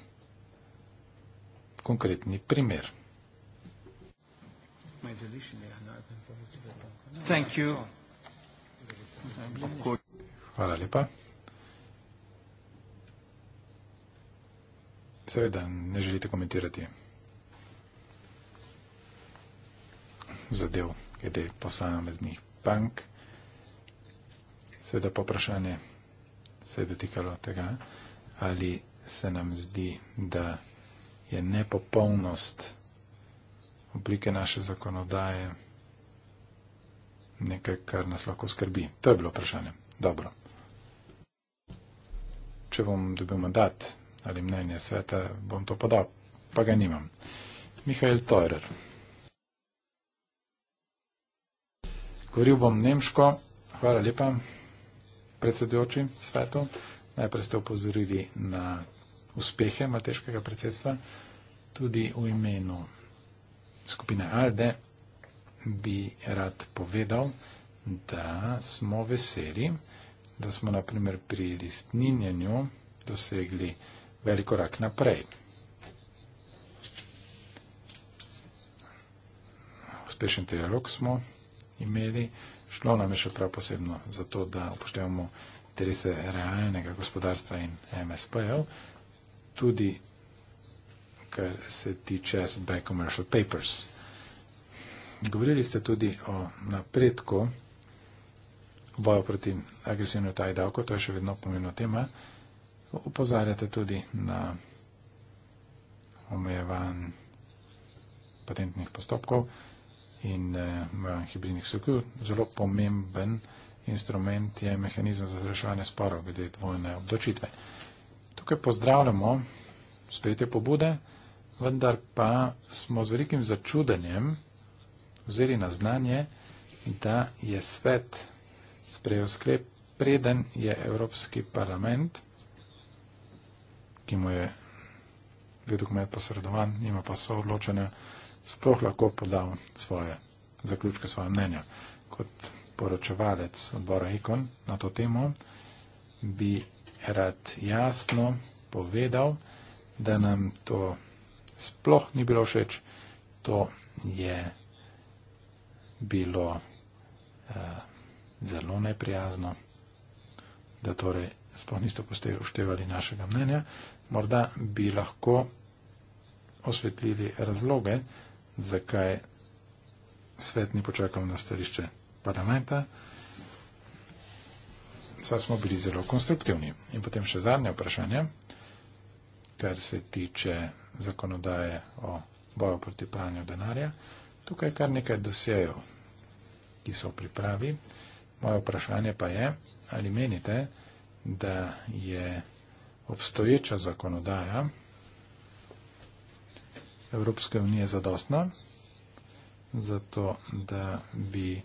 konkretni primer. Hvala lepa. Seveda, ne želite komentirati zadev, glede posameznih bank. Seveda, poprašanje se je dotikalo tega, ali se nam zdi, da je nepopolnost oblike naše zakonodaje nekaj, kar nas lahko skrbi. To je bilo vprašanje. Dobro. Če bom dobil mandat ali mnenje sveta, bom to podal, pa ga nimam. Mihajl Teurer. Govoril bom nemško, hvala lepa, predsedujoči svetu. Najprej ste upozorili na uspehe malteškega predsedstva, tudi v imenu skupine Alde bi rad povedal, da smo veseli, da smo naprimer pri listninjenju dosegli velik korak naprej. Uspešen dialog smo imeli, šlo nam je še prav posebno za to, da upoštevamo interese realnega gospodarstva in MSP-jev, tudi kar se tiče SB Commercial Papers. Govorili ste tudi o napredku v boju proti agresivnemu taj davku, to je še vedno pomembna tema. Opozarjate tudi na omejevanj patentnih postopkov in eh, hibridnih sukov. Zelo pomemben instrument je mehanizem za reševanje sporov glede dvojne obdočitve. Tukaj pozdravljamo sprejete pobude, vendar pa smo z velikim začudenjem vzeli na znanje, da je svet sprejel sklep, preden je Evropski parlament ki mu je bil dokument posredovan, nima pa soodločanja, sploh lahko podal svoje zaključke, svoje mnenja. Kot poročevalec odbora Ikon na to temo bi rad jasno povedal, da nam to sploh ni bilo všeč, to je bilo uh, zelo neprijazno, da torej sploh niste upoštevali našega mnenja, Morda bi lahko osvetlili razloge, zakaj svet ni počakal na stališče parlamenta. Saj smo bili zelo konstruktivni. In potem še zadnje vprašanje, kar se tiče zakonodaje o boju proti pranju denarja. Tukaj je kar nekaj dosjejev, ki so v pripravi. Moje vprašanje pa je, ali menite, da je obstoječa zakonodaja Evropske unije zadostna, zato da bi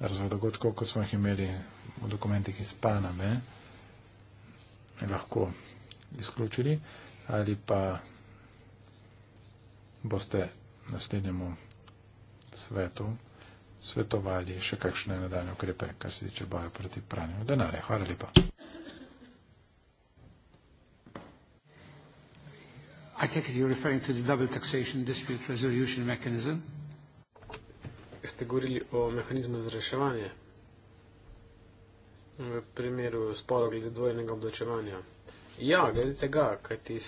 razvoj dogodkov, kot smo jih imeli v dokumentih iz Paname, lahko izključili ali pa boste naslednjemu svetu svetovali še kakšne nadaljne ukrepe, kar se tiče boja proti pranju denarja. Hvala lepa. I take it you're referring to the double taxation dispute resolution mechanism. Ste govorili o mehanizmu za reševanje v primeru sporo glede dvojnega obdočevanja. Ja, glede tega, kajti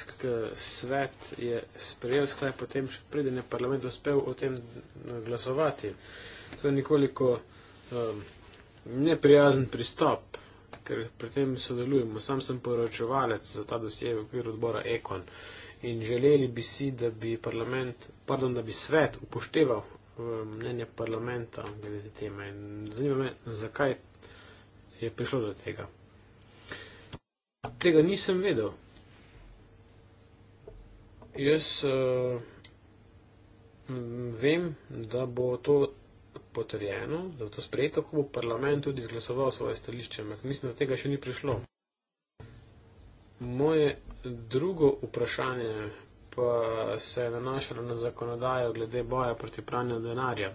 svet je sprejel sklep potem, še preden je parlament uspel o tem glasovati. To je nekoliko um, neprijazen pristop, ker pri tem sodelujemo. Sam sem poročevalec za ta dosje v okviru odbora Ekon. Uh, in želeli bi si, da bi, pardon, da bi svet upošteval eh, mnenje parlamenta glede te teme. In zanima me, zakaj je prišlo do tega. Tega nisem vedel. Jaz uh, vem, da bo to potrjeno, da bo to sprejeto, ko bo parlament tudi izglasoval svoje stališče, ampak mislim, da tega še ni prišlo. Moje drugo vprašanje pa se je nanašalo na zakonodajo glede boja proti pranju denarja.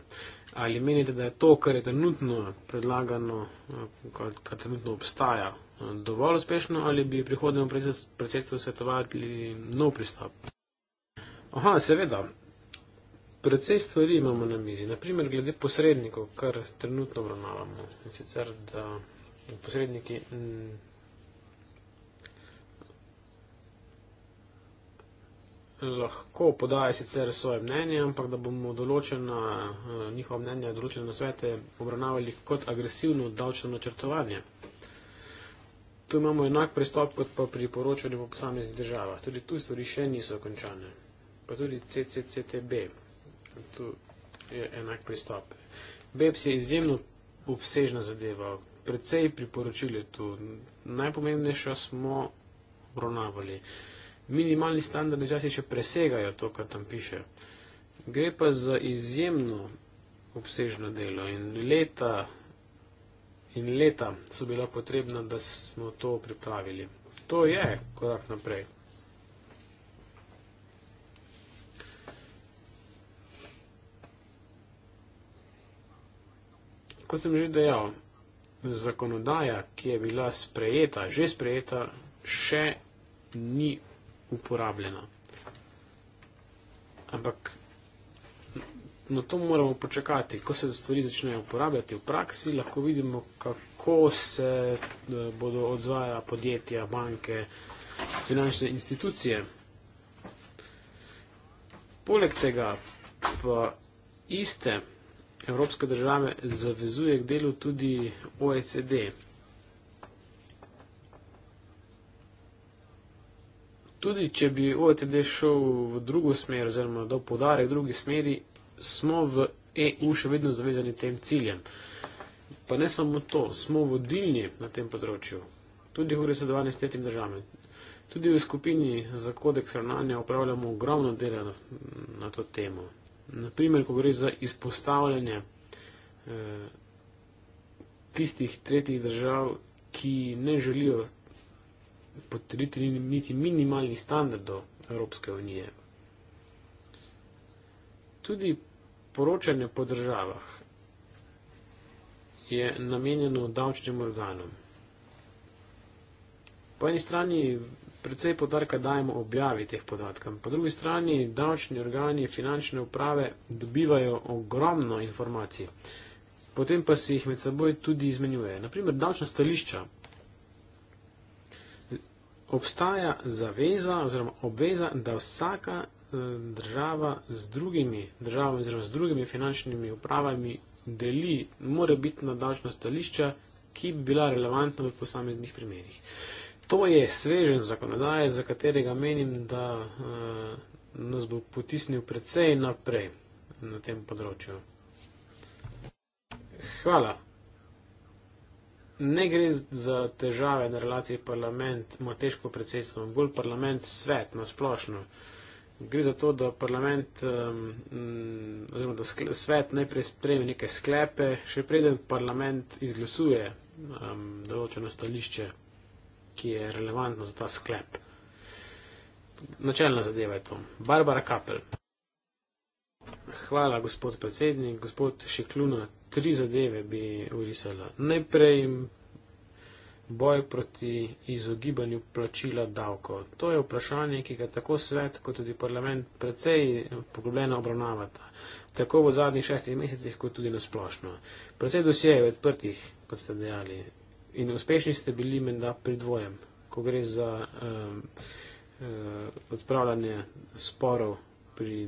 Ali menite, da je to, kar je trenutno predlagano, kar trenutno obstaja, dovolj uspešno ali bi prihodnjemu predsedstvu svetovali nov pristop? Aha, seveda. Predvsej stvari imamo na mizi. Naprimer, glede posrednikov, kar trenutno obravnavamo. In sicer, da posredniki lahko podaja sicer svoje mnenje, ampak da bomo določena, eh, njihova mnenja, določene nasvete obravnavali kot agresivno davčno načrtovanje. Tu imamo enak pristop, kot pa pri poročanju po posameznih državah. Tudi tu stvari še niso končane. Pa tudi CCCTB. Tu je enak pristop. BEPS je izjemno obsežna zadeva. Predvsej priporočili tu. Najpomembnejša smo obravnavali. Uh, minimalni standardi časi še presegajo to, kar tam piše. Gre pa za izjemno obsežno delo in leta, in leta so bila potrebna, da smo to pripravili. To je korak naprej. Kot sem že dejal, zakonodaja, ki je bila sprejeta, že sprejeta, še ni uporabljena. Ampak na to moramo počakati. Ko se stvari začnejo uporabljati v praksi, lahko vidimo, kako se eh, bodo odzvajala podjetja, banke, finančne institucije. Poleg tega pa iste evropske države zavezuje k delu tudi OECD. tudi če bi OTD šel v drugo smer, oziroma do podarek v drugi smeri, smo v EU še vedno zavezani tem ciljem. Pa ne samo to, smo vodilni na tem področju, tudi v resedovanju s tretjim državami. Tudi v skupini za kodeks ravnanja upravljamo ogromno dela na, na to temo. Naprimer, ko gre za izpostavljanje eh, tistih tretjih držav, ki ne želijo potrditi niti minimalnih standardov Evropske unije. Tudi poročanje po državah je namenjeno davčnim organom. Po eni strani predvsej podarka dajemo objavi teh podatkov, po drugi strani davčni organi finančne uprave dobivajo ogromno informacij, potem pa si jih med seboj tudi izmenjuje. Naprimer, davčna stališča obstaja zaveza oziroma obveza, da vsaka eh, država z drugimi državami oziroma z drugimi finančnimi upravami deli morebitna davčna stališča, ki bi bila relevantna v posameznih primerjih. To je svežen zakonodaje, za katerega menim, da uh, nas bo potisnil precej naprej na tem področju. Hvala ne gre za težave na relaciji parlament, malteško predsedstvo, bolj parlament, svet na splošno. Gre za to, da parlament um, oziroma da svet najprej sprejme neke sklepe, še preden parlament izglasuje um, določeno stališče, ki je relevantno za ta sklep. Načelna zadeva je to. Barbara Kapel. Hvala, gospod predsednik. Gospod Šekluna, tri zadeve bi urisala. Najprej boj proti izogibanju plačila davkov. To je vprašanje, ki ga tako svet kot tudi parlament precej poglobljeno obravnavata. Tako v zadnjih šestih mesecih, kot tudi nasplošno. Precej dosjejev odprtih, kot ste dejali. In uspešni ste bili menda pri dvojem, ko gre za um, um, odpravljanje sporov pri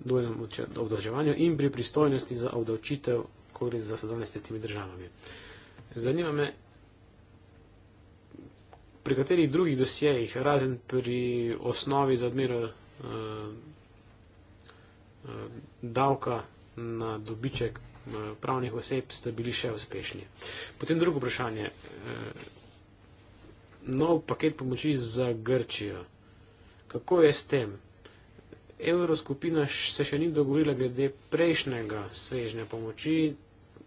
dvojnem obdavčevanju in pri pristojnosti za obdavčitev, ko gre za sodelovanje s tretjimi državami. Zanima me, pri katerih drugih dosjejih, razen pri osnovi za odmero eh, eh, davka na dobiček eh, pravnih oseb, ste bili še uspešni. Potem drugo vprašanje. Nov paket pomoči za Grčijo. Kako je s tem? Evroskupina se še ni dogovorila glede prejšnjega svežnja pomoči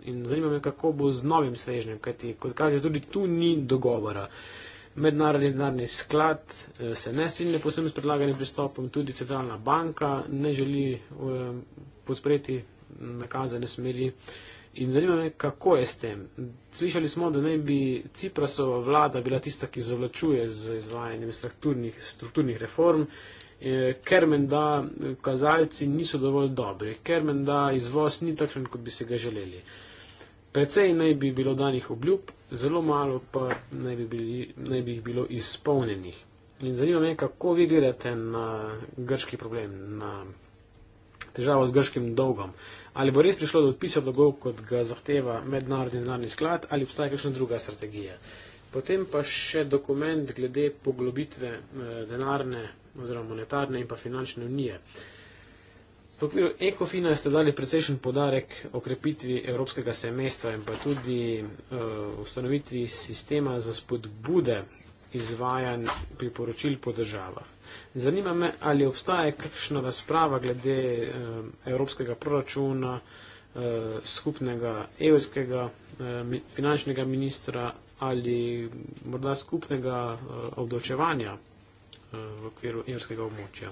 in zanima me, kako bo z novim svežnjem, kajti kot kaže, tudi tu ni dogovora. Mednarodni denarni sklad eh, se ne strinja posebno s predlaganim pristopom, tudi centralna banka ne želi eh, podpreti nakazane smeri. In zanima me, kako je s tem. Slišali smo, da naj bi Ciprasova vlada bila tista, ki zavlačuje z izvajanjem strukturnih, strukturnih reform. Eh, ker menda eh, kazalci niso dovolj dobri, ker menda izvoz ni takšen, kot bi se ga želeli. Precej naj bi bilo danih obljub, zelo malo pa naj bi, bili, naj bi jih bilo izpolnjenih. In zanima me, kako vi gledate na grški problem, na težavo z grškim dolgom. Ali bo res prišlo do odpisa dolgov, kot ga zahteva mednarodni denarni sklad, ali obstaja kakšna druga strategija. Potem pa še dokument glede poglobitve eh, denarne oziroma monetarne in pa finančne unije. V okviru ECOFINA ste dali precejšen podarek okrepitvi evropskega semestra in pa tudi uh, ustanovitvi sistema za spodbude izvajan priporočil po državah. Zanima me, ali obstaja kakšna razprava glede uh, evropskega proračuna, uh, skupnega evropskega uh, finančnega ministra ali morda skupnega uh, obdočevanja Eh, v okviru irskega območja.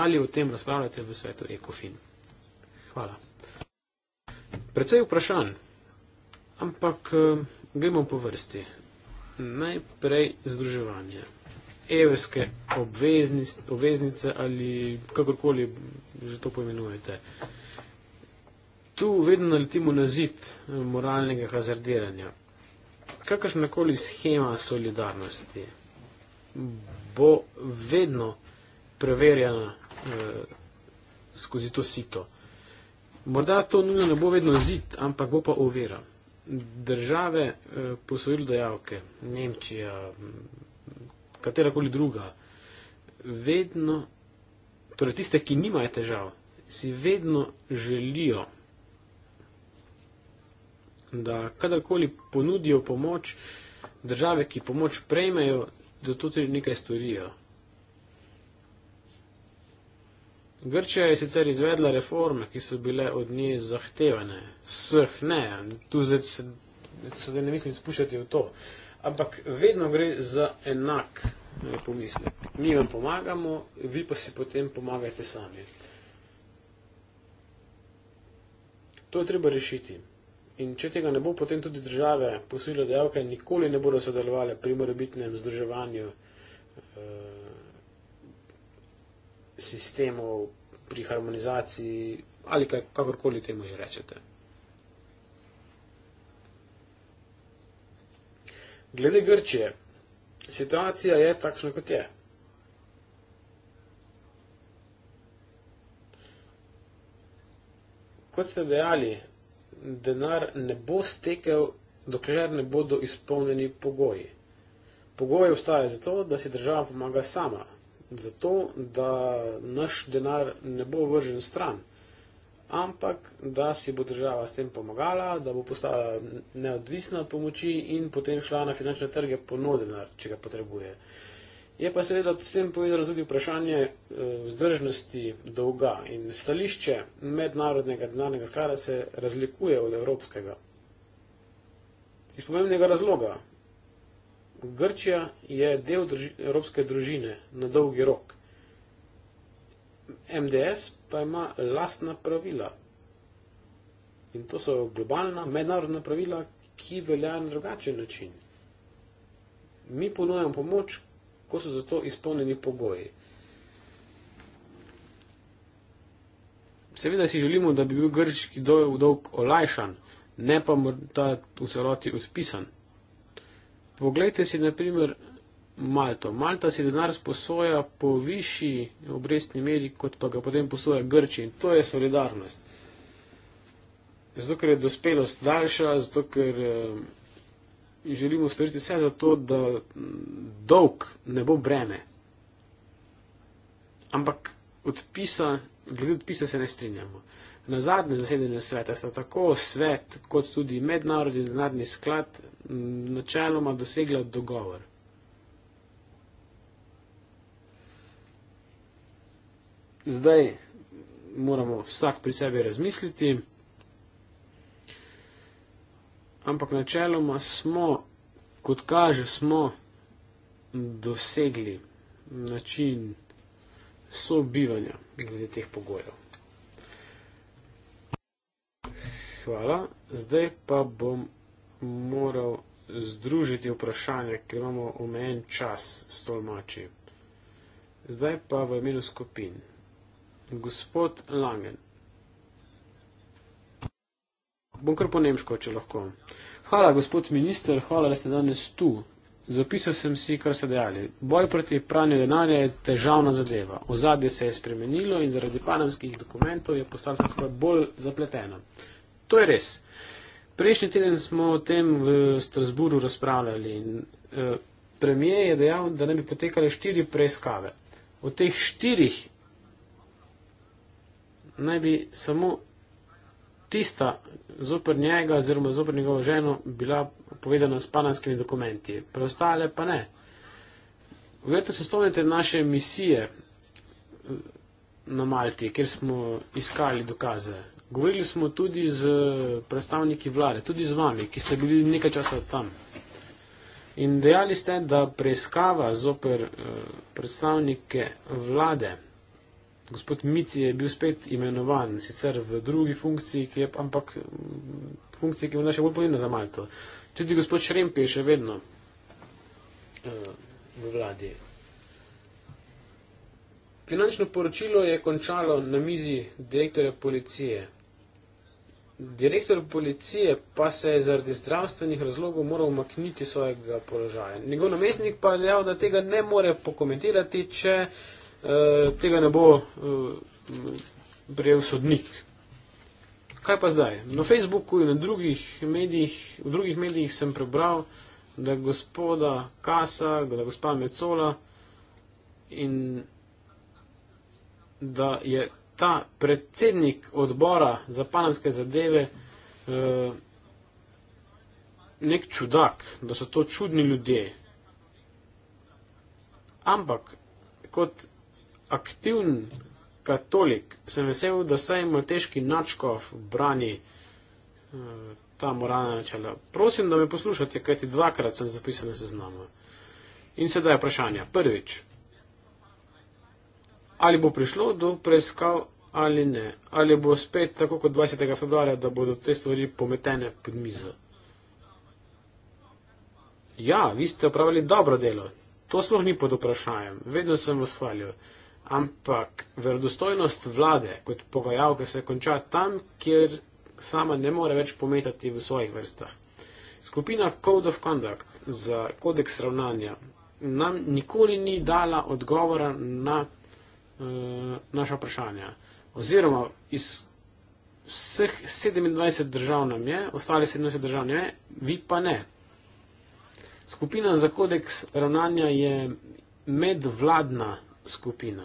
Ali o tem razpravljate v svetu ECOFIN? Hvala. Predvsej vprašanj, ampak eh, gremo po vrsti. Najprej združevanje. Evrske obveznice ali kakorkoli že to pojmenujete. Tu vedno naletimo na zid eh, moralnega hazardiranja. Kakršnakoli schema solidarnosti bo vedno preverjena eh, skozi to sito. Morda to nujno ne bo vedno zid, ampak bo pa ovira. Države eh, posojilodajalke, Nemčija, mm, katerakoli druga, vedno, torej tiste, ki nimajo težav, si vedno želijo, da kadarkoli ponudijo pomoč, države, ki pomoč prejmejo, zato tudi nekaj storijo. Grčija je sicer izvedla reforme, ki so bile od nje zahtevane, vseh ne, tu se zdaj ne mislim spuščati v to, ampak vedno gre za enak eh, pomislek. Mi vam pomagamo, vi pa si potem pomagajte sami. To je treba rešiti. In če tega ne bo, potem tudi države, posilo dejavke, nikoli ne bodo sodelovali pri morebitnem združevanju eh, sistemov, pri harmonizaciji ali kaj, kakorkoli temu že rečete. Glede Grčije, situacija je takšna, kot je. Kot ste dejali, denar ne bo stekel, dokler ne bodo izpolnjeni pogoji. Pogoje ustaja zato, da si država pomaga sama, zato, da naš denar ne bo vržen stran, ampak da si bo država s tem pomagala, da bo postala neodvisna od pomoči in potem šla na finančne trge ponuditi denar, če ga potrebuje. Uh, Je pa seveda s tem povedano tudi vprašanje eh, vzdržnosti dolga in stališče mednarodnega denarnega sklada se razlikuje od evropskega. Iz pomembnega razloga. Grčija je del drži, evropske družine na dolgi rok. MDS pa ima lastna pravila. In to so globalna mednarodna pravila, ki veljajo na drugačen način. Mi ponujemo pomoč, ko so za to izpolnjeni pogoji. Seveda si želimo, da bi bil grški dolg olajšan, ne pa morda v celoti odpisan. Poglejte si naprimer Malto. Malta si denar sposoja po višji obrestni meri, kot pa ga potem posoja Grči. In to je solidarnost. Zato, ker je dospelost daljša, zato, ker. Eh, in želimo storiti vse za to, da dolg ne bo breme. Ampak odpisa, glede odpisa se ne strinjamo. Na zadnjem zasedanju sveta sta tako svet, kot tudi mednarodni denarni sklad načeloma dosegla dogovor. Zdaj moramo vsak pri sebi razmisliti ampak načeloma smo, kot kaže, smo dosegli način sobivanja glede teh pogojev. Hvala. Zdaj pa bom moral združiti vprašanje, ker imamo omejen čas s tolmači. Zdaj pa v imenu skupin. Gospod Langen bom kar po nemško, če lahko. Hvala, gospod minister, hvala, da ste danes tu. Zapisal sem si, kar ste dejali. Boj proti pranju denarja je težavna zadeva. Ozadje se je spremenilo in zaradi panamskih dokumentov je postalo tako bolj zapleteno. To je res. Prejšnji teden smo o tem v Strasburu razpravljali in eh, premije je dejal, da ne bi potekale štiri preiskave. Od teh štirih naj bi samo tista zoper njega oziroma zoper njegovo ženo bila povedana s panamskimi dokumenti, preostale pa ne. Verjetno se spomnite naše misije eh, na Malti, kjer smo iskali dokaze. Govorili smo tudi z eh, predstavniki vlade, tudi z vami, ki ste bili nekaj časa tam. In dejali ste, da preiskava zoper eh, predstavnike vlade gospod Mici je bil spet imenovan, sicer v drugi funkciji, ki je ampak mm, funkcija, ki je naša bolj pomembna za Malto. Tudi gospod Šrempi je še vedno uh, v vladi. Finančno poročilo je končalo na mizi direktorja policije. Direktor policije pa se je zaradi zdravstvenih razlogov moral umakniti svojega položaja. Njegov namestnik pa je dejal, da tega ne more pokomentirati, če uh, Eh, tega ne bo eh, prijel sodnik. Kaj pa zdaj? Na Facebooku in na drugih medijih, v drugih medijih sem prebral, da gospoda Kasa, da gospa Mecola in da je ta predsednik odbora za panamske zadeve eh, nek čudak, da so to čudni ljudje. Ampak kot aktivn katolik, sem vesel, da saj Malteški Načkov brani eh, ta moralna načela. Prosim, da me poslušate, kajti dvakrat sem zapisal na seznamu. In sedaj vprašanja. Prvič, ali bo prišlo do preiskav ali ne? Ali bo spet tako kot 20. februarja, da bodo te stvari pometene pod mizo? Ja, vi ste opravili dobro delo. To sploh ni pod vprašanjem. Vedno sem vas hvalil ampak verodostojnost vlade kot pogajalke se konča tam, kjer sama ne more več pometati v svojih vrstah. Skupina Code of Conduct za kodeks ravnanja nam nikoli ni dala odgovora na uh, naša vprašanja. Oziroma iz vseh 27 držav nam je, ostale 17 držav nam je, vi pa ne. Skupina za kodeks ravnanja je medvladna skupina.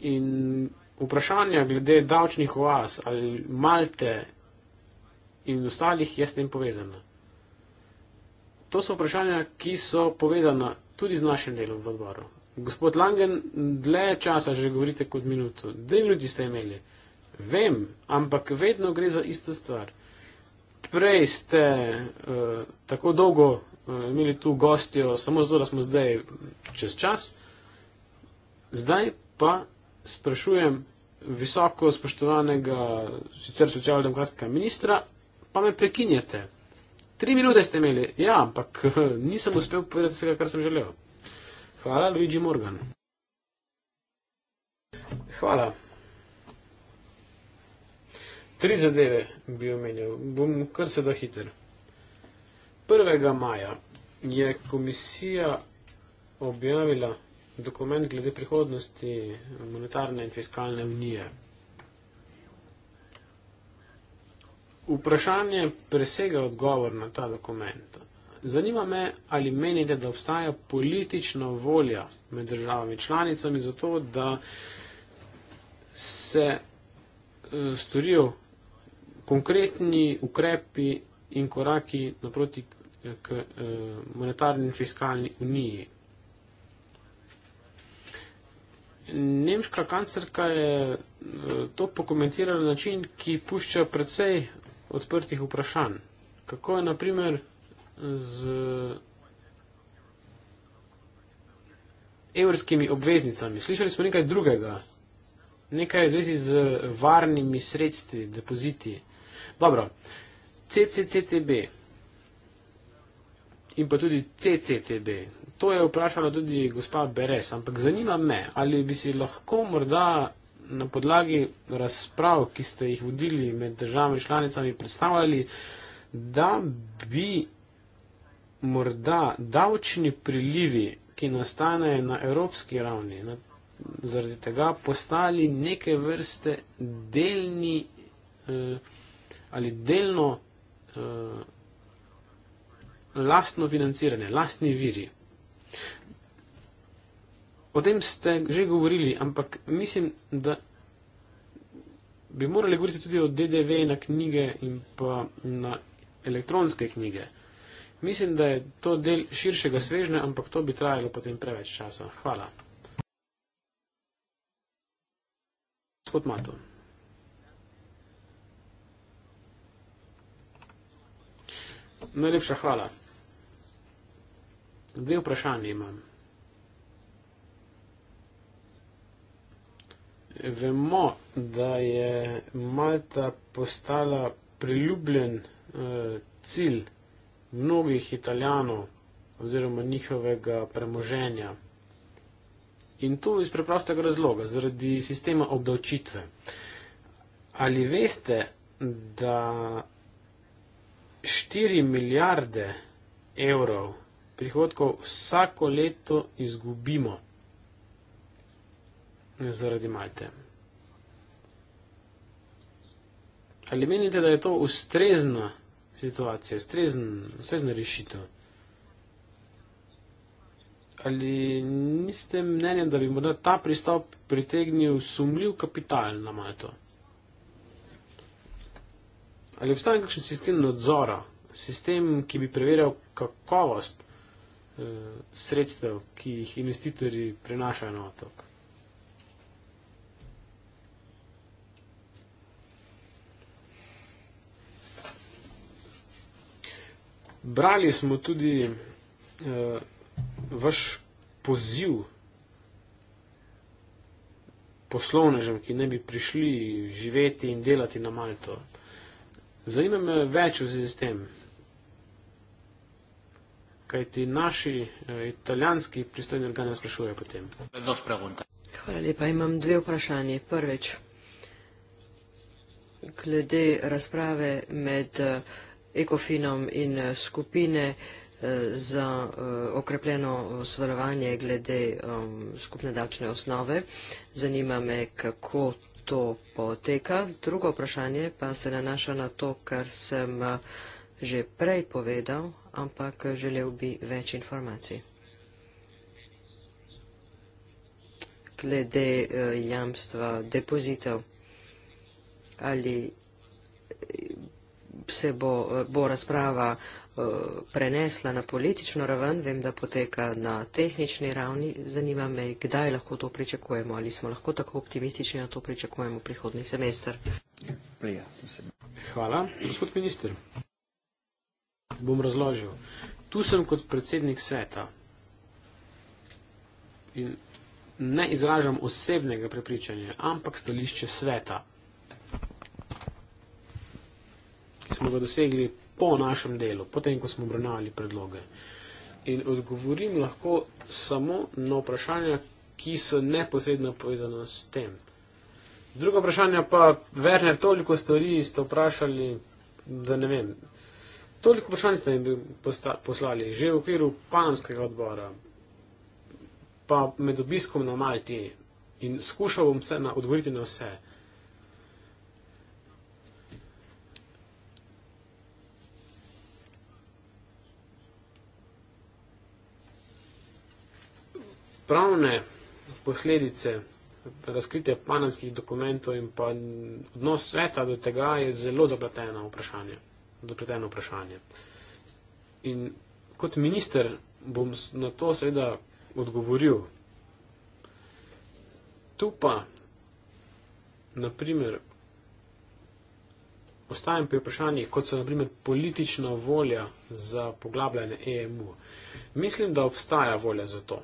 In vprašanja glede davčnih oaz ali Malte in ostalih je s tem povezana. To so vprašanja, ki so povezana tudi z našim delom v odboru. Gospod Langen, dlje časa že govorite kot minuto. Dve minuti ste imeli. Vem, ampak vedno gre za isto stvar. Prej ste uh, tako dolgo uh, imeli tu gostjo, samo zato, da smo zdaj čez čas. Zdaj pa sprašujem visoko spoštovanega sicer socialdemokratskega ministra, pa me prekinjate. Tri minute ste imeli, ja, ampak [LAUGHS] nisem uspel povedati vsega, kar sem želel. Hvala, Luigi Morgan. Hvala. Tri zadeve bi omenil, bom kar se da hiter. 1. maja je komisija objavila dokument glede prihodnosti monetarne in fiskalne unije. Vprašanje presega odgovor na ta dokument. Zanima me, ali menite, da obstaja politična volja med državami članicami za to, da se eh, storijo konkretni ukrepi in koraki naproti eh, k eh, monetarni in fiskalni uniji. Nemška kancerka je eh, to pokomentirala na način, ki pušča precej odprtih vprašanj. Kako je naprimer z evrskimi obveznicami? Slišali smo nekaj drugega, nekaj v zvezi z varnimi sredstvi, depoziti. Dobro, CCCTB in pa tudi CCTB. To je vprašala tudi gospa Beres, ampak zanima me, ali bi si lahko morda na podlagi razprav, ki ste jih vodili med državami članicami, predstavljali, da bi morda davčni prilivi, ki nastanejo na evropski ravni, na, zaradi tega postali neke vrste delni eh, ali delno. Eh, lastno financiranje, lastni viri. O tem ste že govorili, ampak mislim, da bi morali govoriti tudi o DDV na knjige in pa na elektronske knjige. Mislim, da je to del širšega svežne, ampak to bi trajalo potem preveč časa. Hvala. Gospod Mato. Najlepša hvala. Dve vprašanje imam. Vemo, da je Malta postala priljubljen eh, cilj mnogih italijanov oziroma njihovega premoženja. In to iz preprostega razloga, zaradi sistema obdavčitve. Ali veste, da 4 milijarde evrov prihodkov vsako leto izgubimo zaradi Malte. Ali menite, da je to ustrezna situacija, ustrezn, ustrezna rešitev? Ali niste mnenja, da bi morda ta pristop pritegnil sumljiv kapital na Malto? Ali obstaja kakšen sistem nadzora, sistem, ki bi preverjal kakovost Eh, sredstev, ki jih investitorji prenašajo na otok. Brali smo tudi uh, vaš poziv poslovnežem, ki ne bi prišli živeti in delati na Malto. Zanima me več v zvezi s tem kaj ti naši eh, italijanski pristojni organi sprašujejo potem. Hvala lepa, imam dve vprašanje. Prvič, glede razprave med eh, ekofinom in eh, skupine za okrepljeno sodelovanje glede um, skupne davčne osnove, zanima me, kako to poteka. Drugo vprašanje pa se nanaša na to, kar sem že prej povedal, ampak želel bi več informacij. Glede eh, jamstva depozitev, ali eh, se bo, eh, bo razprava prenesla na politično raven, vem, da poteka na tehnični ravni, zanima me, kdaj lahko to pričakujemo, ali smo lahko tako optimistični, da to pričakujemo prihodni semester. Hvala, gospod minister bom razložil. Tu sem kot predsednik sveta in ne izražam osebnega prepričanja, ampak stališče sveta, ki smo ga dosegli po našem delu, potem, ko smo obravnavali predloge. In odgovorim lahko samo na vprašanja, ki so neposredno povezana s tem. Druga vprašanja pa, Werner, toliko stvari ste vprašali, da ne vem, Toliko vprašanj ste jim poslali, že v okviru panamskega odbora, pa med obiskom na Malti in skušal bom se na, odgovoriti na vse. Pravne posledice razkritja panamskih dokumentov in pa odnos sveta do tega je zelo zapleteno vprašanje zapleteno vprašanje. In kot minister bom na to seveda odgovoril. Tu pa, naprimer, ostajam pri vprašanjih, kot so naprimer politična volja za poglabljanje EMU. Mislim, da obstaja volja za to.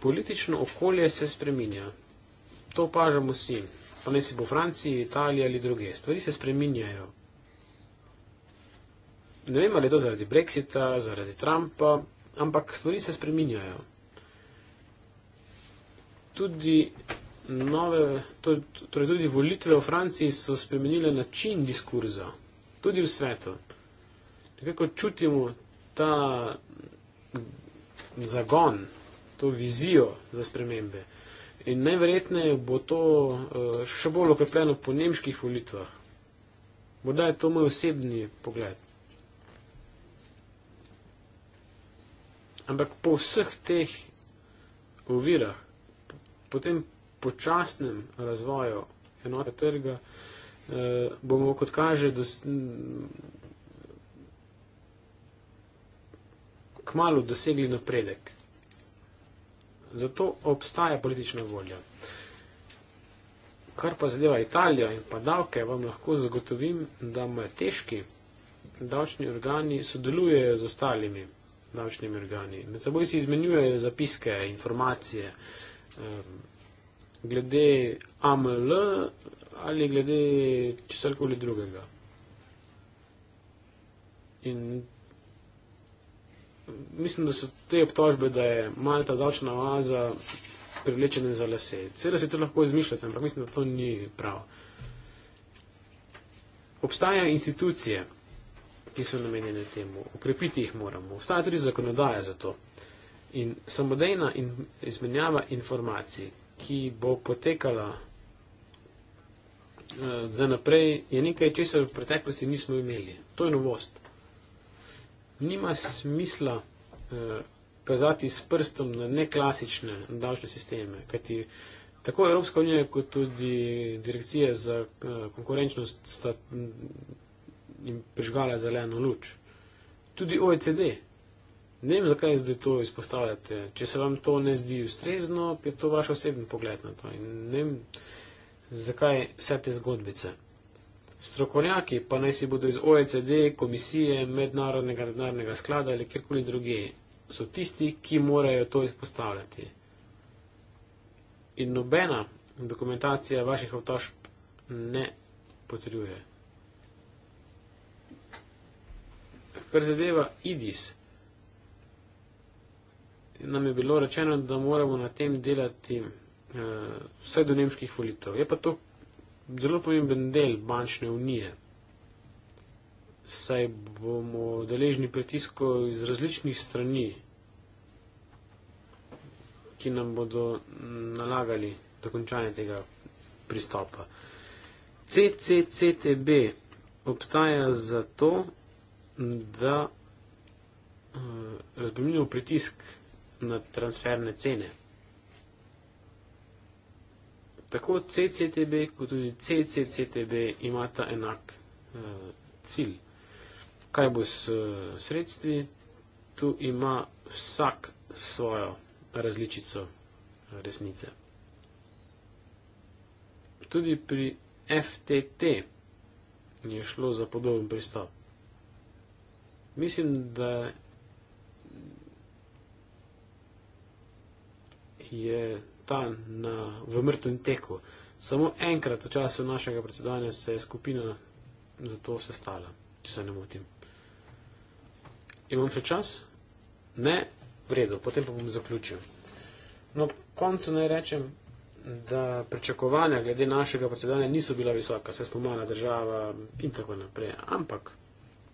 Politično okolje se spreminja. To opažamo vsi. Pa ne si po Franciji, Italiji ali druge. Stvari se spreminjajo. Ne vem, ali je to zaradi Brexita, zaradi Trumpa, ampak stvari se spreminjajo. Tudi, nove, torej tudi volitve v Franciji so spremenile način diskurza, tudi v svetu. Nekako čutimo ta zagon, to vizijo za spremembe. In najverjetneje bo to eh, še bolj okrepljeno po nemških volitvah. Morda je to moj osebni pogled. Ampak po vseh teh ovirah, po tem počasnem razvoju enotnega trga, eh, bomo, kot kaže, dos, m, kmalo dosegli napredek. Zato obstaja politična volja. Kar pa zadeva Italijo in pa davke, vam lahko zagotovim, da me težki davčni organi sodelujejo z ostalimi davčnimi organi. Med seboj si izmenjujejo zapiske, informacije glede AML ali glede česarkoli drugega. In mislim, da so te obtožbe, da je Malta davčna oaza privlečena za lase. Seveda se to lahko izmišljate, ampak mislim, da to ni prav. Obstajajo institucije, ki so namenjene temu. Ukrepiti jih moramo. Vstaja tudi zakonodaja za to. In samodejna in izmenjava informacij, ki bo potekala uh, za naprej, je nekaj, česar v preteklosti nismo imeli. To je novost. Nima smisla uh, kazati s prstom na neklasične davčne sisteme, kajti tako Evropska unija kot tudi Direkcija za uh, konkurenčnost sta. Um, in prižgale zeleno luč. Tudi OECD. Ne vem, zakaj zdaj to izpostavljate. Če se vam to ne zdi ustrezno, je to vaš osebni pogled na to. In ne vem, zakaj vse te zgodbice. Strokovnjaki, pa naj si bodo iz OECD, komisije, mednarodnega denarnega sklada ali kjerkoli druge, so tisti, ki morajo to izpostavljati. In nobena dokumentacija vaših otošb ne potrjuje. Kar zadeva IDIS, nam je bilo rečeno, da moramo na tem delati uh, eh, vse do nemških volitev. Je pa to zelo pomemben del bančne unije. Saj bomo deležni pritisko iz različnih strani, ki nam bodo nalagali dokončanje tega pristopa. CCCTB obstaja zato, da eh, razbremenijo pritisk na transferne cene. Tako CCTB kot tudi CCCTB imata enak uh, cilj. Kaj bo s uh, sredstvi? Tu ima vsak svojo različico resnice. Tudi pri FTT je šlo za podoben pristop mislim, da je ta na, v mrtvem teku. Samo enkrat v času našega predsedovanja se je skupina za to sestala, če se ne motim. Imam še čas? Ne, v redu, potem pa bom zaključil. No, koncu naj rečem, da pričakovanja glede našega predsedovanja niso bila visoka, saj smo mala država in tako naprej. Ampak.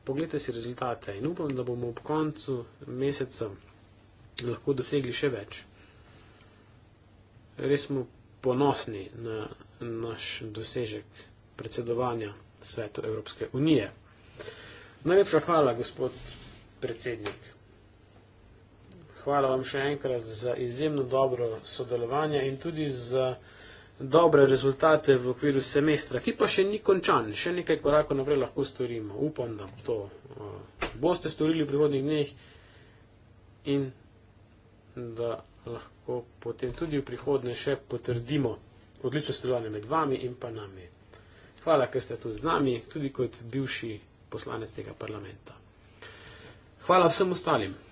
Poglejte si rezultate in upam, da bomo ob koncu meseca lahko dosegli še več. Res smo ponosni na naš dosežek predsedovanja svetu Evropske unije. Najlepša hvala, gospod predsednik. Hvala vam še enkrat za izjemno dobro sodelovanje in tudi za dobre rezultate v okviru semestra, ki pa še ni končan, še nekaj korakov naprej lahko storimo. Upam, da to uh, boste storili v prihodnih dneh in da lahko potem tudi v prihodnje še potrdimo odlično sodelovanje med vami in pa nami. Hvala, ker ste tu z nami, tudi kot bivši poslanec tega parlamenta. Hvala vsem ostalim.